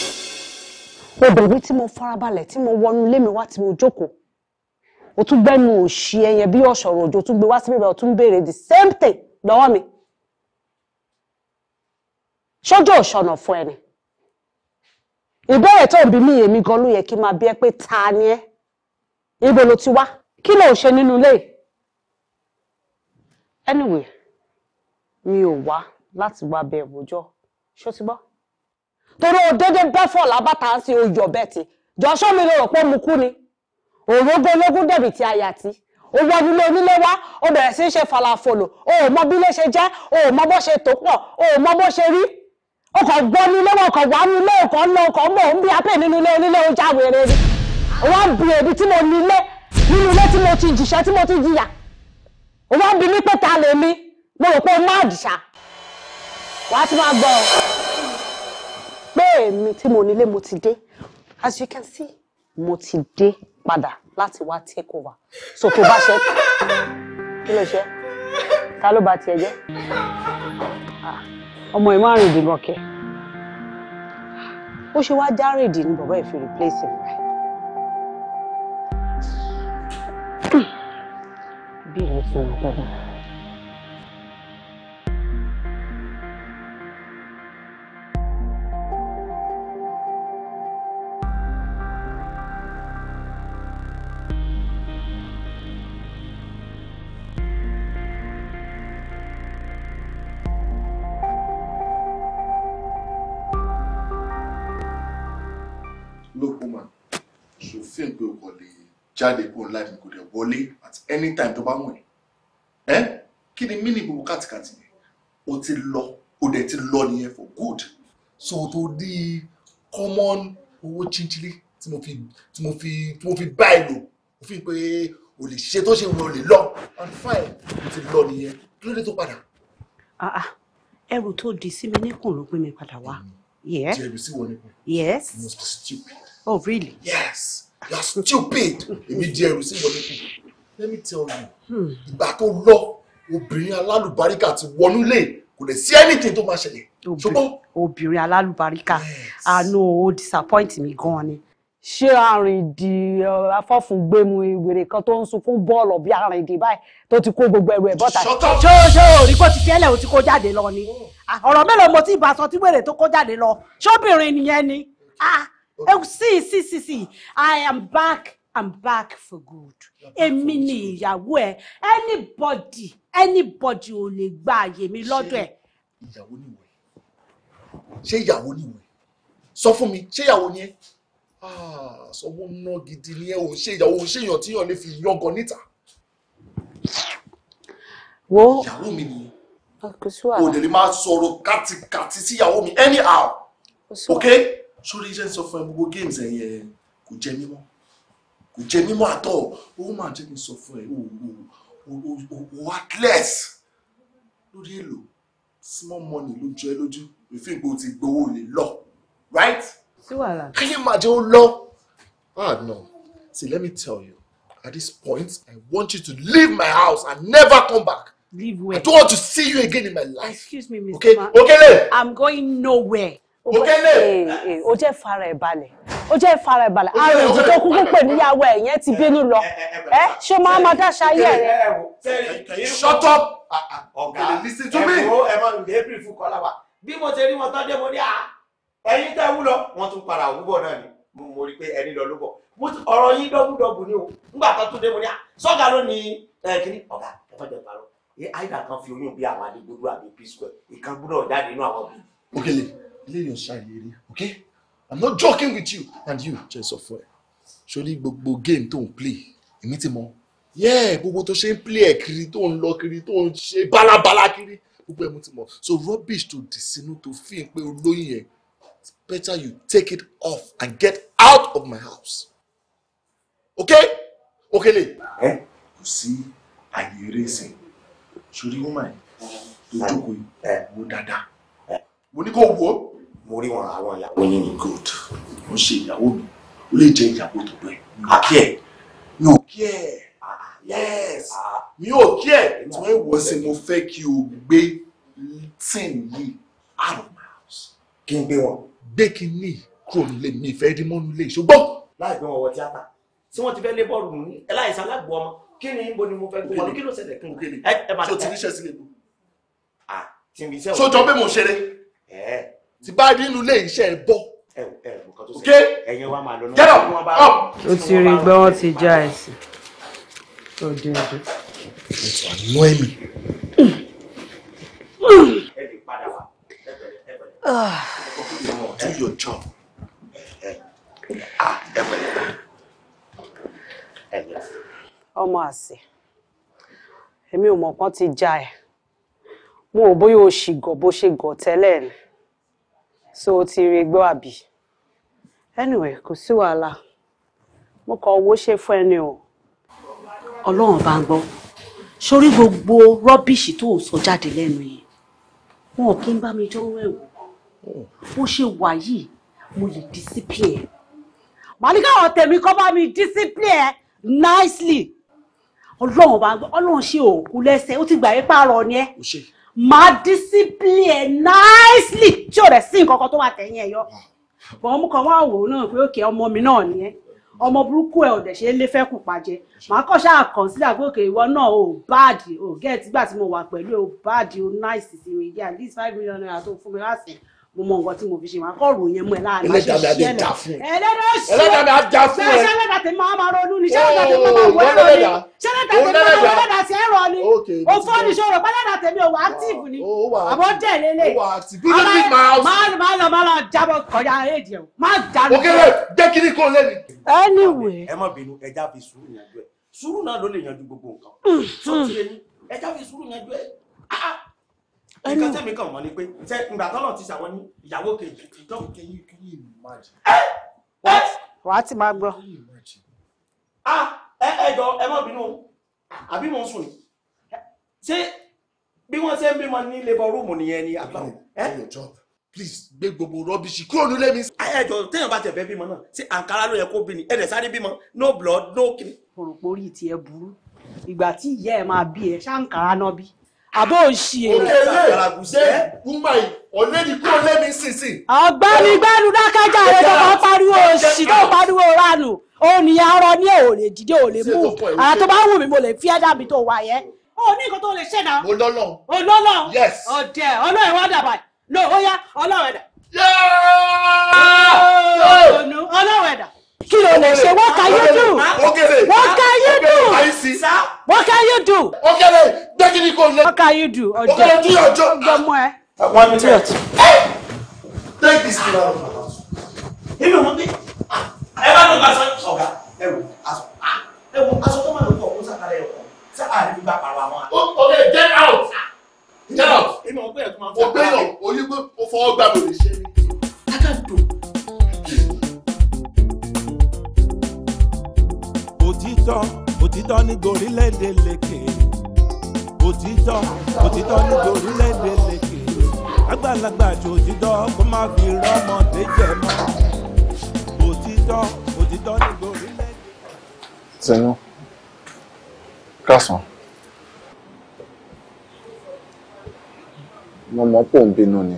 mo bẹ̀rù tí mo farabalẹ̀ tí mo wọnú lé mi wá tí mo jókòó o tún gbẹ́nu òṣì ẹyẹ bí ọ̀ṣọ̀rọ̀ òjò tún gbé wá sí bíbẹ̀ o béèrè the same thing lọ́wọ́ mi. ṣojú òṣọ̀nà fún ẹni ìbéèrè tó ń bí mí èmi gan ló yẹ kí n máa bi ẹ́ pé ta ni ẹ́ ibo ló ti wá kí ló ń ṣe nínú ilé anyway mi ò wá láti wá bẹ ìwòjọ́ ṣó ti gbọ́. torí o dédé bẹ́fọ̀ lábàtà sí oyè ọ̀bẹ ti jọ́sọ́ mi lè rò pé mo kú ni òrógó ológun dẹ̀bì ti àyà ti ó wọnú lé onílé wá ó bẹ̀rẹ̀ sí í ṣe falafolo o ò mọ bí ilé ṣe jẹ́ o ò mọ bó ṣe tó pọ̀ o ò mọ bó ṣe rí o kàn gbọ́ nílé wọn kàn wá nílé o kàn lọ o kàn bọ̀ ń bí apè nínú ilé onílé o já wèrè rí o wá bí èdè tí mo nílé nínú ilé tí mo ti jìṣẹ́ tí mo ti jìyà o wá bí ní pé ta lèmi mo rò pé o má jìṣà wà á tún máa gbọ́ ọ pé èmi tí mo nílé mo ti dé as you can see mo ti dé padà láti wá take over so tó bá ṣe kí ló ṣe ta ló bà tiẹ̀ jẹ́ ah, ọmọ ẹ̀ márùn ìdìbọn kẹ ó ṣe wá járèdì ni bàbá ìfi replace him right. Hmm. bí mo ti mọ̀ pẹ́ẹ́n. feel pé o kò jáde kúrò láì mi kò lè wọlé at any time tó bá wù ẹ́ ẹ́ kí ni mínì gbogbo kàtìkàtì yẹn o ti lọ o dẹ̀ ti lọ nìyẹn for good so to di common owó chinchili tí mo fi tí mo fi tí mo fi bá ẹ lò mo fi pé o lè ṣe tó ṣe wọ́n o lè lọ and fine o ti lọ nìyẹn kí ló dé tó padà. Ah, ah, ẹrù tó di sí mi níkùn ló gbé mi padà wá. Mm. jẹ̀bi sí wọn níkùn. yes. you must be stupid. oh really. yes you are stupid èmi di ẹrù sí ìwọlé kù let me tell you hmm. ìgbà tó lọ obìnrin alálùbáríkà ti wọnú lè kò lè sí anything tó máa ṣẹlẹ̀ ṣùgbọ́n. obìnrin alálùbáríkà àánú o disappoint mi gan ni ṣé àrìndì afọ́fúngbẹ́mu ìwèrè kan tó ń sunkún bọ́ọ̀lù bí àrìndì báyìí tó ti kó gbogbo ẹrù ẹ̀ bọ́ta ṣé o ṣé o rí kó ti tẹ́lẹ̀ o ti kó jáde lọ ni oh. ah, ọ̀rọ̀ mélòó mo ti bá sọ tí wèrè tó kó jáde lọ ṣóbìnrin nìyẹn ni. Ah Oh, see, see, see, see. I am back. I'm back for good. Èmi ni ìyàwó ẹ. Anybody, anybody ò lè gba àyè mi lọ́dọ̀ ẹ̀. Ìyàwó ni ìwẹ̀. Ṣé ìyàwó ni ìwẹ̀? Sọ fún mi, ṣé ìyàwó ni ẹ? Ah, Sọ́wọ́ ná gidi ni ẹ ò ṣe ìyàwó ṣé èèyàn tí èèyàn lè fi yọ̀ngàn níta. Wo. Ìyàwó mi nìyẹn. Ah, kò sí wàhálà. O lè lè máa sọ̀rọ̀ kàtìkàtì sí ìyàwó mi anyhow. Kò sí wàhálà. Okay? sórí iṣẹ́ sọ fún ẹ gbogbo games ẹ yẹn kò jẹ mímọ́ kò jẹ mímọ́ àtọ̀ ó máa jẹ́ kí n sọ fún ẹ o atlas lórí èlò small money ló jọ ẹ lójú òfin ìgbò ti gbowó lè lọ right. sí wàhálà. kí ni màá jẹ́ ó lọ. ah no see let me tell you at this point i want you to leave my house and never come back. Leave where? I don't want to see you again in my life. Excuse me, Mr. Okay, Ma okay, I'm going nowhere òkèlè ó jẹ́ fara ẹ̀ balẹ̀ ó jẹ́ fara ẹ̀ balẹ̀ ààrẹ ìdí tó kúkú pè níyàwó ẹ̀ yẹn ti bínú lọ ẹ ṣé máa ma dáṣà ayé rẹ. shut up ah, ah, ọ̀gá ẹ̀fọ́ ẹ̀mọ ìdẹ́bìrì fún kọ́láwà bí mo ṣe rí wọn tọ́jú mo ní à ẹ̀yin tẹ́ wú lọ wọ́n tún para òwúbọ̀ náà ni mo rí pé ẹni lọ ló bọ̀ ọ̀rọ̀ yín dọ́gbùdọ́gbù ni o nígbà tó tún dé mo ní à sọ́gà ló ní kiri ọ̀gá ẹ̀fọ́ jẹ̀ parọ́ àyíká kan fi oyún bí àwọn àdégbòdú àbí p square ìkan gbúdọ̀ jáde inú àwọn òbí. òkèlè eléyìí ò ṣàyèrè okay i'm not joking with you and you jẹ́ sọ fún ẹ sórí gbogbo game tó ń play èmi ti mọ yeah gbogbo tó ṣe ń play ẹ̀ kiri tó ń lọ kiri tó ń ṣe bálabàla kiri gbogbo ẹ̀ mo ti mọ so rubbish to dì sínú tó fi hàn pé yẹn it's better you take it off and get out of my house okay okele. ẹ kò sí àyè eré sìn sórí woman tó jókòó yìí wò dáadáa mo ní kó wò mo rí wọn àwọn ìyàwó yín ni. good ó ṣe ìyàwó mi ó lè jẹ ìyàwó tó pẹ́ àkí ẹ mi ò kí ẹ ah, yes ah, mi ò kí ẹ tí wọn wọ sí mo fẹ́ kí o gbé tin yìí out of my house. kí n gbé wọn. gbé kí n ní kúrò nílé mi ìfẹ́ dín mọ́nú ilé ṣùgbọ́n. láì gbé wọn wọ tíátà tí wọ́n ti fẹ́ lé bọ́ọ̀lù mú ní ẹláìsí alágbó ọmọ kí ni ibo ni mo fẹ́ gbé wọn kí ló ṣẹlẹ̀ kí n gbé ni. ẹ máa tẹ ẹ sọ ti ríṣẹ́ sílẹ̀ bò. pé ah, mo ṣeré tí bá rí inú ilé iṣẹ́ ẹ bọ́. ok get up up. o ti rí gbọ́ wọ́n ti já ẹ̀sìn. òde òde. ètò àná ẹ̀mí. do your job. ọmọ àsè èmi ò mọ̀ pọ́n ti já ẹ̀ mo ò bóyá o ṣì gọ̀ bó ṣe gọ̀ tẹ́lẹ̀ ni so o ti rí gbọ́ àbí anyway kò sí wàhálà mo kàn owó ṣe fún ẹni o. ọlọ́run bá ń gbọ́ sórí gbogbo rọ́bìṣì tó ń sọ jáde lẹ́nu yìí wọn ò kí bá mi dánwó ẹ̀wò bó ṣe wà yìí mo lè discipline ẹ̀ màlíkà àwọn tèmi kọ́ bá mi discipline ẹ̀ nicely ọlọ́run bá ń gbọ́ ọlọ́run ṣe òkú lẹ́sẹ̀ ó ti gbà yín pààrọ̀ ni ẹ́ máa discipline nicely tí ò rẹ̀ sí nǹkan kan tó wà tẹ̀yìn ẹ̀ yọ bọ́n mú kan wá wò ó náà pé òkè ọmọ mi náà ni ẹ́ ọmọ burúkú ẹ ò dẹ̀ ṣe é lé fẹ́kù pàjẹ́ màá kọ́ ṣáà kàn sílẹ̀ àgbókè ìwọ náà ò báàdì ò gẹ́ẹ̀tì gbà tí mo wà pẹ̀lú ò báàdì ò náìsì sí mi yà at least five million naira tó fún mi láti mo mọ nǹkan tí mo fi ṣe wọn akọ́rò yẹn mú ẹ láàrin máa ṣe ṣiṣẹ́ lẹ̀ ẹlẹ́dàá ṣe ẹlẹ́dàá já fún ẹ ṣẹlẹ́dàá tẹ máa máa ronú ni ṣẹlẹ́dàá tẹ máa oh, wọ ẹ̀rọ ni ṣẹlẹ́dàá tẹ oh, máa wọ ẹ̀rọ sí ẹ̀rọ ni òfò ṣòro pẹ́lẹ́dàá tẹ̀mí òwò oh, active ni àbọ̀ dẹ̀ lélẹ̀ máa lọ máa lọ jábọ̀ kọjá éèdì ẹ̀ máa dànù. òkèlè jẹ́ kí ni kò lé anyway nǹkan tẹ́mi kàn mọ́ ni pé ṣe ìgbà tọ́lọ̀ ti ṣàwọn ní ìyàwó kejì ìjọ. wàá ti máa gbọ́. Ah, ẹ ẹ jọ ẹ má bínú o àbí mò ń sùn ṣé bí wọ́n ṣe ń bímọ ní labour room nìyẹn ni àbáwò. please gbé gbogbo rọ́bìṣì kúrò nílé mi. ẹ jọ téèyàn bá tẹ̀bẹ́ bímọ náà ṣé àǹkárá ló yẹ kó bí ni ẹ̀ẹ́dẹ̀ sáré bímọ no blood no kiri. òròpó orí ti ẹ burú ìgbà tí ìyá ẹ máa bí ẹ ṣáǹkárá náà bí àbó ń ṣe é. òkèlè ṣe wúmà yìí ọ̀lẹ́ni kúrò lẹ́mi sísìn. ọ̀gbẹ́ni gbẹ́nu dákẹ́jà rẹ tó bá pariwo òṣì tó pariwo ránù ònìyàn arọ ní òòlè dídé òòlè mú àtọ́ bá wù mí mo lè fi ẹ́ dàbí tó wà yẹn. o ní nǹkan tó lè ṣe náà. mo lọ́lọ́. o lọ́lọ́. yes. ọ̀dẹ̀ ọlọ́run wá dàbà no ó yá ọlọ́run ẹ̀dà. ọlọ́run ẹ̀dà. kí ló lè ṣe wọ́n kà yé dùn. wọ́n kà yé dùn. What can you do? Okay, can I? Dagini ko le. What can you do? Okay, do your job mọ́ One minute. Take this thing out of my house. Èmi ò mọ̀ pé ẹ bá lọ gba aṣọ ọ̀gá ẹ wò aṣọ ah, ẹ wò aṣọ tó máa ń kọ̀ ọ̀hún sàkàlẹ̀ ẹ̀kọ́ sá àárín gbígbà Okay, get out! Get out! òtítọ́ ní gorílẹ̀-èdè lèkè òtítọ́ òtítọ́ ní gorílẹ̀-èdè lèkè àgbàlagbà ju òtítọ́ kó má fi rọ́mọdé jẹ mọ́ òtítọ́ òtítọ́ ní gorílẹ̀-èdè. sẹ́nu kásán mo mọ̀ pò ń bínú ni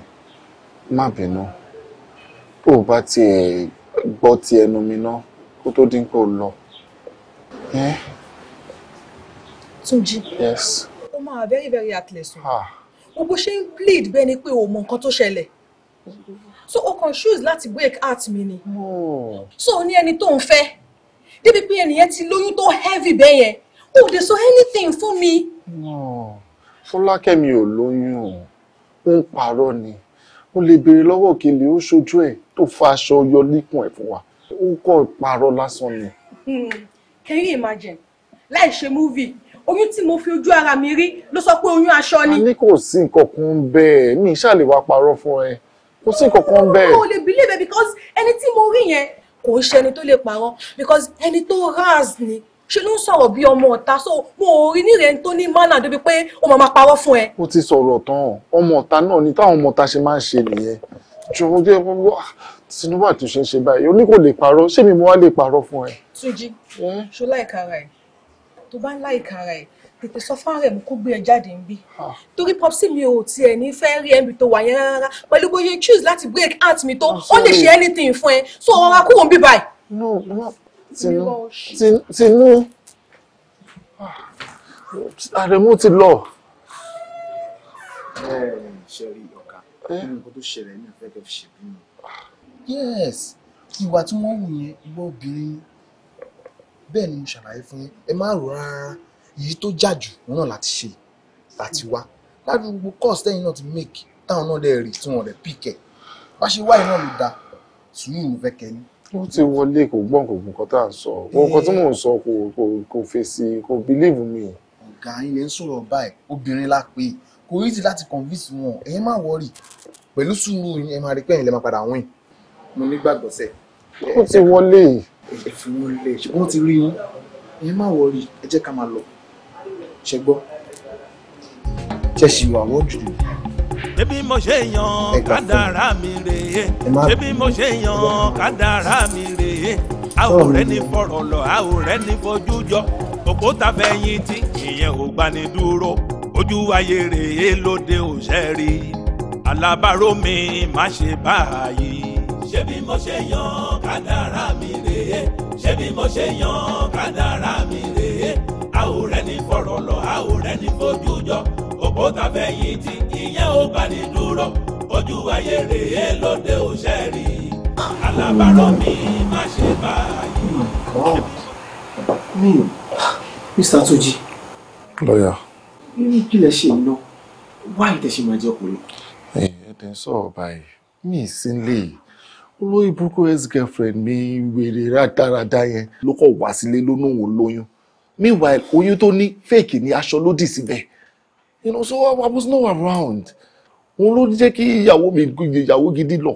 má bínú tó o bá tiẹ̀ gbọ́ ti ẹnu mi ná kó tó dín kó lọ. Yeah. Túnjí. yes. ó máa very very heartless o. Ah. gbogbo ṣe ń plead bẹ́ẹ̀ ni pé o mọ nǹkan tó ṣẹlẹ̀ so o kàn choose láti break heart mi ni. so o ní ẹni tó ń fẹ́ débi pé ẹnìyẹn ti lóyún tó heavy bẹ́ẹ̀ yẹn o ò dé sọ anything fún mi. fúnlákẹ́mi ò lóyún o ó ń parọ́ ni ó lè béèrè lọ́wọ́ òkèlè ó ṣojú ẹ̀ tó fa aṣọ yọ líkùn ẹ̀ fún wa ó kọ́ ìparọ́ lásán ni. Hmm. can you imagine láì ṣe movie oyún tí mo fi ojú ara mi rí ló sọ pé oyún aṣọ ni. a ní kò sí nǹkan kan bẹ́ẹ̀ mi ṣáà lè wá parọ́ fún ẹ kò sí nǹkan kan bẹ́ẹ̀. mo lè believe it because ẹni tí mo rí yẹn kò ń ṣe ẹni tó lè parọ́ because ẹni tó ras ni ṣe ló ń sọ̀rọ̀ bí ọmọ ọ̀tá so mo ò rí nírẹ̀ tó ní mánà débi pé ó máa parọ́ fún ẹ. ó ti sọ̀rọ̀ tán ọmọ ọ̀tá náà ni táwọn ọmọ ọ̀tá ṣe máa ń ṣe nìyẹn ṣùgbọ́n jẹ́ wá ah, tinubu àtúnṣe ṣe báyìí oníkò lè parọ́ ṣé mi mo wá lè parọ́ fún ẹ. Túnjí ṣọlá ìkara ẹ tó bá ń láìka ara ẹ̀ tètè sọ fún ààrẹ mú kó gbé ẹ jáde ń bí torí popsi mi ò tiẹ̀ ní fẹ́ rí ẹ̀mí tó wà yẹn rárá pẹ̀lú bóyá choose láti break out mi tó ó lè ṣe anything fún ẹ so ọ̀rọ̀ akúrò ń bí báyìí. no no tinú tinú àrẹ̀mú ti lọ. ẹ ẹ ṣe rí ọ̀ka nǹkan tó ṣẹlẹ̀ ní ìfẹ́ kẹfì ṣèbí mi. yes ìwà tí wọ́n wù yẹn ìwọ obìnrin bẹ́ẹ̀ ni mo ṣàlàyé fún yín ẹ má rò rárá èyí tó jà jù wọn náà láti ṣe láti wá ládùúgbò course tẹ́yìn náà ti make táwọn náà lè rí tí wọn lè pìkẹ́ wá ṣe wáyé náà ló da sùúrù fẹ́ kẹ́ni. ó ti wọlé kò gbọ́n kò gùn kan tá à ń sọ nǹkan tí mò ń sọ kò kò kò fèsì kò bílíìfù mi. ọ̀gá yín lè ń sọ̀rọ̀ báyìí obìnrin la pé kò rí ti láti convince wọn ẹ̀yin má wọrí pẹ̀lú sùúrù yín ẹ máa rí pé ẹ̀yin lè máa padà wìn. mo nígbàgbọ́sẹ̀. ó ti wọlé yìí ẹ fi wọ́n lẹ̀ ṣùgbọ́n wọ́n ti rí yín ẹ má wọrí ẹ jẹ́ ká máa lọ ṣe gbọ́. ṣe ṣì wà wọ́n jù. ṣebí mo ṣe yan kádàrá mi rèé ṣebí mo ṣe yan kádàrá mi rèé a ò ní fọ̀rọ̀ lọ a ò ní fojú jọ òkúta fẹ̀yìn tí ìyẹn ò gbani dúró ojú ayé rèé lóde òṣèré alábàárò mi má ṣe báyìí ṣebí mo ṣe yan kádàrá mi rèé ṣé bí mo ṣe yan kádàrá mi rèé a ò rẹ́ni fọ̀rọ̀ lọ a ò rẹ́ni fojú jọ òpó ta fẹ̀yìn tì ìyẹn ò bá ní dúró ojú ayé rèé lóde òṣèré alábàárọ̀ mi má ṣe báyìí. Oh mi ò Mr. Tuji, lọ́yà. irú kílẹ̀ ṣe iná wáyé tẹ̀ ṣe máa jẹ́ kó lọ. ẹ ẹ tẹ ń sọ̀rọ̀ báyìí mi ì sí nílé yìí olóyè burúkú ex girlfriend mi wèrè rádaràda yẹn ló kọ wá sílé lónà òun lóyún meanwhile oyún tó ní fake ni aṣọ ló dì síbẹ̀ you know so I was not around òun ló jẹ́ kí ìyàwó mi ìyàwó gidi lọ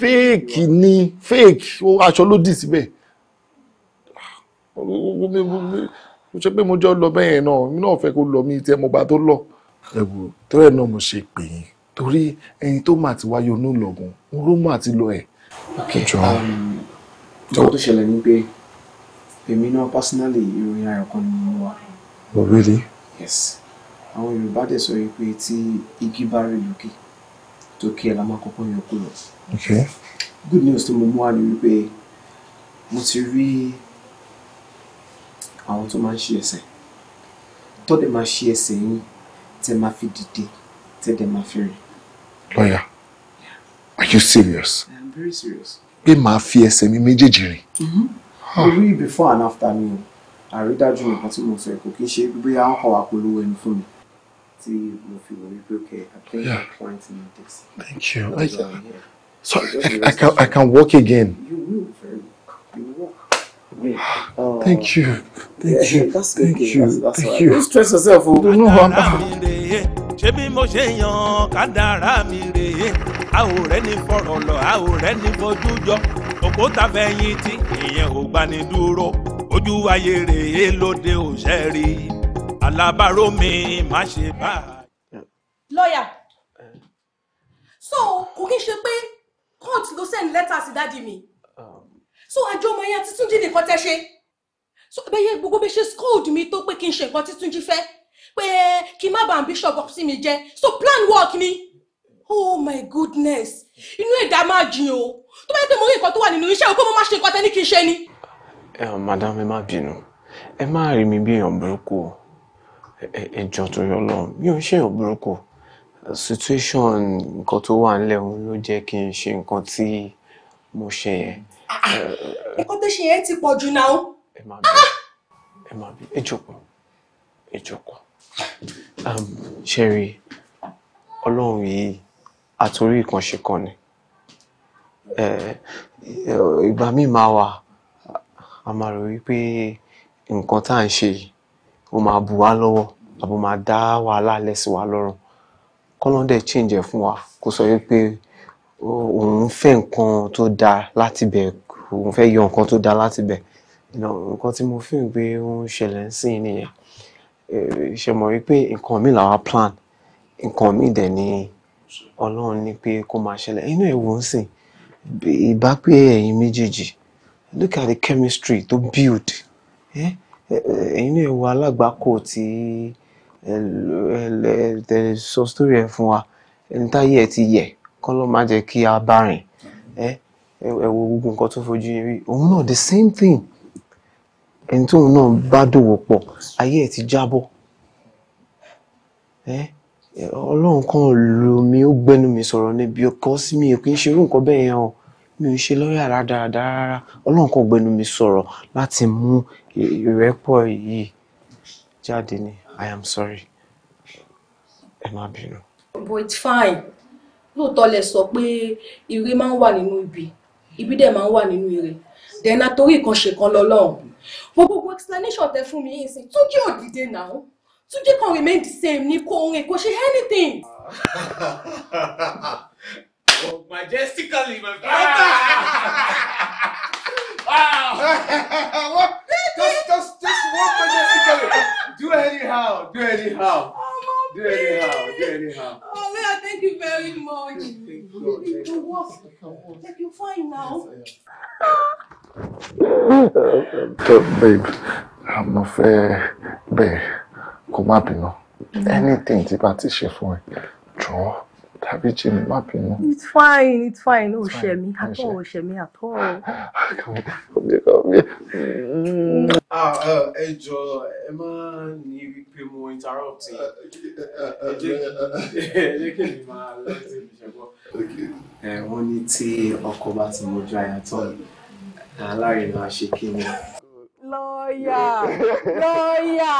fake ni fake aṣọ ló dì síbẹ̀ mo ṣe pé mo jọ lọ bẹ́ẹ̀ náà mi náà fẹ́ kó lọ mi tiẹ̀ mo gbà tó lọ ẹ̀wò tẹ́lẹ̀ náà mo ṣe pè yín torí ẹni tó mà ti wáyé onúlọ̀gùn òun ló mà ti lọ ẹ̀. ọkọ um, tó ṣẹlẹ̀ ni pé èmi náà personally ìròyìn ayọ̀ kan ni mo wà. oh really? yes àwọn yorùbá dẹ̀ sọ pé tí igi bá rí lókè tó kí ẹ̀ la máa kọ́kọ́ yan kúrò. good news tó mo mú wá ni wípé mo ti rí àwọn tó máa ń ṣe ẹsẹ̀ tó dẹ̀ máa ṣe ẹsẹ̀ yín tẹ́ máa fi dìde. Take ẹ̀dẹ̀ máa fi rìn. lọ́yà are you serious? I am very serious. pé màá fi ẹsẹ̀ mi méjèèjì rìn. orí mm-hmm. ah. before and after me, I read nǹkan tí mo sọ kò kí n ṣe bí a ń kọ́ wa polówó See, fún mi tí mo fi wò wípé okay I think yeah. the client need thank you I, sorry I, I, can, I can walk again. you will very well. you will walk. Uh, thank you thank yeah, you [LAUGHS] that's thank you that's, that's thank right. you don't stress yourself o. no no I'm ṣebí mo ṣe yan kádàrá mi rèé a ò rẹ́ni fọ̀rọ̀ lọ a ò rẹ́ni fojú jọ òkúta fẹ̀yìn tí èèyàn ò gbani dúró ojú ayé rèé lóde òṣẹ́ rí alábàárò mi má ṣe bá. lọ́ọ̀yà so kò kí n ṣe pé court ló send letter sí dáàdi mi so àjọ ọmọ yẹn àti túnjí nìkan tẹ ṣe so bẹ́ẹ̀ yẹ gbogbo bẹ́ẹ̀ ṣe scold mi tó pé kí n ṣe nǹkan tí túnjí fẹ́ pé kí n má bàa bishop sí mi jẹ́ so plan work ni oh my goodness inú ẹ̀dá máa jìn o tó bá yẹ pé mo rí nǹkan tó wà nínú iṣẹ́ o pé mo máa ṣe nǹkan tẹ́ ní kí n ṣe ni. ẹ eh, ọ madam ẹ má bínú ẹ má rí mi bí èèyàn burúkú o ẹ jọ torí Ọlọ́run mi ò ń ṣe èèyàn burúkú situation nǹkan tó wà nílẹ̀ òun ló jẹ́ kí n ṣe nǹkan tí mo ṣe yẹn. Ah, nǹkan tó ṣe yẹn ti pọ̀ jù náà. ẹ má bí ẹ má bí ẹ jókòó ẹ jókòó. Um, ṣẹ́rí ọlọ́run yìí àtúrí ìkànṣe kan ni ìgbà míì máa wà a máa rò wípé nǹkan tá à ń ṣe yìí ó máa bù wá lọ́wọ́ àbó máa dá wàhálà lẹ́sìn wa lọ́rùn kọ́lọ́n dẹ̀ change ẹ̀ fún wa kó sọ wípé òun fẹ́ nǹkan tó dáa láti bẹ̀ òun fẹ́ yọ nǹkan tó dáa láti bẹ̀ nǹkan tí mo fi ń gbé ó ń ṣẹlẹ̀ ń sìn nìyẹn. Eh, ṣe mọ̀ wípé nǹkan mi làwa plan nǹkan mi dẹ̀ ni ọlọ́run ní pé kó máa ṣẹlẹ̀ inú ẹ̀ wò ó sìn ìbá pé ẹ̀yin méjèèjì look at the chemistry to build ẹ̀yin eh, eh, náà wo alágbàkọ tí ẹ sọ story ẹ fún wa ẹni táyé ẹ ti yẹ kọ́ ló máa jẹ́ kí a bá rìn ẹ wo gbogbo nǹkan tó fojú yín rí òun náà the same thing ẹni tóun náà bá dòwò pọ̀ ayé ẹ̀ ti jábọ́ ọlọ́run kan lò mí ó gbẹ́nu mi sọ̀rọ̀ ni because mi ò kí ń ṣerú nǹkan bẹ́ẹ̀ yẹn o mi ò ṣe lọ́ọ̀yà rádaràdà rárá ọlọ́run kan gbẹ́nu mi sọ̀rọ̀ láti mú ìrẹ́pọ̀ yìí jáde ni i am sorry ẹ má bínú. but it's fine lóòótọ́ lẹ sọ pé ire máa ń wà nínú ibi ibi dẹ̀ máa ń wà nínú ire dẹ̀ náà ìkànṣe kan lọ́lọ́run But gbogbo explanation tẹ fún mi yìí sí túnjí ò now, náà túnjí kan remain the same ni kò rìn kò ṣe anything. [LAUGHS] Oh, majestically, my brother. [LAUGHS] wow. Just, just, just walk majestically. Do anyhow. Do anyhow. Do anyhow. Do anyhow. Oh, Lord, thank you very much. Thank you. Thank you. Thank fine now. Yes, babe, I'm not fair. Babe, come kò má bínú. Anything tí bá ti ṣe fún ẹ, jọ̀ọ́. Tabichi, má bínú. It's fine, it's fine. Ó ṣe mí àtọ̀, ó ṣe mí àtọ̀. Kọ̀mí kọ̀mí. Ẹ jọ ẹ máa ní wípé mo interrupt yín. Ẹ jẹ́ kí mi máa lọ sí ìṣẹ̀gbọ́. Eh, wọ́n ní tí ọkọ bá ti mojú àyàtọ̀, alárinà ṣe kí ni lọ́ọ̀yà [LAUGHS] lọ́ọ̀yà.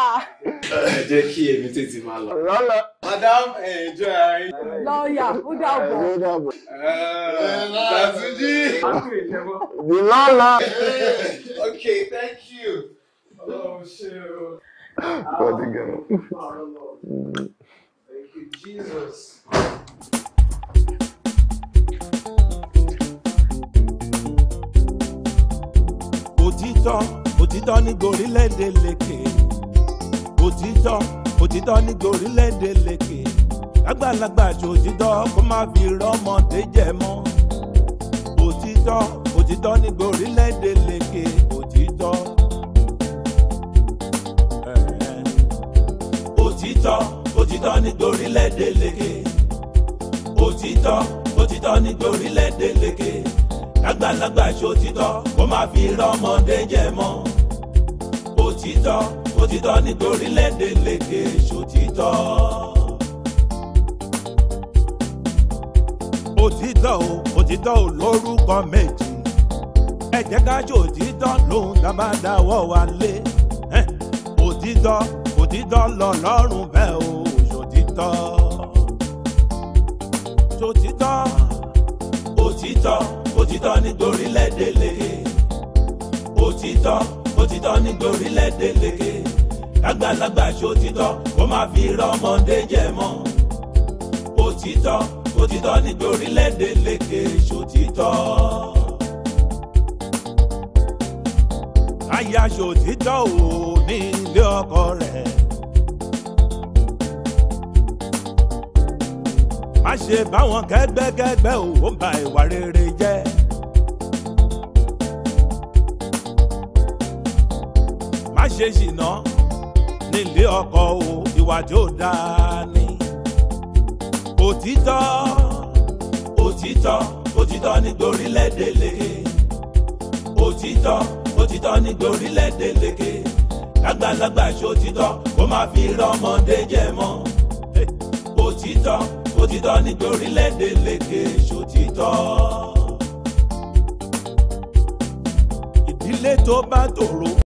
ẹ jẹ́ kí èmi tètè máa lọ. lọ́lọ́. madam ẹ̀jọ́ ààrẹ. lọ́ọ̀yà ó dàbọ̀. ó dàbọ̀. Bàtújì. the lọ́lọ́. okay thank you. ọlọ́run ṣe o. wọ́n ti gẹ̀rọ. thank you Jesus. òtítọ́ òtítọ́ ní gorílẹ̀-èdè lékè òtítọ́ òtítọ́ ní gorílẹ̀-èdè lékè lágbàlagbà ju òtítọ́ kó má fi rọ́mọdé jẹ mọ́ òtítọ́ òtítọ́ ní gorílẹ̀-èdè lékè òtítọ́. òtítọ́ òtítọ́ ní gorílẹ̀-èdè lékè òtítọ́ òtítọ́ ní gorílẹ̀-èdè lékè àgbàlagbà ṣòtítọ́ kó má fi rọ́mọdé jẹ mọ́ òtítọ́ òtítọ́ nítorí lédè lédè ṣòtítọ́. òtítọ́ o òtítọ́ o lórúkọ méjì ẹ jẹ́ ká ṣòtítọ́ lóhun tá a bá dáwọ́ wa lé òtítọ́ òtítọ́ lọ́lọ́run bẹ́ẹ̀ o ṣòtítọ́. ṣòtítọ́ òtítọ́ òtítọ́ ní gborílẹ̀-èdè lékè òtítọ́ òtítọ́ ní gborílẹ̀-èdè lékè àgbàlagbà ṣòtítọ́ kó má fi rọ́mọdé jẹ mọ́ òtítọ́ òtítọ́ ní gborílẹ̀-èdè lékè ṣòtítọ́. aya ṣòtítọ́ ò ní ilé ọkọ rẹ̀. má ṣe báwọn kẹ́gbẹ́kẹ́gbẹ́ ò ó ba ìwà rere jẹ́. má ṣe ṣìnà nílé ọkọ o ìwà tí ó dáa ni. òtítọ́ òtítọ́ òtítọ́ ní gborílẹ̀-èdè lékè òtítọ́ òtítọ́ ní gborílẹ̀-èdè lékè kágbàlagbà ṣòtítọ́ kó má fi rọ́mọdé jẹ mọ́ òtítọ́ sòtítọ́ nítorí lédè lékè sòtítọ́. ìdílé tó bá tòrò.